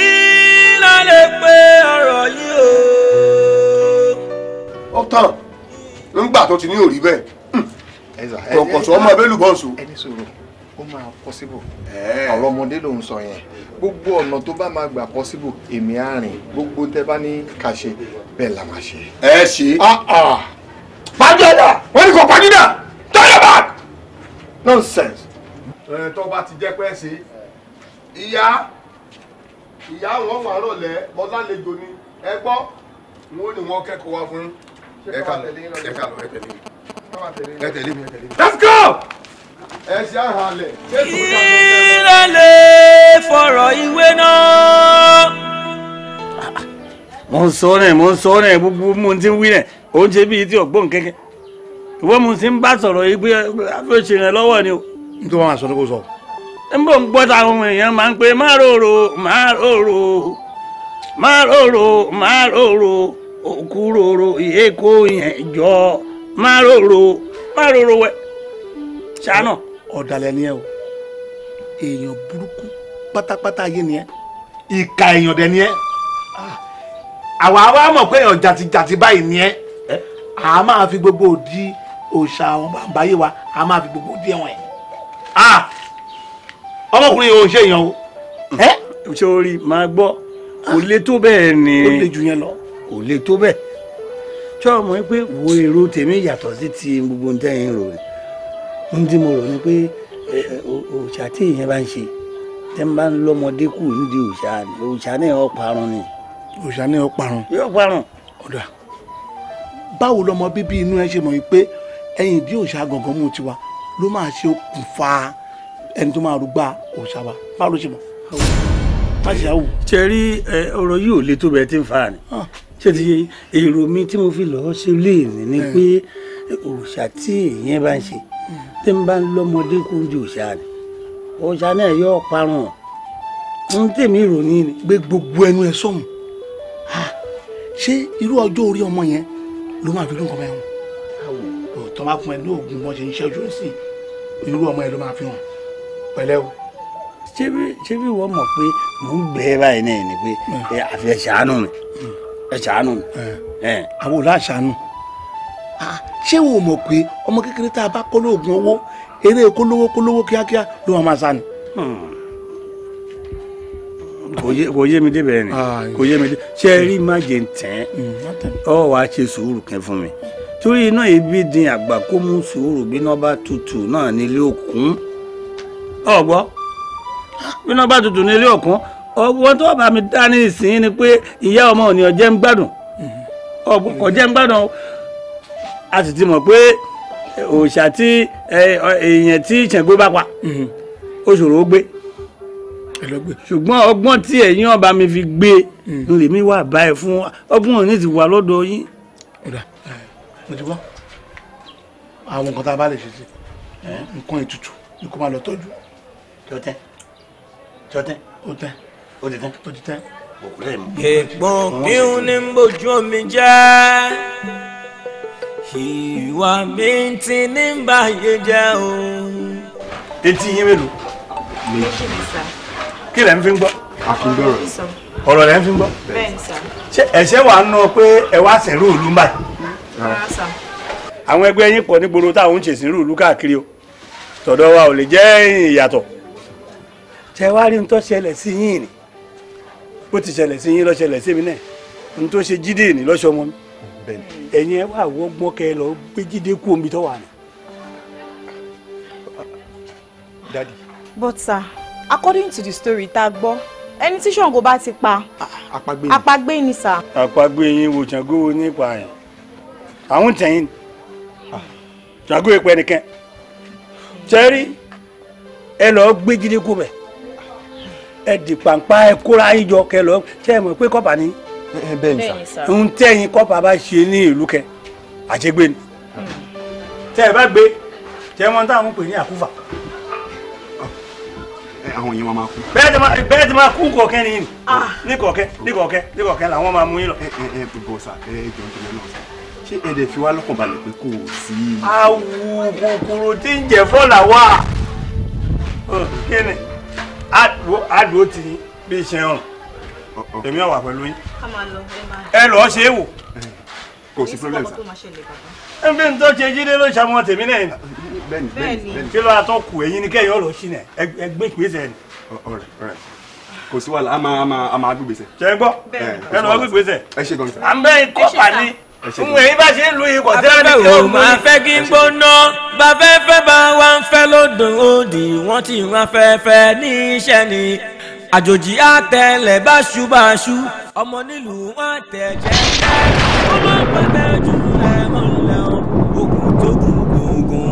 tó ti ní òrí bẹ́ẹ̀ kọ̀ọ̀kan ọmọ abẹ́lú ó máa pọ́síbù ọ̀rọ̀ ọmọdé ló ń sọ yẹn gbogbo ọ̀nà tó bá máa gbà pọ́síbù èmi á rìn gbogbo tẹ bá ní ká ṣe bẹ́ẹ̀ la máa ṣe. ẹ ṣe. Ah, ah. pàjọ́dà wọ́n ní kò pàjọ́dà tọ́jú bá. nonsense. tó bá ti jẹ́ pé ṣe ìyá ìyá wọn wà rọ̀lẹ́ bọ́lálejò ni ẹ gbọ́ wọn ò ní wọn kẹ́kọ̀ọ́ wá fún yín ẹ kà lọ ẹ tẹ̀lé mi ẹ tẹ̀lé mi ẹ tẹ̀lé mi. let's go. ẹsẹ̀ ìrẹ̀lẹ̀ fọ̀rọ̀ ìwé náà. mo ń sọ rẹ̀ mo ń sọ rẹ̀ gbogbo mo ti ń wí rẹ̀ oúnjẹ bíi ti ọ̀gbọ́n kẹ́kẹ́ mo ti ń bá sọ̀rọ̀ yìí pé rẹ̀ ni o. n tó máa sọ ní kò sọ. n bò ń gbọ́ ta ohun èèyàn máa ń pe má rorò má rorò má yẹn jọ má ṣáná ọ̀dàlẹ̀ ni ẹ o èèyàn burúkú pátápátá ayé ni ẹ ìka èèyàn dẹ ni ẹ ah, àwa wa mọ̀ pé èèyàn jàtijàti báyìí ni ẹ a máa fi gbogbo òdi òòṣà àwọn bàbáyé wa a máa fi gbogbo òdi ẹ̀wọ̀n ẹ̀ ah, ọmọkùnrin yìí ò ṣe èèyàn o. sori máa gbọ́ kò le tó bẹ́ẹ̀ ni ó le jù yẹn lọ kò le tó bẹ́ẹ̀ tí ọmọ yẹn pé wo èrò tèmi yàtọ̀ sí ti gbogbo ntẹ́yìn rò rẹ̀ ní tí mo rò ni pé òòṣà tí èèyàn bá ń ṣe tẹ́ ń bá ń lọ́mọdé kù nídìí òòṣà òòṣà náà yọ parun ni. òòṣà náà yọ parun. yọ parun. ọ̀dà báwo lọmọ bíbí inú ẹ ṣe mọ̀ yìí pé ẹyin ìdí òòṣà gangan mú tiwa ló máa ṣe okùnfà ẹni tó máa rúgbà òòṣà wa báwo ló ṣe mọ̀ máṣáwù. ṣe rí ọ̀rọ̀ yìí ò le tó bẹ́ẹ̀ tí ń fa ni ah. ṣé ti èrò mi tí mo fi lọ́ọ́ ṣe léèrè ni eh. pé òòṣà tí èèyàn bá ń ṣe tí n bá ń lọ́mọdé kú ju òṣà ni òṣà náà yọ parun n tèmi ìròyìn ni. gbé gbogbo ẹnu ẹ sọmù ah, ṣé irú ọjọ́ orí ọmọ yẹn ló máa fi lóun kọ́ o yẹn wọn tọ́ máa fún ẹ ní oògùn bọ́n ṣe ń ṣẹ́jú sí irú ọmọ yẹn ló máa fi hàn pẹ̀lẹ́ o. ṣé bí wọ́n mọ̀ pé mò ń bẹ́ẹ̀ báyìí náà ni pé hmm. àfi ẹ̀ ṣàánú mi hmm. ẹ̀ ṣàánú mi. Hmm. àwọn ò láṣàánú ṣé wo mọ̀ pé ọmọ kékeré tá a bá kọ́ lóògùn owó eré kólówó kólówó kíákíá ló wà máa sá ni. Hmm. kò yé mi débẹ̀ ni kò yé mi débẹ̀ ṣé rí hmm. má jẹ tẹ́n hmm, ọ wàá ṣe sùúrù kẹ́ fún mi torí iná ibi dín àgbà kó mú sùúrù bíná bá tutù náà nílé òkun ọgbọ́ bíná bá tutù nílé òkun ọgbọ́n tó bá mi dá ní ni pé ìyá ọmọ ò ní ọjẹ́ ń gbádùn ọjẹ́ ń gbádùn a sì ti mọ̀ pé òòṣà tí èèyàn tí Ṣàngó bá pa mhm. ó ṣòro ó gbé ṣùgbọ́n ọgbọ́n tí ẹ̀yin ọba mi fi gbé mhm. n lè mi wà báyìí fún ọgbọ́n òní ti wà lọ́dọ̀ yín. àwọn nǹkan tá a bá lè ṣe sí nǹkan ètùtù ni kò máa lọ tọ́jú. tí ó ó tẹ́ ó ti tẹ́ ó ti tẹ́. èèpọ̀ bí n ní omi jẹ́ ìwà mi ti ní báyé jẹ́ o. etí yín mélòó. méjì ni sá. kí lẹ ń fi ń gbọ́. akindọ̀rọ̀ ọ̀rọ̀ lẹ ń fi ń gbọ́. bẹ́ẹ̀ ni sá. ṣé ẹ̀ṣẹ̀ wà ń nọ pé ẹ wá sẹ̀rú òlu ń báyìí. àwọn ẹgbẹ́ yín pọ̀ nígboro táwọn ń ṣèṣin rúùlù káàkiri o tọ̀dọ̀ wa ò lè jẹ́ ìyàtọ̀. ṣé wàá rí n tó ṣẹlẹ̀ sí yín ni bó ti ṣẹlẹ̀ sí yín ló sí mi náà n tó ṣe jíde ní lọ́ṣọ́ ọmọ mi ẹ̀yin ẹ wà wọ́gbọ́n kẹ lọ gbé jíde kú omi tó wà ní. dadi. but sir according to the story tá a gbọ́ ẹni tí Ṣàngó bá ti pa àpagbé ni sir. àpagbé yín wo Ṣàngó wo nípa yẹn àwọn tẹ̀yìn ah, Ṣàngó ìpẹ́ nìkan sẹ́rí ẹ lọ gbé jíde kú bẹ̀ ẹ dì pàǹpá ẹ kóra yín jọ kẹ lọ ṣe é mọ̀ pé kọ́ba ni. Eh, bẹ́ẹ̀ ni sà ń tẹ́yìn kọ́pà bá ṣe ní ìlú kẹ àjẹgbé ni tẹ́ ẹ bá gbé tẹ́ wọn táwọn pè ní àkúfà. àwọn yẹn wọn máa kú. bẹ́ẹ̀ ti máa kú kọ̀ọ̀kẹ́ ni ah. ní kọ̀ọ̀kẹ́ ní kọ̀ọ̀kẹ́ ní kọ̀ọ̀kẹ́ làwọn máa mú yín lọ. ẹ ẹ bọ̀ sà ẹ jọ jọ náà sà ṣé ẹ dẹ̀ fi wá lọ́kàn balẹ̀ pé kò sí. awu kòkòrò tí ń jẹ fọ́là wà kí ni àdúró ti bí iṣẹ́ ọ̀rùn èmi á wà pẹ̀lú yín. ẹ lọ́ọ́ ṣe é wò. kò sí problem sa. ẹ bí n tó ṣe jíde ló ṣàmọ tèmi náà yìí. bẹ́ẹ̀ni kí ló àtọkù ẹ̀yin ni kẹyìn ọ̀rọ̀ ṣì nẹ ẹgbẹ ìpèsè ẹni. ọ̀rẹ́ ọ̀rẹ́ kò sí wàhálà a máa a máa a máa gbégbèsè. ṣe gbọ́ ẹ lọ́ọ́ gbégbèsè. ẹ ṣe gan sa. à ń bẹ́ kọ́pà ni fún èyí bá ṣe ń lu ikọ̀ tẹ́lẹ̀ ní kí òun máa fẹ́ kí n gbóná bàfẹ́fẹ́ bá wa ń fẹ́ lódò òdì wọ́n ti wọn afẹ́fẹ́ ní iṣẹ́ ni àjòjì àtẹlẹ báṣubàṣu ọmọ nílùú wọn tẹ jẹ ó máa pẹpẹ jù ẹ mọ ilẹ okùn tó gùn gùngùn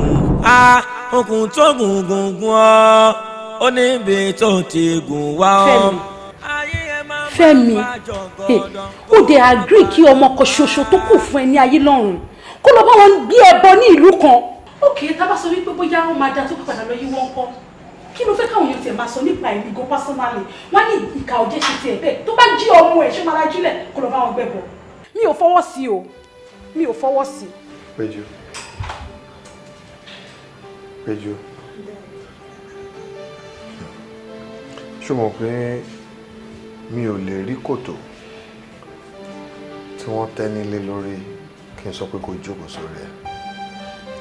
a okùn tó gùn gùngùn ọ ó níbi tó ti gùn wá ọ. Fẹ́mi ó dé agree kí ọmọ kan ṣoṣo tó kù fún ẹ ní ayé lọ́run kó lọ bá wọn gbé ẹbọ ní ìlú kan. ó tábà sọ wípé bóyá wọn máa da tó padà lọ yí wọn kọ kí ló fẹ́ káwọn yóò tiẹ̀ máa sọ nípa ẹ̀mí gan pásánálì wọ́n ní ìkà òjẹ́ ṣe tiẹ̀ bẹ́ẹ̀ tó bá jí ọmọ ẹ̀ ṣé máa lajú lẹ̀ kó lọ bá wọn gbẹ̀bọ̀. mi ò fọwọ́ sí o mi ò fọwọ́ sí. péjú péjú ṣó mọ̀ pé mi ò lè rí kòtò tí wọ́n tẹ́ nílé lórí kí n sọ pé kò jókòó sórí ẹ̀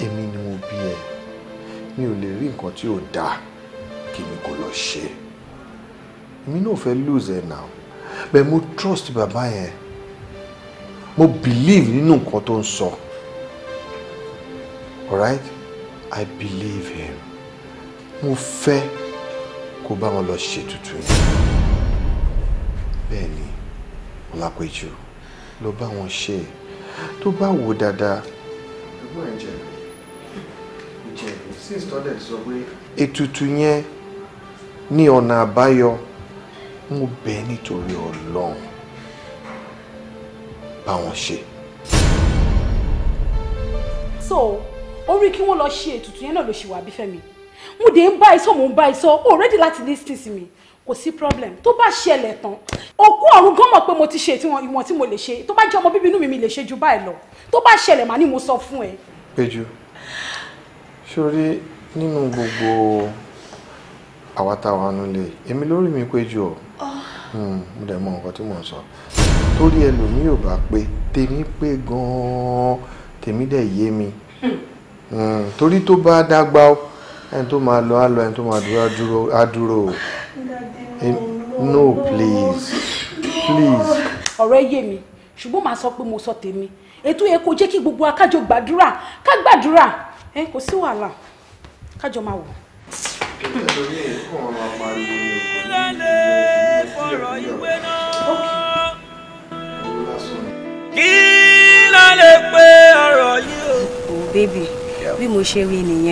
èmi ni mo bí ẹ mi ò lè rí nǹkan tí ò dáa kí mi kò lọ ṣe èmi náà fẹ́ lose ẹ̀ náà bẹ́ẹ̀ mo trust bàbá yẹn mo believe nínú nǹkan tó ń sọ alright I believe him mo fẹ́ kó bá wọn lọ ṣètùtù yẹn bẹ́ẹ̀ ni Ọlápẹ́jú lọ bá wọn ṣe tó bá wò dáadáa. ẹ̀gbọ́n ẹ̀ jẹ̀bi jẹ̀bi sí ìtọ́lẹ̀ sọ pé. ètùtù yẹn ní ọ̀nà àbáyọ mo bẹ̀ nítorí ọlọ́run bá wọn ṣe. so orí kí wọ́n lọ ṣe ètùtù yẹn náà ló ṣì wà bí fẹ́mi mo dé ń bá iṣọ́ mo ń bá iṣọ́ o ready láti listen sí mi kò sí problem tó bá ṣẹlẹ̀ tán òkú ọ̀run gan pé mo ti ṣe ìwọ̀n tí mo lè ṣe tó bá jẹ́ ọmọ bíbí inú mi mi lè ṣe ju báyìí lọ tó bá ṣẹlẹ̀ mà ni mo sọ fún ẹ. péjú sórí nínú gbogbo àwa táwa ń lè èmi lórí mi pé jù ọ ah. hmm, mo dẹ̀ mọ nǹkan tí mò ń sọ torí ẹlòmíì ò bá pé tèmi pé gan-an tèmi dẹ̀ yé mi hmm, torí tó bá dágbà ó ẹni tó máa lọ á lọ ẹni tó máa dúró á dúró o no please please. ọ̀rẹ́ yé mi ṣùgbọ́n màá sọ pé mo sọ tèmi ètò yẹn kò jẹ́ kí gbogbo akájọ gbàdúrà ká gbàdúrà ẹ kò sí wàhálà kájọ máa wò nítorí èyí kò wọn máa pariwo ní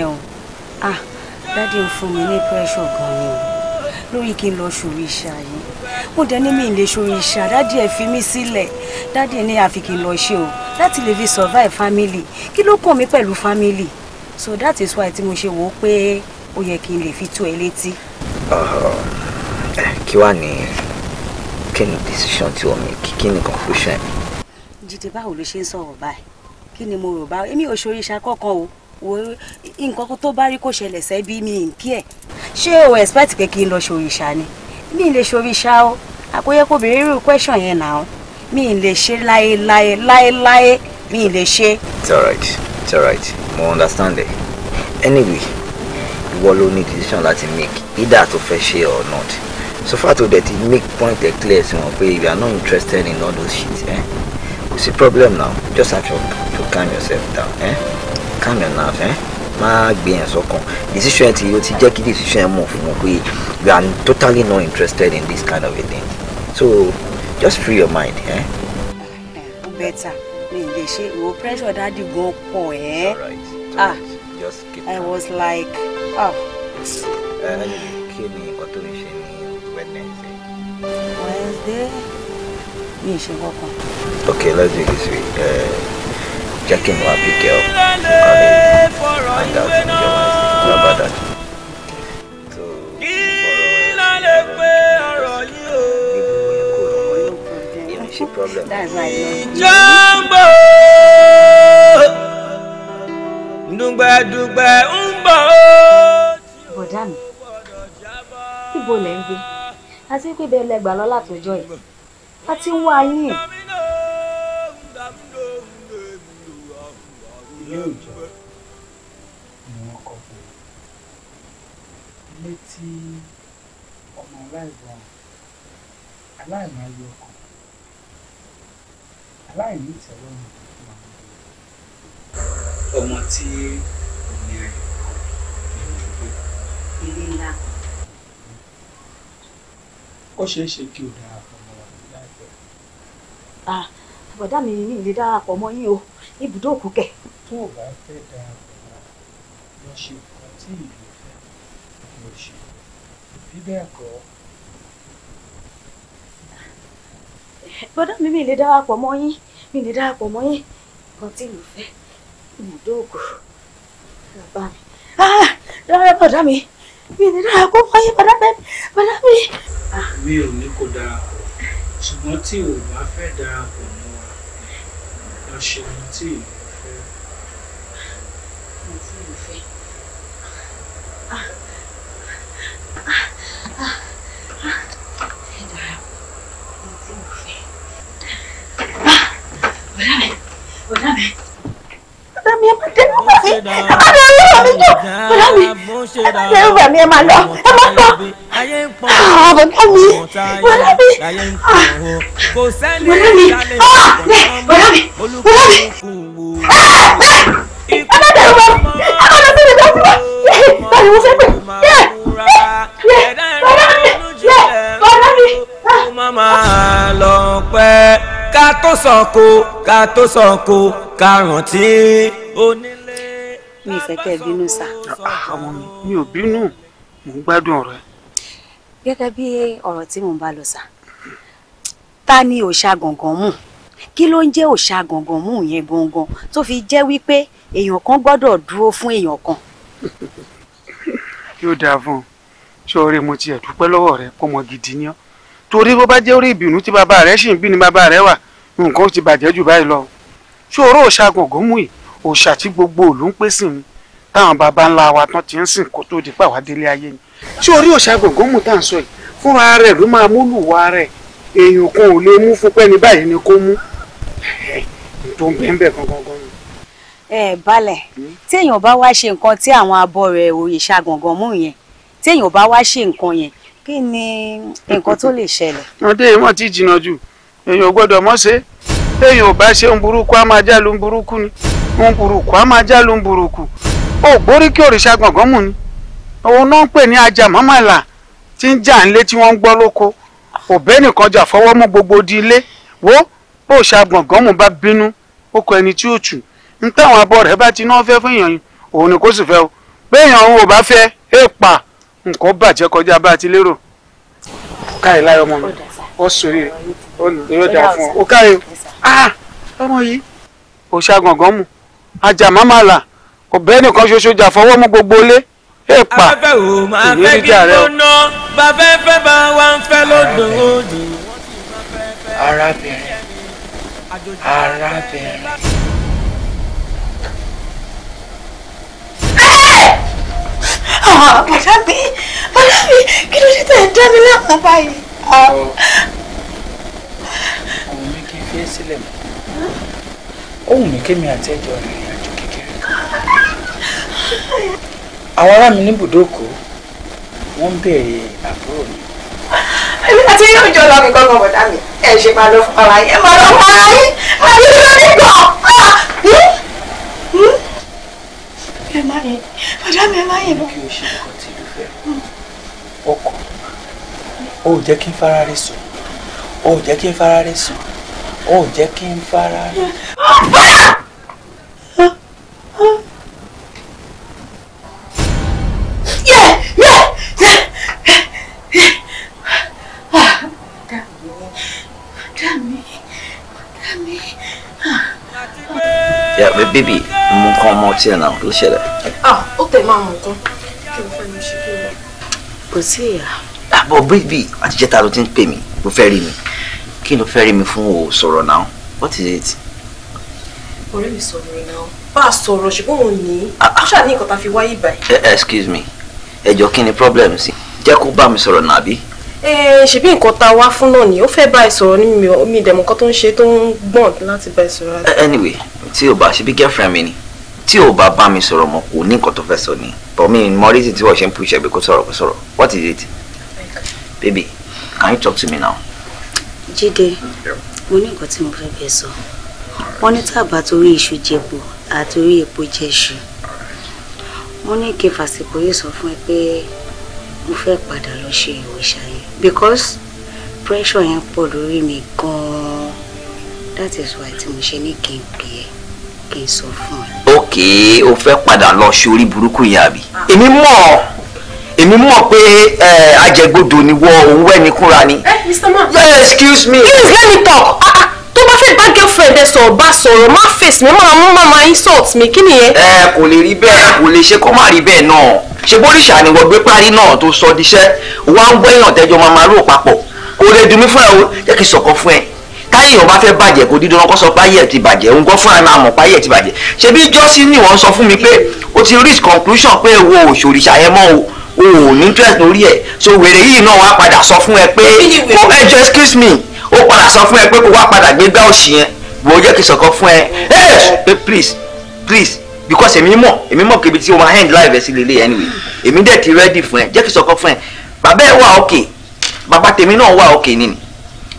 òkú ah daddy, ń fún mi ní pressure gan ni o lórí kí n lọ ṣòro ìṣá yìí mo dẹ lose mi lè Daddy, ìṣá dáàdi ẹ fi Daddy, sílẹ̀ dáàdi ní àfi you. That's the way o survive family kí ló kàn mí pẹ̀lú family so that is why I think we should walk away ó yẹ kí n lè fi tó ẹ létí. Eh, kí wàá ní kí ni decision tí o make kí ni conclusion mi. báwo ló ṣe ń sọ̀rọ̀ báyìí kí ni mo rò báwo èmi ò ṣorí iṣẹ́ kọ́kọ́ o nǹkan tó bá rí kó ṣẹlẹ̀ sẹ́bí mi n kí ẹ̀ ṣé o expect pé kí n lọ ṣòrìṣà ni mi lè ṣòrìṣà o àkóyẹ kó question yẹn náà mi lè ṣe láéláé láéláé mi lè ṣe. it's alright it's alright mo understand it anyway ìwọ ló ní decision láti make either to fẹ́ ṣe or not so far to dẹ̀ ti make point ẹ̀ clear sí wọn pé you are not interested in all those shit eh? kò sí problem now just have to, to calm yourself down eh? calm your nerves eh? má gbé yẹn sọ́kàn decision ti o ti jẹ́ kí decision ẹ̀ mọ̀ fún wọn pé you are totally not interested in this kind of a thing so just free your mind. Eh? better mi ì lè ṣe ìwò pressure dáàdì gan pọ̀ ẹ́ eh. ah just keep I was like, oh. Uh, and kí ni Wednesday? Wednesday? Mi ì ṣe Okay, let's do this way. Uh, jẹ́ kí pick ẹ up. And that's in your mind. How about that? So, ọ̀rọ̀ ẹ̀ ṣe problem. That's why I love you. Jumbo! dùgbẹ̀dùgbẹ̀ ń bọ̀ ó. bọ̀dá mi ibo lẹ̀ ń gbé àti pé bẹ́ẹ̀ lẹ gbà lọ látọjọ́ yìí a ti ń wá yín. ilé òjò ni wọ́n kọ́ fún mi létí ọmọ aláìgbọràn aláìmáyọkàn aláìní ìtẹ́lọ́rùn ọmọ tí kò ní ayọ̀ ni mo gbé. ilé ńlá. ó ṣeé ṣe kí o darapọ̀ mọ́ wa láìpẹ́. àbọ̀dá ah, mi mi lè darapọ̀ mọ́ yín o ibùdó òkú kẹ̀. tó o bá fẹ́ darapọ̀ mọ́ lọ ṣe nǹkan tí ìlú fẹ́ lọ ṣe bí bẹ́ẹ̀ kọ́. bọ́dá mi mi lè darapọ̀ mọ́ yín mi lè darapọ̀ mọ́ yín nǹkan tí ìlú fẹ́ mọ̀dọ́gù bàbá Ah, rárá bàdá mi mi ní dára kó wáyé bàdá mi bàdá mi. mi ò ní kó darapọ̀ ṣùgbọ́n tí ò bá fẹ́ darapọ̀ mọ́ wa lọ ṣe ohun tí ìlú fẹ́. ohun tí ìlú fẹ́. Ah. Ah. Ah. Bọ̀dá mi, bọ̀dá mi bá Mama lọ pẹ́ ká tó sọ̀kò ká tó sọ̀kò ká rántí onílé. mi ìfẹ́ kẹ́ ẹ bínú sá. Ah, ọmọ mi mi ò bínú mò ń gbádùn ọ̀rọ̀ ẹ. gẹ́gẹ́ bí ọ̀rọ̀ tí mò ń bá lọ sá ta ni òòṣà gàngàn mú kí ló ń jẹ́ òòṣà gàngàn mú yẹn gangan tó fi jẹ́ wípé èèyàn kan gbọ́dọ̀ dúró fún èèyàn kan. yóò dáa fún un ṣé mo tiẹ̀ dúpẹ́ lọ́wọ́ rẹ kọ́mọ gidi ni ọ́ torí bó bá jẹ́ orí ìbínú tí bàbá rẹ̀ ṣì ń bí ni bàbá rẹ̀ wà nǹkan ó ti bàjẹ́ jù báyìí lọ ṣòro òòṣà gògómù yìí òòṣà tí gbogbo òòlù ń pè sí ni táwọn baba ńlá wa tán ti ń sìn kó tó di pàwá délé ayé ni ṣé orí òòṣà gògómù tá à ń sọ yìí fúnra rẹ̀ ló máa múlù wá rẹ̀ èèyàn kan ò lè mú fún pẹ́ni báyìí ni kó mú tó ń bẹ́ ń bẹ̀ gangan ni. ẹ balẹ̀ hmm? téèyàn bá wá ṣe nǹkan tí àwọn abọ rẹ̀ òòṣà gàngàn mú yẹn téèyàn bá wá ṣe nǹkan yẹn kí ni nǹkan tó lè ṣẹlẹ̀. ọdẹ wọn ti jìnnà jù èèyàn ò gbọ́dọ̀ mọ̀ ṣe téèyàn ò bá ṣe ń burúkú á máa já lu ń burúkú ni ń burúkú á máa já lu ń burúkú ó gbórí kí òrìṣà gbọ̀ngàn mù ni òun náà ń pè ní ajàmọ́mọ́là tí ń jà ń lé tí wọ́n ń gbọ́ lóko òbẹ́ nìkan jà fọwọ́ mú gbogbo di ilé wo bó ṣa gbọ̀ngàn mù bá bínú ó kọ ẹni tí ó tù ń táwọn abọ́ rẹ̀ bá ti náà fẹ́ fún èèyàn òun ni kò sì fẹ́ o béèyàn òun ò bá fẹ́ èèpà nǹkan bàjẹ́ kọjá bá a ti lérò káyìí láyọ̀ mọ́ mi ó sòrí rẹ yóò dáa fún ọ ó káyọ ah, ọmọ yìí òòṣà gàngán mu ajàmámàlà ọbẹ nìkan ṣoṣo jà fọwọ́ mú gbogbo ilé ẹ pa ìyẹn jíjà rẹ o. bàfẹ́fẹ́ bá wa ń fẹ́ lọ́dọ̀ ah! kí ló dé tẹ̀ ń dá mi láwọn báyìí ohun mi kì í fi é sílẹ̀ mọ́ ohun mi kémi àti ẹ̀jọ̀ rìnrìn àjò kékeré kan àwọn ará mi ní bùdókò wọ́n ń béèrè àbúrò mi. èmi àti yóò jọ lọ nìkan kan bọ̀dá mi ẹ ṣe máa lọ fún ara yín máa lọ fún ara yín máa lọ fún mi gbọ́. ẹ má yẹn bọ̀dá mi ẹ má yẹn lọ. kí o ṣe nǹkan tí ìlú fẹ́. Hmm o ò jẹ́ kí n fara rẹ sùn o ò jẹ́ kí n fara rẹ sùn o ò jẹ́ kí n fara rẹ. Yeah, but baby, mo kàn mọ tí ẹ náà ló ṣẹlẹ̀. Ah, ó tẹ̀ máa mọ̀ kan. Kí ló fẹ́ mi ṣe kí n lọ? Kò sí ìyá àbọ̀ bíbí àtijọ́ta ló ti ń pè mí ló fẹ́ rí mi kí ló fẹ́ rí mi fún o sọ̀rọ̀ náà what is it. ọ̀rẹ́ mi sọ̀rọ̀ náà bá a sọ̀rọ̀ ṣùgbọ́n òun ah, ah. ní ó ṣàní nǹkan tá a fi wáyé báyìí. Eh, eh, excuse me ẹ jọ kí ni problem sí jẹ́ kó bá mi sọ̀rọ̀ náà bí eh, ṣebí nǹkan tá a wá fún náà ni ó fẹ́ bá ẹ sọ̀rọ̀ ní mi mi ìdẹ̀mọ̀ kan tó ń ṣe tó ń gbọ̀n láti bá ẹ sọ̀rọ̀. anyway tí o bá ṣebí girlfriend mi ni tí o bá bá mi sọ̀rọ̀ mọ́ kò ní nǹkan tó fẹ́ sọ ni but mi mọ reason tí wọ́n ṣe ń push ẹ̀ bí kò sọ̀rọ̀ kò sọ̀rọ̀ what is it. Baby, can you talk to me now? Jide, mo ní nǹkan tí mo fẹ́ bẹ́ẹ̀ sọ. Wọ́n ní tàbá torí iṣu jẹpo àtorí epo jẹ́ṣu. Wọ́n ní kí Fàṣípò yóò sọ fún ẹ pé mo fẹ́ padà lọ ṣe ìwòsàn yẹn. Because pressure yẹn pọ̀ lórí mi gan That is why tí mo ṣe ní kí n pè é kí n Okay, o fẹ́ padà lọ ṣe orí burúkú yẹn àbí? Èmi mọ̀ ọ́ èmi mọ̀ pé ajẹ́gbodò ni wọ òun wẹ́ni kúnra ni. ẹ Mr. Man. excuse me. please let me talk. Ah, ah tó bá fẹ́ bá girlfriend ẹ sọ̀rọ̀ bá sọ̀rọ̀ má face mi máa mú máa insult mi kí nìyẹn. ẹ kò lè rí bẹ́ẹ̀ kò lè ṣe kó má rí bẹ́ẹ̀ náà ṣe bóríṣà ni wọ́n gbé parí náà tó sọ díṣẹ́ wá ń gbọ́ èèyàn tẹ́jọ́ máa máa rò papọ̀ kò lè dùn mí fún ẹ o jẹ́ kí n sọ̀kan fún ẹ táyé èèyàn bá fẹ́ bàjẹ́ kò dídùn ọkọ sọ páyé ẹ̀ ti bàjẹ́ òun gan fúnra náà mọ̀ páyé ẹ̀ ti bàjẹ́ ṣebí jọ́sí ni wọ́n sọ fún mi pé o ti reach conclusion pé wo òṣòrìṣà yẹn mọ́ o o ò ní interest lórí ẹ̀ so wèrè yìí náà wá padà sọ fún ẹ pé kó ẹ jọ excuse me ó padà sọ fún ẹ pé kó wá padà gbégbá òsì yẹn wò ó jẹ́ kí sọ̀kan fún ẹ ẹ pé please please because èmi mọ̀ èmi mọ̀ kébi tí o máa hand live ẹ sí lélẹ̀ anyway èmi dẹ̀ ti ready fún ẹ jẹ́ kí sọ̀kan fún ẹ bàbá ẹ wà ok bàbá tèmi náà wà ok nìyí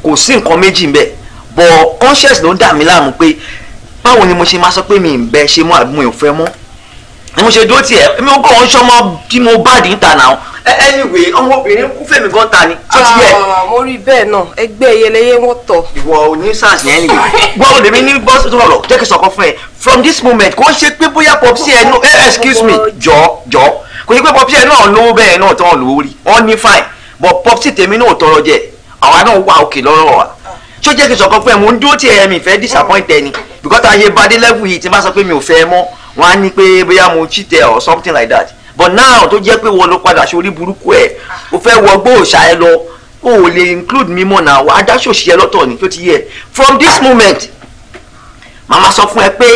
kò sí nǹkan méjì ń bẹ but conscience ló ń dà mí láàmú pé báwo ni mo ṣe máa sọ pé mi ń bẹ ṣe mọ́ àbí mo mo ṣe dúró tiẹ̀ mi ò kọ́ ọ́n ṣọmọ tí mo bá dì í ta náà anyway ọmọbìnrin kú fẹ́mi gan ta ni. Ah, mo rí bẹ́ẹ̀ náà ẹgbẹ́ ẹyẹlẹyẹ wọn tọ̀. ìwọ ní sars yẹn ni [LAUGHS] gbọ́dọ̀ lèmi ní bọ́sì tó lọ jẹ́ kí n sọ̀kan fún ẹ from this moment kò ṣe pé bóyá popsi no, nù eh, excuse me jọ jọ kò ṣe pé popsi ẹ náà lówó bẹ́ẹ̀ náà tán lówó rí wọ́n ní fine but popsi tèmi náà tọrọ jẹ àwa náà wà òkè lọ́rọ̀ wa tó jẹ́ kí n sọ̀kan pé mo ń dúró tí ẹ̀mí fẹ́ disappoint ẹni because ayé badé level yìí tí n bá sọ pé mi ò fẹ́ mọ́ wọ́n á ní pé bóyá mo cheat or something like that but now tó jẹ́ pé wọ́n ló padà sórí burúkú ẹ̀ o fẹ́ wọ gbó òòṣà ẹ lọ o ò lè include mi mọ̀ náà adáṣòṣì ẹ lọ́tọ̀ ni tó ti yẹ from this moment màmá sọ fún ẹ pé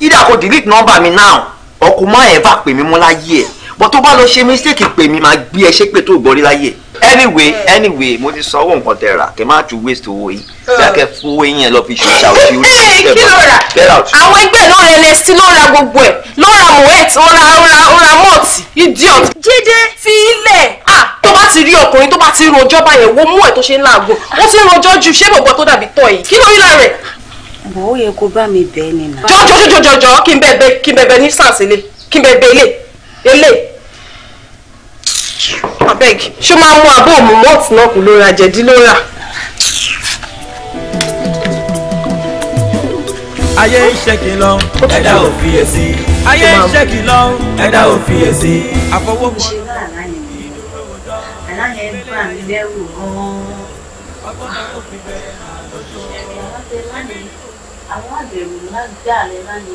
either kò delete number mi now or kò má ẹ̀ bá pè mí mọ́ láyé ẹ̀ but tó bá lọ ṣe mistake pè mí máa gbé ẹ ṣépè tó gbọ́rí láyé ẹ̀ anyway anyway mo ti sọ owó nǹkan tẹ rà kẹ má tún waste owó yìí dákẹ́ fowó yín yẹn lọ fi ṣòṣà òṣì orí ẹ̀ kí ló rà àwọn ẹgbẹ́ náà ẹlẹ́sí ló ra gbogbo ẹ̀ ló ra moet ó ra ó ra ó ra malt idiot. jẹ́jẹ́ fi ilẹ̀ ah tó bá ti rí ọkùnrin tó bá ti rojọ́ báyẹn wo mú ẹ̀ tó ṣe ń láàgbo wọ́n ti rojọ́ ju ṣé bọ̀bọ̀ tó dàbí tọ̀ yìí kí ló rí lára ẹ̀. bọ̀ ó yẹ kó bá mi bẹ́ẹ̀ nínú. jọjọjọjọjọ kí n bẹ bẹ kí n bẹ bẹ ní sàǹsì ilé kí n bẹ bẹ ilé ilé abeg ṣó máa mú abọ́ òmù mọ́ọ̀tì náà kù lóra jẹ̀dí lóra. ayé iṣẹ́ kìlọ̀ ẹ̀dá ò fiyèsí. ayé iṣẹ́ kìlọ̀ ẹ̀dá ò fiyèsí. àfọwọ́fọ. ṣé wà láyé aláyẹ ń bà mí lẹ́rù gan-an. àwọn àbẹ̀wò ńlá gbà lẹ́ láyé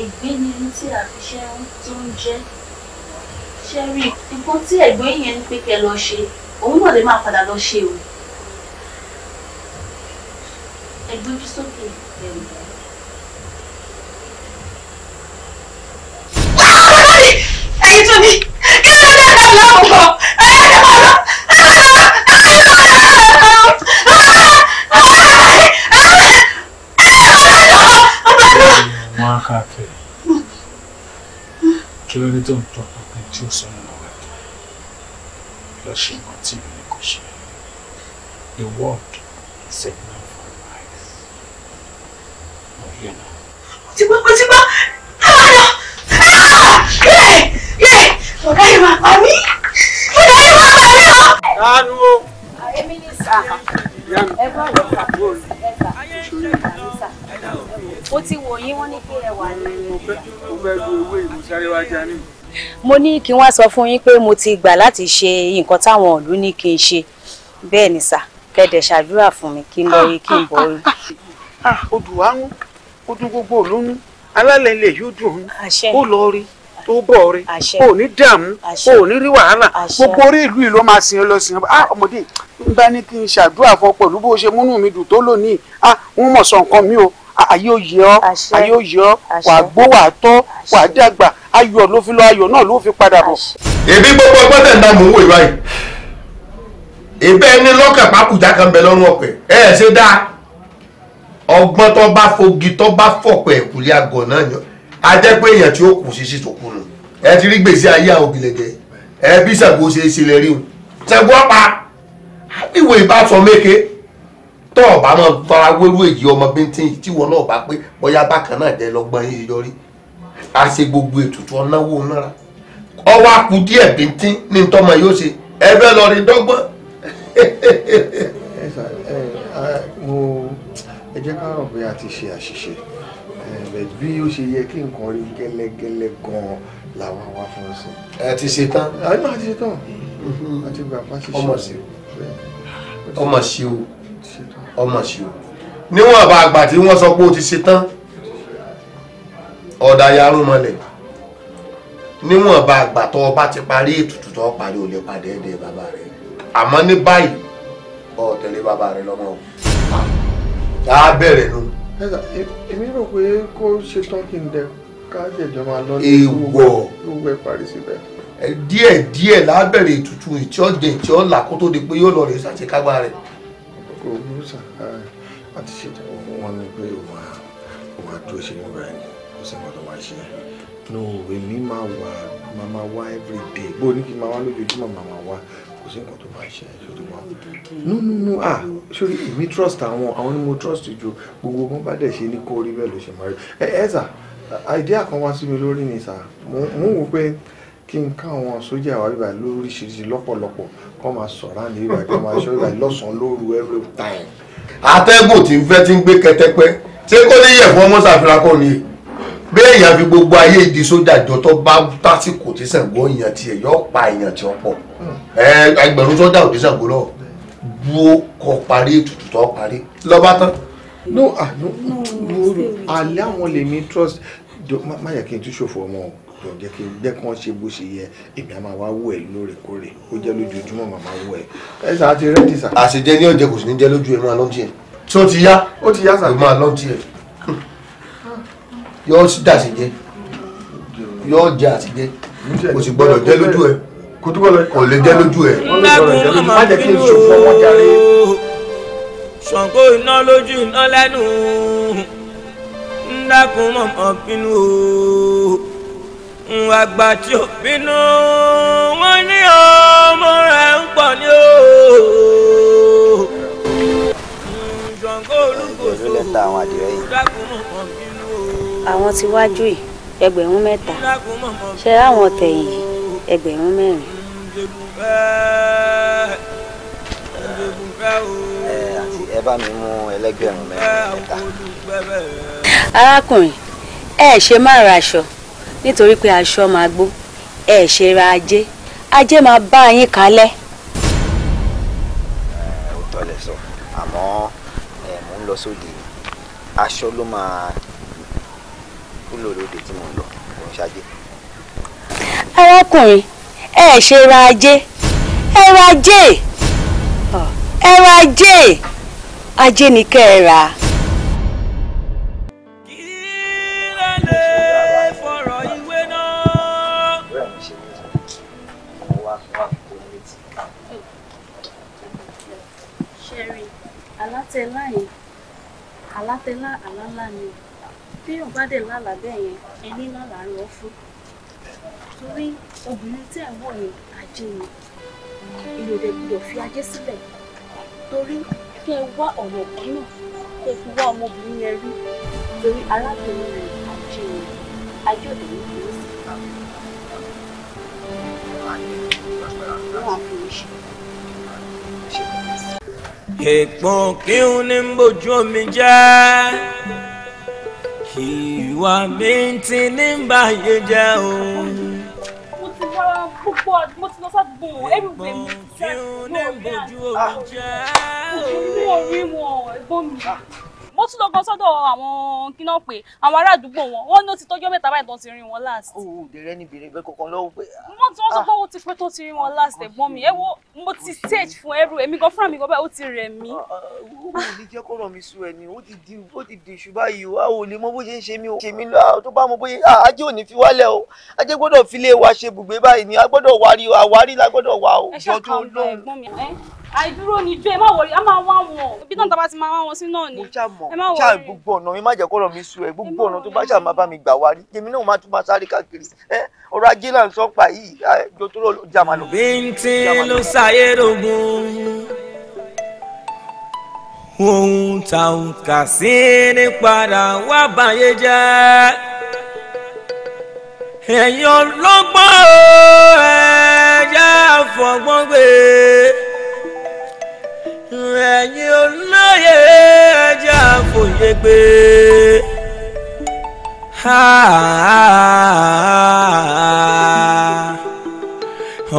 ègbé ni tí àfiṣẹ́ tó ń jẹ́ ṣẹ́rí nǹkan tí ẹ̀gbọ́n yẹn ń pé kẹ́ lọ ṣe òun náà lè máa padà lọ ṣe o ẹ̀gbọ́n ojú sókè ẹ̀rù. ẹ̀yin tó ní kí ló dé dáadáa láwọn kan ẹ̀yin tó máa lọ. Wọn á káàkiri, kí ló ní tó ń tọ́? ẹni tí ó sọnù lọ́wọ́ ẹ̀ lọ ṣe nǹkan tí ìlú ní kò ṣe the word is a man for life mo yẹ na. ó ti gbọ́ ó ti gbọ́ ẹ máa lọ ah! yẹ yẹ ọ̀gá yìí máa pa mí ọ̀gá yìí máa pa mí o. dánú o. èmi ni sà ah, ẹ gbọ́ àwọn àbúrò ẹ kà ṣúlẹ̀ kà ní sà ó ti wò yín wọ́n ní kí ẹ wà ní. mo fẹ́ du ewé ìmúsáré wájà ní mi mo ní kí wọ́n sọ fún yín pé mo ti gbà láti ṣe nǹkan táwọn ìlú ní kí n ṣe bẹ́ẹ̀ ni sà kẹ́dẹ̀ ṣàdúrà fún mi kí n lọ rí kí n bọ̀ rí. Ah, ah, ah, odù wa ń odún gbogbo olóyún alálẹ̀ ilẹ̀ yóò dùn ún ó lọ rí tó bọ̀ rí kò ní dààmú kò ní rí wàhálà gbogbo orí ìlú yìí ló máa sin lọ sin ah ọmọdé n bá ní kí n ṣàdúrà fún ọ pẹ̀lú bó ṣe múnú mi dùn tó lónìí ah wọ́n mọ̀ sọ nǹkan mi o ayé òye ọ ayé òye ọ wàá gbó wàá tọ́ wàá dàgbà ayọ̀ ló fi lọ ayọ̀ náà ló fi padà bọ̀. èmi gbogbo ọgbọ́n tẹ̀ ń dá mò ń wò ìwà yìí ìbẹ́ ẹni lọ́kàn pákùjá kan bẹ lọ́rùn ọ̀pẹ ẹ ṣe dáa ọgbọ́n tó bá fogi tó bá fọ̀pẹ̀ ìkùlé àgọ̀ náà yàn á jẹ́ pé èèyàn tí ó kù sí sí tó kùnú ẹ ti rí gbèsè ayé àwọn ògìlẹ̀dẹ̀ ẹ bí Ṣàngó ṣe é ṣe lè rí o Ṣàngó ọ̀pá ìwé ìbátan méke tó ọ̀bá máa fara wérú èyí ọmọ bíntín tí wọn náà bá pé bóyá bákan náà jẹ́ lọ́gbọ́n yìí yọrí a ṣe gbogbo ètùtù ọ̀nàwó náírà ọwọ́ àpò díẹ̀ bíntín ní ntọ́mọ yóò ṣe ẹ fẹ́ lọ rí dọ́gbọ́n. [LAUGHS] mo ẹ jẹ́ ká rò pé a ti ṣe àṣìṣe bí ó ṣe yẹ kí nǹkan rí gẹ́lẹ́gẹ́lẹ́ gan-an làwa wá fún un sí. ẹ ti ṣe tán. àyè máa ti ṣe tán àti mm-hmm. gbà ti ṣe. ọmọ sí o ọmọ sí o ọmọ sí o níwọ̀n àbá àgbà tí wọ́n sọ pé o ti ṣe tán ọ̀dà yarú mọ́lẹ̀ níwọ̀nba àgbà tó o bá ti parí ètùtù tó o parí o lè padà ẹ̀dẹ̀ bàbá rẹ àmọ́ ní báyìí o tẹ̀lé bàbá rẹ lọ́mọ o tá a bẹ̀rẹ̀ nu. E, èmi rò pé kó ṣe tán kí n dẹ ká jẹjọ máa lọ ní ìwọ parí síbẹ̀. díẹ̀ díẹ̀ lábẹ̀rẹ̀ ètùtù ìtí ọ̀jẹ̀ ìtí ọ̀là kó tó di pé yóò lọ rè sàṣekágbá rẹ̀. kò burú sàn àti ṣètò wọn ni pé òun àdúró ṣe ń bá ẹni sí nǹkan tó no we máa wà máa máa wá everyday bó o ní kí n máa wá lójoojúmọ́ máa máa wá kò sí nǹkan tó no no no ah sori èmi trust àwọn I want to trust ju gbogbo kan bá dẹ̀ ṣe ní kó rí bẹ́ẹ̀ ló ṣe máa rí ẹ ẹ sà idea kan wá sí mi lórí ni sà mo ń wò pé kí n ká àwọn sójà wa bíbá lóríṣiríṣi lọ́pọ̀lọpọ̀ kọ́ máa sọ̀rọ̀ àná bíbá kọ́ máa ṣọ́ bíbá lọ́sàn-án lóru every time. atẹ́gùn tí ń fẹ́ ti ń gbé kẹtẹ́pẹ́ ṣé kó ní yẹ̀fọ́ mọ́sàfíà kò ní béèyàn fi gbogbo ayé ìdí sójà jọ tó bá tásìkò tí Ṣàngó èèyàn tiẹ̀ yọ pa èèyàn tí ó pọ̀ hmm. ẹgbẹ̀rún sójà òdì Ṣàngó lọ dúró kọ parí ètùtù tó parí lọ́ba tán. no ah no àlẹ́ àwọn lèmi trust má yẹ kí n tún ṣòfò ọmọ o jọ jẹ́ kí jẹ́ kí wọ́n ṣe bó ṣe yẹ èmi a máa wá wò ẹ́ lóòrèkóòrè ó jẹ́ lójoojúmọ́ màá máa wò ẹ́ ẹ sà á ti rẹ́dí sà. àṣejẹ ní ọjẹ kò sì ní jẹ lójú ẹ máa lọ́ntì ẹ. tí ó ti yá ó ti yá sà. máa lọ́ntì ẹ yọ dàsí jẹ yọ jẹ àti jẹ kò sì gbọ́dọ̀ jẹ lójú ẹ kò lè jẹ lójú ẹ. má jẹ́ kí n ṣòfò ọmọ jàre. Ṣàngó iná lójú iná lẹ́nu ń dákun mọ̀mọ́ bínú o àgbà tí ò bínú wọn ní ọmọ rẹ ń pọ̀ ní o. Ṣàngó olúkòso dákun mọ̀mọ́ àwọn tí wájú yìí ẹgbẹ̀rún mẹ́ta ṣe ráwọn tẹ̀yìn ẹgbẹ̀rún mẹ́rin. àti ẹ bá mi mú ẹlẹ́gbẹ̀rún mẹ́rin arákùnrin ẹ ṣe má ra aṣọ nítorí pé aṣọ máa gbó ẹ ṣe ra ajé ajé máa bá yín kalẹ̀. ó tọ́lẹ̀ sọ àmọ́ mò ń lọ sóde aṣọ ló máa wúlò lóde tí mo ń lọ kò ń ṣajé. arákùnrin ẹ ṣe ra ajé ẹ ra ajé ẹ ra ajé ajé ni kẹ́ ẹ rà á. yìí alátẹlá àlálà ni téèyàn bá dẹ̀ lálàá bẹ́ẹ̀ yẹn ẹni lálàá rọ fún torí obìnrin tí ẹ̀ wọ̀ yẹn ajé ni èyí gbọdọ̀ fi ajé sílẹ̀ torí kí ẹ wá ọ̀nà kan náà kí ẹ fi wá ọmọbìnrin yẹn rí torí arábìnrin rẹ̀ ajé ni ajé òde ní ìlú sí. wọn kí n ní bójú omi jẹ́ ìwà mi ti ní báyé jẹ́ o. mo ti wá gbogbo mo ti lọ sádùúgbò ẹrù mi ti sá lórí àná. ojú mi ò rí wọn ẹ̀gbọ́n mi mo tún lọ kọ sọ́dọ̀ àwọn kíná pé àwọn ará àdúgbò wọn wọn ní ó ti tọ́jọ́ mẹ́ta báyìí tó ti rin wọn last. o ò dèrè ní bèrè bẹ́ẹ̀ kankan lọ́wọ́ pé. Ah. wọ́n ti wọ́n sọ ah. pé ó ti pẹ́ tó ti rin wọn last ẹ̀gbọ́n mi ẹ wo mo ti stage fún ẹrú èmi gan fúnra mi gan báyìí ó ti rẹ̀ mí. o ah, ní jẹ́ kó ràn mí sùn ẹ̀ ni ó ti di ó ti di ṣùgbọ́n yìí wá ò lè mọ bó ṣe ń ṣe mí o. ṣe lọ tó bá mọ bóyá ajé ò ní fi wálẹ̀ o ajé gbọ́dọ̀ fi wa ṣe bùgbé báyìí ni a gbọ́dọ̀ wárí àwárí la gbọ́dọ̀ wá o. ẹ ṣàkàwé àìdúró ni jó ẹ má wọrí a máa wá wọn ibi náà tábà ti máa wá wọn sí náà ni ẹ má wọrí. ṣáà gbogbo ọ̀nà mi má jẹ́ kọ́rọ̀ mi sú ẹ gbogbo ọ̀nà tó bá ṣáà máa bá mi gbà wá rí èmi náà máa tún máa sáré káàkiri ọ̀rọ̀ ajé là sọ pa yìí àjọ tó rọ̀ jà lọ. bíntín ló ṣàyè rogun ohun tá kà sí ní padà wá báyé jẹ́ ẹ̀yin ọlọ́gbọ́n ẹ̀yà àfọ̀gbọ́n gbé ẹ̀yin olóye ẹja fòye gbé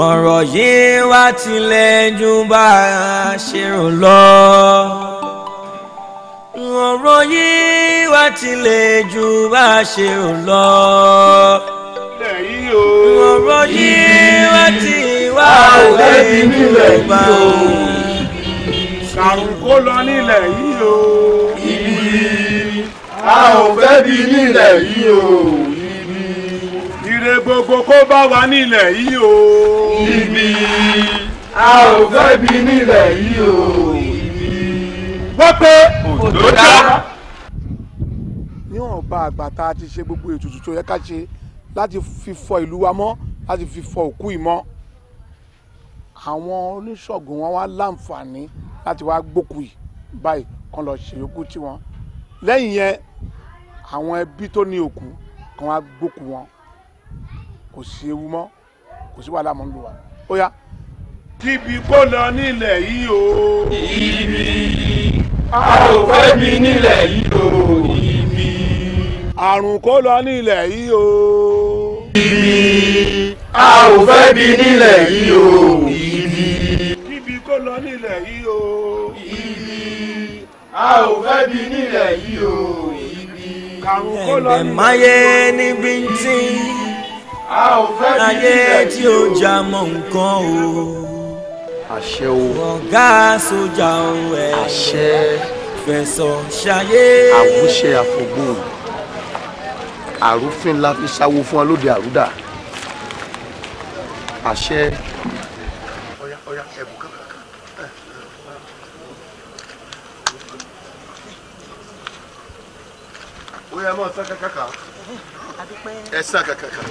ọ̀rọ̀ yìí wá tilẹ̀ jù bá a ṣe rò lọ ọ̀rọ̀ yìí wá tilẹ̀ jù bá a ṣe rò lọ ọ̀rọ̀ yìí wá ti wá òwe jù bá a làrùn kó lọ nílẹ̀ yìí o. ibi a ò fẹ́ bí nílẹ̀ yìí o. ibi ire gbogbo kó bá wa nílẹ̀ yìí o. ibi a ò fẹ́ bí nílẹ̀ yìí o. ibi wọ́n pé òjò dá. níwọ̀n bá àgbà tá a ti ṣe gbogbo ètùtù tó yẹ ká ṣe láti fi fọ ìlú wa mọ́ láti fi fọ òkú ìmọ̀ àwọn oníṣègùn wọn wá láǹfààní láti wá gbókù yìí báyìí kan lọ ṣe òkú tí wọn lẹ́yìn yẹn àwọn ẹbí tó ní òkú kan wá gbókù wọn kò sí ewu mọ́ kò sí wàhálà mọ́ ń lò wá ó yá. kíbi kó lọ nílẹ̀ yìí o. ibi a ò fẹ́ mi nílẹ̀ yìí o. ibi àrùn kó lọ nílẹ̀ yìí o ibi a ò fẹ́ bí nílẹ̀ yìí o ibi. ibi kò lọ nílẹ̀ yìí o. ibi a ò fẹ́ bí nílẹ̀ yìí o ibi. kàrún kò lọ nílẹ̀ yìí o. ẹ̀gbẹ́ máyé ní bíntín. a ò fẹ́ bí nílẹ̀ yìí o. ayé tí ó já mọ́ nǹkan o. àṣẹ o. ọ̀gá sójà o ẹ̀. àṣẹ. fẹ̀sọ̀ ṣayé. àwùṣe àfọ̀gbọ́n àrúfin la fi sáwó fún ọ lóde àrúdà àṣẹ. ọ̀yá ọ̀yá ẹ̀bùn kan kan. ó yẹ mọ́ ọ̀sán kàkàkà ẹ̀sán kàkàkà.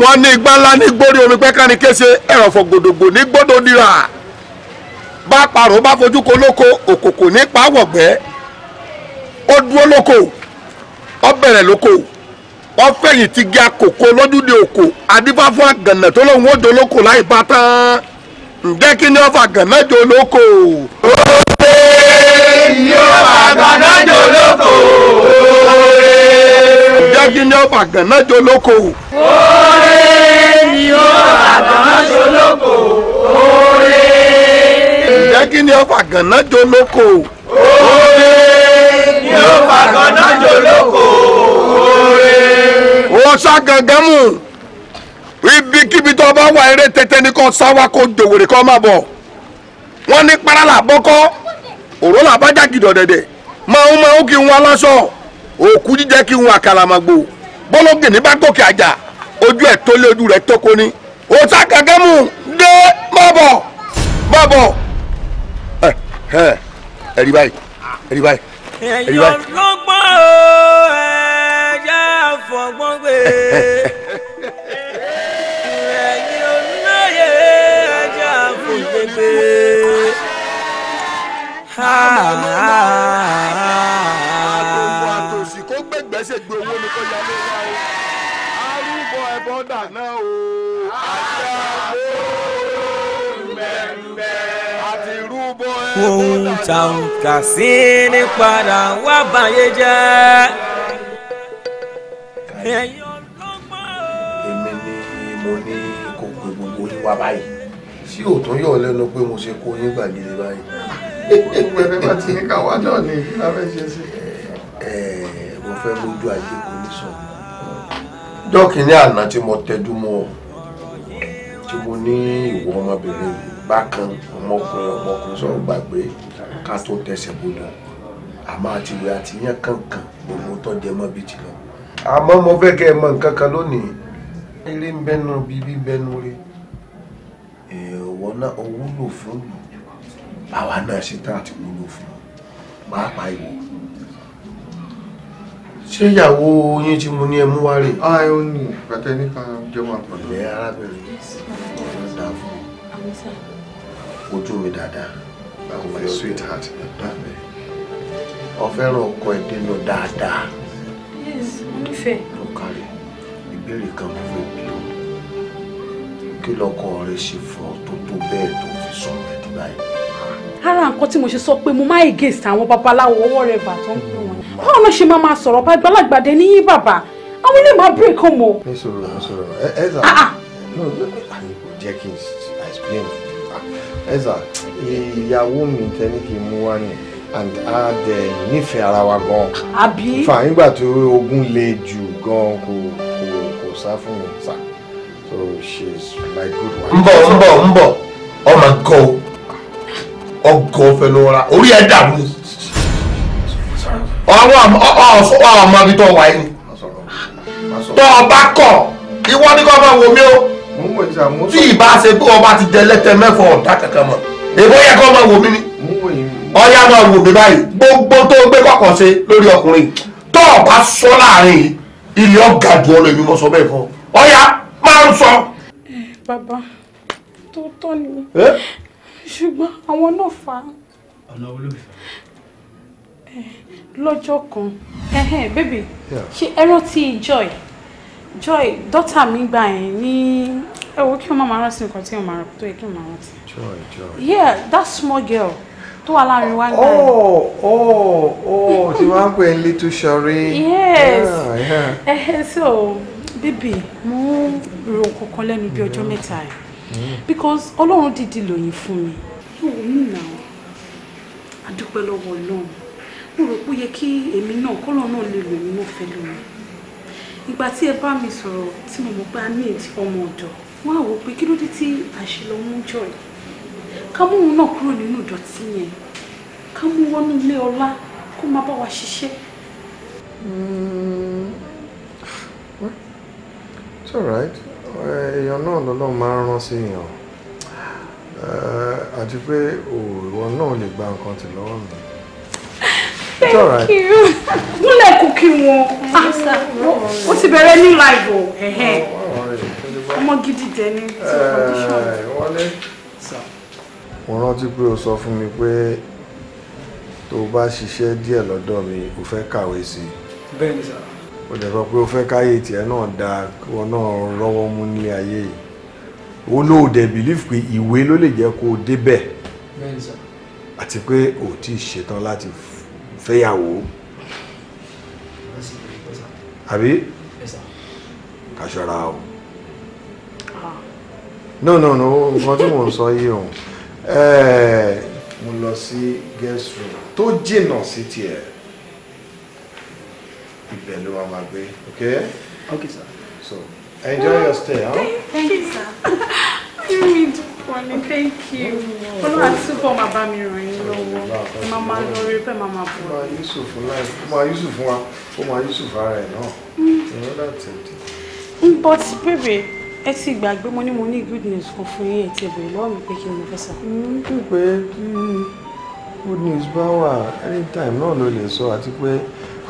wọ́n ní igbá ńlá ní gbórí omi pẹ́ká ní kése ẹ̀rọ̀fọ̀ gbòdògbò ní gbódò dira bá parọ́ bá fojú ko lóko òkòkò ní pàwọ̀gbẹ́. ó dúró lóko ó bẹ̀rẹ̀ lóko ó fẹ̀yìn ti gé àkókò lójúde oko, adífáfún àgànà tó lóun ó láì bá tán ǹjẹ́ kí ni ó fa àgànà jò lóko. ó pé ni fa àgànà oloko? lóko. ǹjẹ́ kí ni ó fa àgànà oloko? lóko. ó pé ni fa àgànà jò lóko. ǹjẹ́ kí ni ó ni ó fàgọ́nà jòlókò oore. wọ́n sá gangan mú ibikíbi tó bá wà eré tètè ni kò sáwá kó dòwèrè kó má bọ̀ wọ́n ní parala bọ́kọ́ òró là bá jágìdọ̀ dẹ̀dẹ̀ máa ń máa ń kí wọn aláṣọ òkú jíjẹ kí wọn àkàlàmàgbò bọ́lọ́gì ní bá gòkè àjà ojú ẹ̀ tó lé ojú rẹ̀ tó kó ni òòtá gàgẹ́ mu dé má bọ̀ má bọ̀ ẹ ẹ ẹ rí báyìí ẹ rí báyìí ẹ̀yin ọlọ́gbọ́n o ẹ̀yà fọgbọ́n gbé. ẹ̀yin olóye ẹ̀yà fọgbọ́n gbé. àtòkò àtòsí kó gbẹgbẹsẹ gbé owó ní kọjá lé wa o arúgbó ẹbọ dà náà o. ohun tàǹkà sí ní padà wá báyé jẹ́. èmi ni mo ní kò pé gbogbo yín wá báyìí. sí òótọ́ yọ̀ lẹ́nu pé mo ṣe kó yín gbàgede báyìí. pẹpẹ bá ti ní káwá náà ni lábẹ́ ṣe sí. ẹ ẹ mo fẹ́ lójú ayé kò ní sọ. jọ́kìnní àná tí mo tẹjú mọ́ ọ tí mo ní ìwọ ọmọbìnrin yìí bákan ọmọkùnrin ọmọkùnrin sọ̀rọ̀ gbàgbé ká tó tẹsẹ̀ bodò àmọ́ àtiwẹ̀ àti yán kankan gbogbo tó jẹ mọ́ bíi tìlọ. àmọ́ mo fẹ́ kẹ́ ẹ mọ nǹkan kan lónìí eré ń bẹnu bíbí bẹnu rí èèwọ̀ náà ó wúlò fún àwa náà ṣe tá àti wúlò fún pàápàá ìwọ. ṣé ìyàwó yín tí mo ní ẹ mú wá rè. a ah, ẹ ó nù pẹtẹ nípa jẹun àpàdé. ilé arábìnrin ọ̀rọ̀ dà fún mi ojú mi dáadáa. my sweetheart ọ̀fẹ́ràn ọkọ ẹ̀ dénú dáadáa. yes mo nífẹ̀ẹ́. ló kárí ìbéèrè kan mo fẹ́ bí o kí lọkọ rẹ ṣe fọ tó tó bẹ́ẹ̀ tó fi sọ̀rọ̀ ẹ̀ dí báyìí. ara nǹkan tí mo ṣe sọ pé mo máa against àwọn babaláwo ọwọ́ rẹ̀ bà tó ń pè wọ́n. báwo ló ṣe máa máa sọ̀rọ̀ bá gbalagbàdé ní yín bàbá àwọn ilé máa break home o. ní sọ̀rọ̀ ní sọ̀rọ̀ ẹ ẹ sà. Ah, ah. no no kò jẹ́ kí n explain ẹ̀sà ìyàwó mi tẹ́ni kì í mú wá ni and nífẹ̀ẹ́ ara wa gan. àbí. fà nígbà tó ogun le jù gan kò kò kò sá fún mi sá so she is my good wife. ń bọ̀ ń ọmọ gọ́ ọgọ́ fẹnu orí ẹ̀ dàrú ọwọ́ ọmọ ibi tó wà yìí tọ́ ọ ìwọ ni kò máa wò mí o tí ìbá ṣe pé ọba ti jẹ lẹ́tẹ̀ mẹ́fọ̀ ọ̀dà kankan mọ̀ èbó yẹ kó máa wò mí ni ọyá máa wò mí báyìí gbogbo tó gbé kọ̀kọ̀ ṣe lórí ọkùnrin tó ọba sọ láàrin ilé ọ̀gá ju ọ̀nà èmi mọ̀ sọ bẹ́ẹ̀ fún ọ ọyá máa ń sọ. bàbá tó tọ́ ni ṣùgbọ́n àwọn náà fà á. ọ̀nà olóòfẹ́ lọ́jọ́ kan bébì ṣe ẹ̀rọ tí ìjọ ẹ̀ joy daughter, me gbà me. ní ẹ wo kí wọ́n máa continue nǹkan tí wọ́n máa rántí tó yẹ joy joy. yeah that small girl To allow láàrin one gbà oh oh oh tí wọ́n ń pè little sherry? yes Yeah. ẹ so baby, mo you ro call me bí your mẹ́ta time. Mm. because all dìdí lòyìn fún mi yóò wù mí náà a dúpẹ́ lọ́wọ́ ọlọ́run mo rò pé ó yẹ kí èmi náà kọ́lọ́ náà lè lò mí náà fẹ́ ìgbà tí ẹ bá mi sọ̀rọ̀ tí mo mọ̀ pé a ní ètí ọmọ ọ̀dọ̀ wọ́n á wò pé kí ló dé tí àṣìlọ mú jọ yìí ká mú òun náà kúrò nínú ìdọ̀tí yẹn ká mú wọnú ilé ọlá kó má bá wa ṣiṣẹ́. Hmm. it's alright èèyàn náà lọ́lọ́run máa ń rán sí èèyàn eh, àti pé òòrùn oh, náà lè gba nǹkan tì lọ́wọ́ mi. Thank right. you. Múlẹ̀ kò kí wọn. Ó ti bẹ̀rẹ̀ new life o. Oh, Ọmọ gidi dẹ̀ ni. Eh, Wọlé. Mo rántí pé o sọ fún mi pé tó o bá ṣiṣẹ́ díẹ̀ lọ́dọ̀ mi, o fẹ́ kàwé sí i. Bẹ́ẹ̀ni O dẹ̀ sọ pé o fẹ́ káyé tiẹ̀ náà dáa, kí wọn náà rọ́wọ́ mú nílé ayé yìí. O lóò dẹ̀ bìlíf pé ìwé ló lè jẹ́ kó o débẹ̀. Bẹ́ẹ̀ni sá. Àti pé o ti ṣetán láti fẹ́yàwó àbí ká ṣọ́ra o no no no nǹkan tí mò ń sọ yìí o mo lọ sí guest room tó jìnnà sí tiẹ̀ ibẹ̀ ló wà máa gbé ok. okay sir. so enjoy your stay. Huh? thank you sir. Timid thank you. Olúwa túbọ̀ máa bá mi ràn yín lọ́wọ́. Máa máa lọ rí pé máa máa bọ̀. Ó máa Yusuf láì, ó máa Yusuf wa, ó máa Yusuf mm. mm, But baby, ẹ ti gbàgbé mo ní mo ní good news kan fún yín ẹ̀tì ẹ̀bùn lọ́wọ́ mi pé kí n lọ fẹ́ Mo ń pè é kí good news bá wà anytime no no lè So àti pé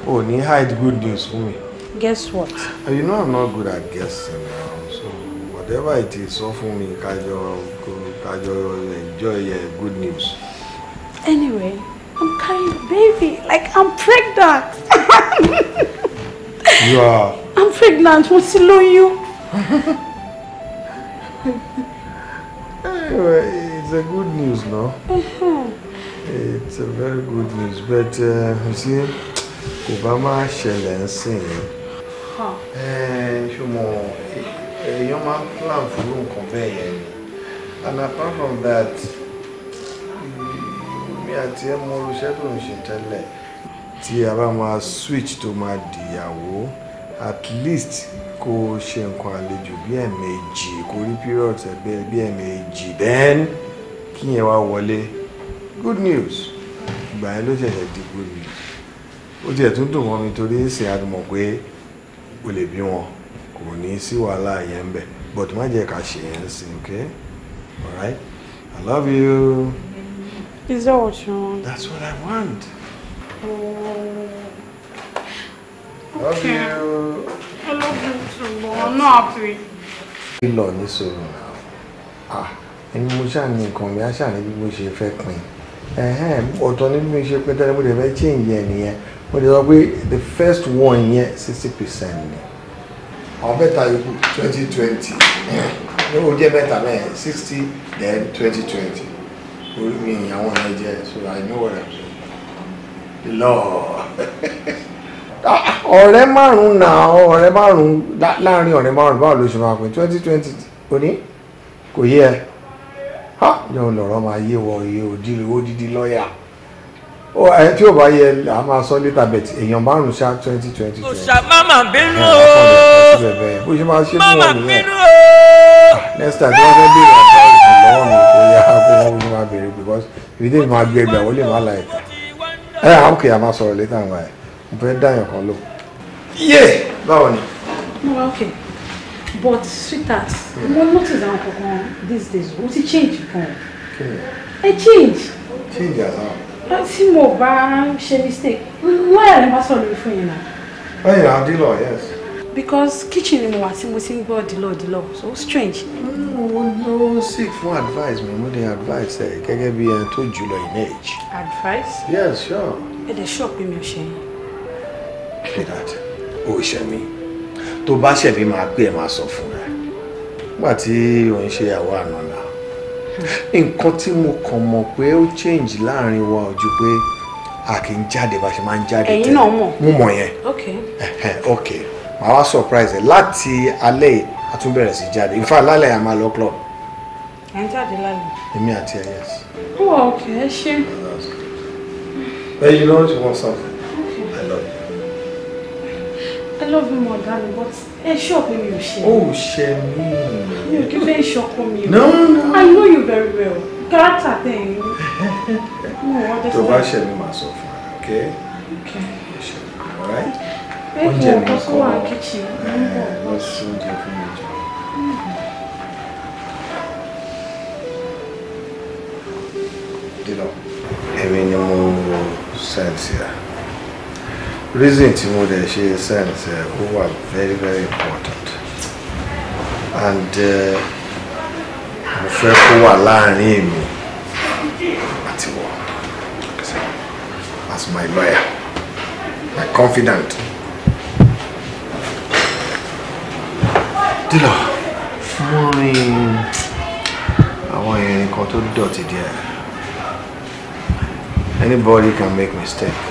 o ò ní hide good news fún mi. Guess what? You know I'm not good at guessing whatever it is sọ fún mi kájọ enjoy your good news. anyway i'm carrying a baby like i'm pregnant. [LAUGHS] you are. i'm pregnant mo ti lóyún. anyway it's a good news no. Mm-hmm. it's a very good news but uh, you see Obama bá má ṣẹlẹ̀ ń sìn yín. Eh, Young man, plan for nǹkan bẹ́ẹ̀ yẹn and apart from that mi àti ẹ mọ olùṣẹ́ tó ń ṣe tẹ́lẹ̀ tí a bá máa switch to máa dìyàwó at least kó o ṣe nǹkan àlejò bí ẹ̀ẹ̀mejì kó rí period ẹgbẹ́ bí ẹ̀ẹ̀mejì then kí yẹn wá wọlé good news ìgbà yẹn ló ṣẹ̀ṣẹ̀ di good news ó tiẹ̀ tún dùn mọ́ mi torí ń sìn àdùmọ̀ pé o lè bí wọn kò ní sí wàhálà yẹn bẹ̀ but má jẹ́ ká ṣe yẹn sí okay all right i love you. is that what you want. that's what i want. Oh. love okay. you. i love you too but i'm not happy. kí lọ ní sọ̀rọ̀ náà ah, ẹni mo ṣàní nǹkan mi á ṣàní bí mo ṣe fẹ́ pin ọ̀tọ̀ ní bí mo ṣe pin tẹ́lẹ̀ mo lè fẹ́ change yẹn nìyẹn mo lè sọ pé the first one yẹn sixty percent ni àwọn better yòókù twenty twenty ní o better man. 60 then 2020. twenty orí mi àwọn yẹn so I know what I'm saying lọ [LAUGHS] ọ̀rẹ́ márùn-ún náà ọ̀rẹ́ márùn-ún láàrin ọ̀rẹ́ márùn-ún báwo ló ṣe máa pè twenty twenty òní kò yé ẹ ha yóò lọ̀rọ̀ máa yé wọ iye òdìrí ó dídí lọ́ọ̀yà ó ẹ tí ò bá yẹ a máa sọ later bet èèyàn márùn ṣá twenty twenty. kò ṣá máma bínú o bó ṣe máa ṣe fún wọn next time tí wọ́n fẹ́ béèrè àdúrà lọ́wọ́ mi kò yẹ kó wọ́n ní máa béèrè because ìdí mi máa gbé ẹgbẹ́ àwọn olè máa la ẹ̀ka ẹ àwọn ah, kìí a máa sọ̀rọ̀ later àwọn ẹ̀ mo fẹ́ dáyàn kan lò. yé báwo ni. mo wá òkè but sweetheart mo notice àwọn kankan these days o ti change kan ẹ change. change as how tí mo bá ṣe mistake lọ́yà ni bá sọ̀rọ̀ fún yín náà. lọ́yà adílọ̀ yes. because kitchen ni mo wà tí mo ti ń gbọ́ dìlọ̀ dìlọ̀ so strange. mo ló seek fún advice mi mo ní advice ẹ eh, gẹ́gẹ́ bí ẹni tó jùlọ in age. advice. yes sure. ẹ dẹ̀ ṣọ́ pé mi ò ṣe yín. Pirat, ó ṣe mí. Tó bá ṣẹ̀ mí máa pé ẹ máa sọ fún rẹ̀. Nígbà tí òun ṣe ìyàwó àná nǹkan tí mo kàn mọ̀ pé ó change láàrin wa ojú pé a kì í jáde bá ṣe máa ń jáde tẹ́lẹ̀ ẹ̀yin náà mọ̀ mo mọ̀ yẹn ok màá wá surprise ẹ láti alẹ́ yìí a tún bẹ̀rẹ̀ sí jáde in fact lálẹ́ yà máa lọ club. ẹ̀ ń jáde lálẹ́. èmi àti ẹ̀ yẹn. ó wà òkè ẹ ṣe. Hey, you know what you want something? I love you. I love you more, darling, but ẹ ṣọ́ọ̀bù mi ò share. Oh, share me. You ò kí fẹ́ ṣọkọ mi o. no no. I know you very well. character thing. No, tẹ̀ ń lò. share me ṣe mi máa sọ fún ẹ ok. ok. oúnjẹ mi kọ́ lọ sí oúnjẹ fún mi jọ. You hmm. know, I mean, you know, sense, yeah reason tí mo dẹ̀ ṣe sense ó wà very very important and eh, mo fẹ́ kó wà láàrin èmi àti wọ́n as my lawyer my confidant. dìlọ mo rin àwọn ìrìn kan tó dọ̀tí díẹ̀ anybody can make mistake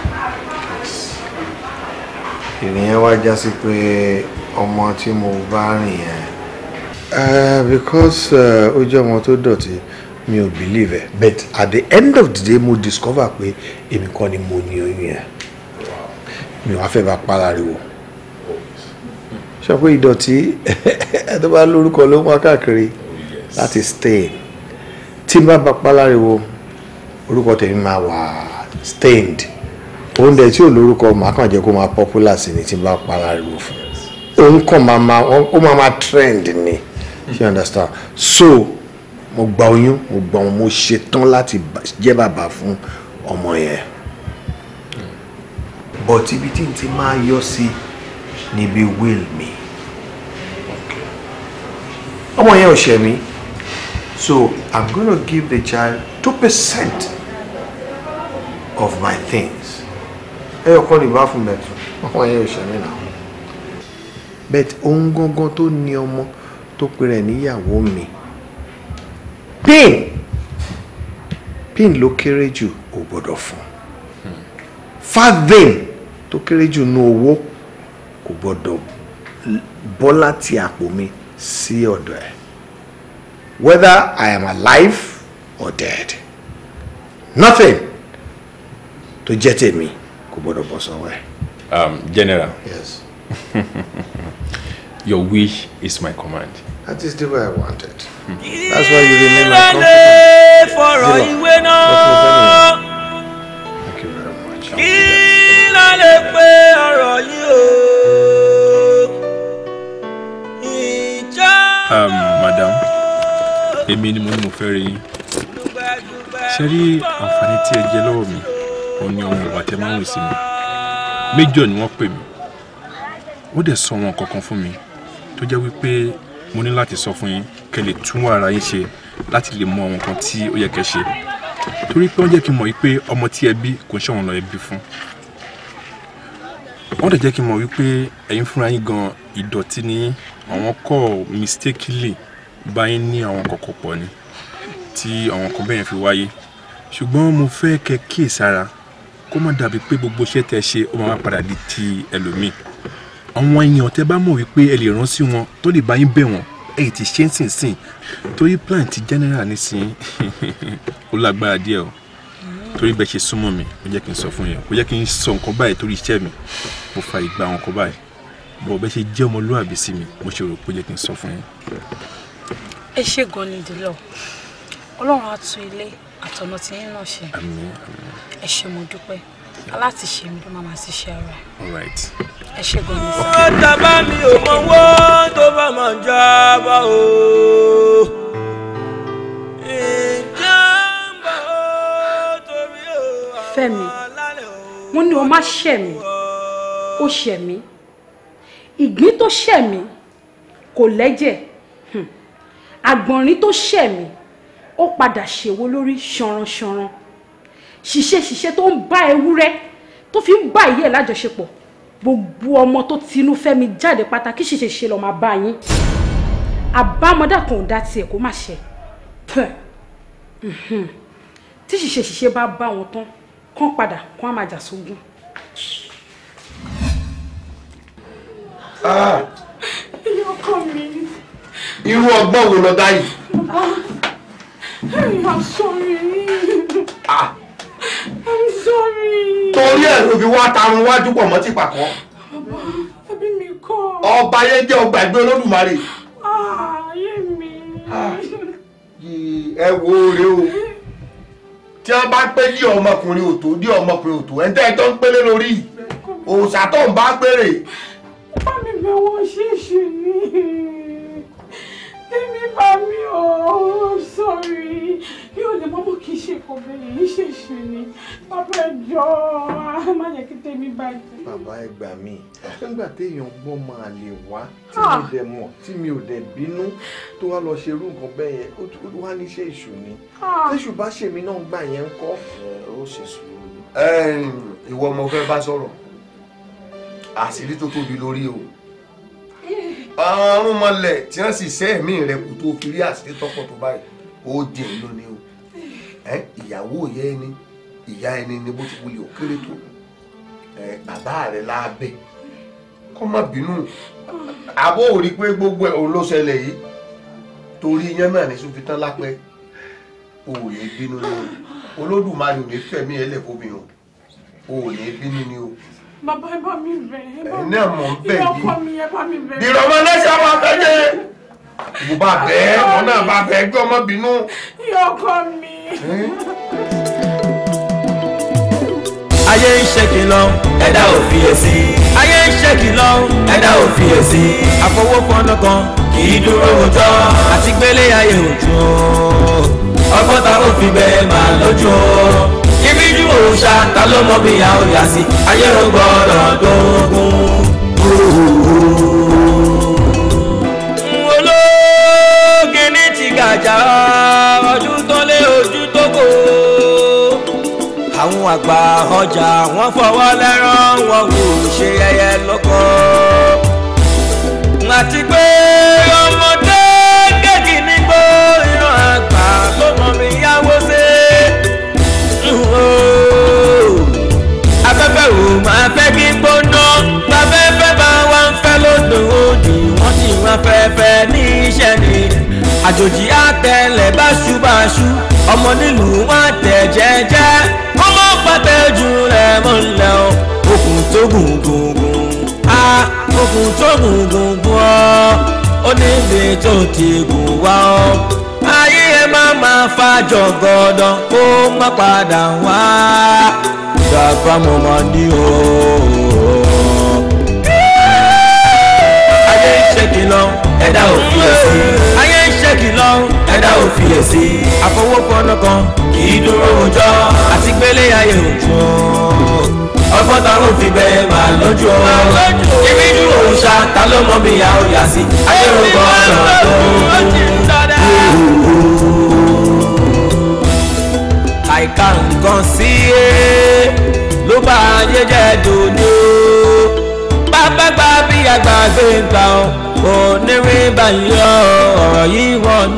ìrìn wá já sí pé ọmọ tí mo bá rìn yẹn. Eh, because eh, ó jẹ́ ọmọ tó dọ̀tí mi ò believe ẹ̀ but at the end of the day mo discover pé èmi kọ́ ni mo ní oyún yẹn mi ò wá fẹ́ bá para rẹ̀ wò sọ pé ìdọ̀tí [LAUGHS] tó bá lórúkọ ló ń wá káàkiri láti stain tí n bá bá para rẹ̀ wò orúkọ tèmi máa wà stained oúnjẹ tí ò lórúkọ màá kó máa popular sí ni tí bá para rẹ̀ fún òun kàn máa ó máa máa trend ni you understand so mo gba oyún mo gba ohun mo ṣe tán láti jẹ́ bàbá fún ọmọ yẹn but ibi tí n ti máa yọ sí níbi will mi ọmọ yẹn ò ṣẹ̀ mí so i'm gonna give the child two percent of my thing ẹyọ kọ́ rìbá fún bẹ̀tù ọmọ yẹn ò ṣẹ̀mí náà. bẹ́ẹ̀ ohun gangan tó ní ọmọ tó pe rẹ̀ níyàwó mi pain pain ló kéré jù ò gbọ́dọ̀ fún fathom tó kéré jù nú owó kò gbọ́dọ̀ bọ́ láti àpò mi sí ọ̀dọ̀ ẹ̀ whether I am alive or dead nothing to jẹ́ tèmi gbọ́dọ̀ bọ́ sọ́wọ́ um, general yes. [LAUGHS] your wish is my command. that is the way I want it. that's why you remain my confidant. fọ̀rọ̀ ìwé náà. thank you very much. kí ló lè madam èmi minimum mo ní mo fẹ́ rí yín ṣe rí òun ni ọmọ ìwà tẹ máa ń wè sí mi méjọ ni wọ́n pè mí ó dẹ̀ sọ wọn kankan fún mi tó jẹ́ wípé mo ní láti sọ fún yín kẹ́ lè tún ara yín ṣe láti lè mọ àwọn nǹkan tí ó yẹ kẹ́ ṣe torí pé wọ́n jẹ́ kí n mọ̀ wípé ọmọ tí ẹ bí kò ń ṣọ̀wọ́n lọ ẹ fún wọ́n dẹ̀ jẹ́ kí n mọ̀ wípé ẹ̀yin fúnra yín gan ìdọ̀tí ni àwọn kọ́ mistakenly bá ní àwọn kọ̀kọ̀ pọ̀ ni tí àwọn kan bẹ́ẹ̀ fi wáyé ṣùgbọ́n mo fẹ́ kẹ́ kíyèsára kó má dàbí pé gbogbo iṣẹ́ tẹ́ ṣe ó máa padà di ti ẹlòmíì àwọn èèyàn tẹ́ bá mọ̀ wípé ẹ lè rán sí wọn tó lè bá yín bẹ̀ wọ́n èyí ti ṣe ń sìn sìn torí plan ti general nísìnyí [LAUGHS] ó lágbára díẹ̀ o torí bẹ́ẹ̀ ṣe súnmọ́ mi ó jẹ́ kí n sọ fún yẹn ó jẹ́ kí n sọ nǹkan báyìí torí iṣẹ́ mi mo fa ìgbà àwọn nǹkan báyìí bọ̀ bẹ́ẹ̀ ṣe jẹ́ ọmọlúwàbí sí mi mo ṣe rò pé ó jẹ́ kí n sọ fún yẹn. ẹ ṣe gan ni dìlọ Ọlọ́run á tu ilé àtọ̀nà tí yín náà ṣe ẹ ṣé mo dúpẹ́ aláti ṣe mi ló máa ti ṣe ara ẹ ṣé gan ni ó dábàá mi ò mọ owó tó bá máa jábọ̀ o. Fẹ́mi wọ́n ní o má ṣẹ̀ mí ó ṣẹ̀ mí ìgbín tó ṣẹ̀ mí kò lẹ́jẹ̀ àgbọ̀nrín tó ṣẹ̀ mí ó padà ṣèwọ lórí ṣanranṣanran ṣiṣẹ́ṣiṣẹ́ tó ń bá ewúrẹ́ tó fi ń bá ìyá ẹ̀ lájọṣepọ̀ gbogbo ọmọ tó tinú fẹ́mi jáde pátá kí ṣiṣẹ́ṣe lọ́ọ́ máa bá yín àbámọ́dá kan ò dá tiẹ̀ kó má ṣe pẹ́ẹ́ tí ṣìṣe ṣìṣe bá bá wọn tán kán padà kán á máa jà sógun. Ah. irú ọgbọ́n wo lọ dá yìí. I'm not sorry. Ah. I'm sorry. Torí ẹ̀ ló fi wá tarun wájú pọ̀ mọ́ tí pàkọ́. Bàbá, ẹbí mi kọ́. Ọba yẹn jẹ́ ọgbà ẹgbẹ́ Olódùmarè. Ah, ayé mi. Ah. Ẹ wo oore o. Tí wọ́n bá pé dí ọmọkùnrin òtò, dí ọmọkùnrin òtò, ẹ̀ńtẹ́ ẹ̀tọ́ ń pélé lórí. Òòṣà tó ń bá péré. Bá mi bẹ̀wọ̀ ṣíṣe ni gbà mí oh, sorry. You the lè mọ́mọ́ kì í ṣe kò bẹ̀rẹ̀ yìí ṣe ṣe ni bàbá ẹjọ́ a má yẹ kí tèmi bàjẹ́. bàbá ẹ gbà mí nígbà téèyàn gbọ́ máa lè wá tí ah! mi dẹ̀ mọ̀ tí mi ò dẹ̀ bínú tó wá lọ ṣerú nǹkan bẹ́ẹ̀ yẹn ó wá ní ṣe èṣù ni ah! téṣù bá ṣèmi náà gbà yẹn ń kọ́. ẹ ó ṣe sùúrù. ìwọ ọmọ fẹ́ bá sọ̀rọ̀ àṣírí tó tóbi àrùn mọlẹ̀ tí wọ́n sì ṣe ẹ̀mí rẹ̀ kù tó fi rí àṣírí tọ́pọ̀ tó báyìí ó di ìlú ni o ìyàwó ìyá ẹni ìyá ẹni ni bó ti wulẹ̀ òkèrè tó bàbá rẹ̀ lábẹ́ kọ́ má bínú àbó ò rí pé gbogbo ẹ̀ òun ló ṣẹlẹ̀ yìí torí yẹn náà ní sunfi tán lápẹ́ o ò ní bínú ni o olódùmarè ò ní fẹ̀mí ẹlẹ́fọ́mi o ò ní bínú ni o. Bàbá ẹ bá mi bẹ̀. Ẹ̀yin náà mọ̀ ń bẹ̀ yìí. Ìyá ọkọ mi ẹ bá mi bẹ̀. Ìrọ̀mọ lẹ́sẹ̀ máa fẹ́ jẹ́. Mo bá bẹ̀ ẹ́, náà bá bẹ̀ ẹ́ ọmọ bínú. Ìyá ọkọ mi. [LAUGHS] Ayé ń ṣe kìlọ̀, ẹ̀dá ò fiyèsí. Ayé ń ṣe kìlọ̀, ẹ̀dá ò fiyèsí. Àfọwọ́fọ́nà kan kì í dúró òótọ́. Àti gbélé ayé òjò. Ọgbọ́n ta fi bẹ́ẹ̀ máa lójú o díjú òòṣà ta ló mọ bí ìyá òyà sí ayé ló gbọ́dọ̀ dógún. olóògì ní ti gàjà ọdún tó lé ojú tó kò. àwọn àgbà ọjà wọn fọwọ́ lẹ́rán wọn kò ṣe ẹyẹ lọ́kọ̀ọ́. àti pé. afẹ́fẹ́ ní iṣẹ́ ni àjòjì àtẹlẹ̀ báṣubàṣu ọmọ nílùú wọn tẹ̀ jẹ́jẹ́ ọmọ pàtẹ́ ojú rẹ̀ mọ́ ńlẹ̀ o okùn tó gùn gùn gùn a okùn tó gùn gùn gùn ọ́ ó ní ibi tó ti gùn wá ọ́ ayé ẹ má máa fàjọ gọdọ kó má padà wá ìgbà àbámọ̀ máa ní ooo. lọ ẹ̀dá ò fiyèsí. ayé ń ṣèkì lọ ẹ̀dá ò fiyèsí. àfọwọ́pọ̀nà kan kì í dúró òjọ́ àti gbélé ayé òjò. ọgbọ́n táwọn fi bẹ́ẹ̀ máa lójú ọ. ibi dúró òòṣà ta ló mọ bí ìyá òyà sí. ayé rògbò ọ̀nà tó àìka nǹkan sí i e, ló bá ayé jẹ́ dòní o. bàbá àgbàgbé gbà ó onírìnbà yọ ọ̀rọ̀ yìí wọnú.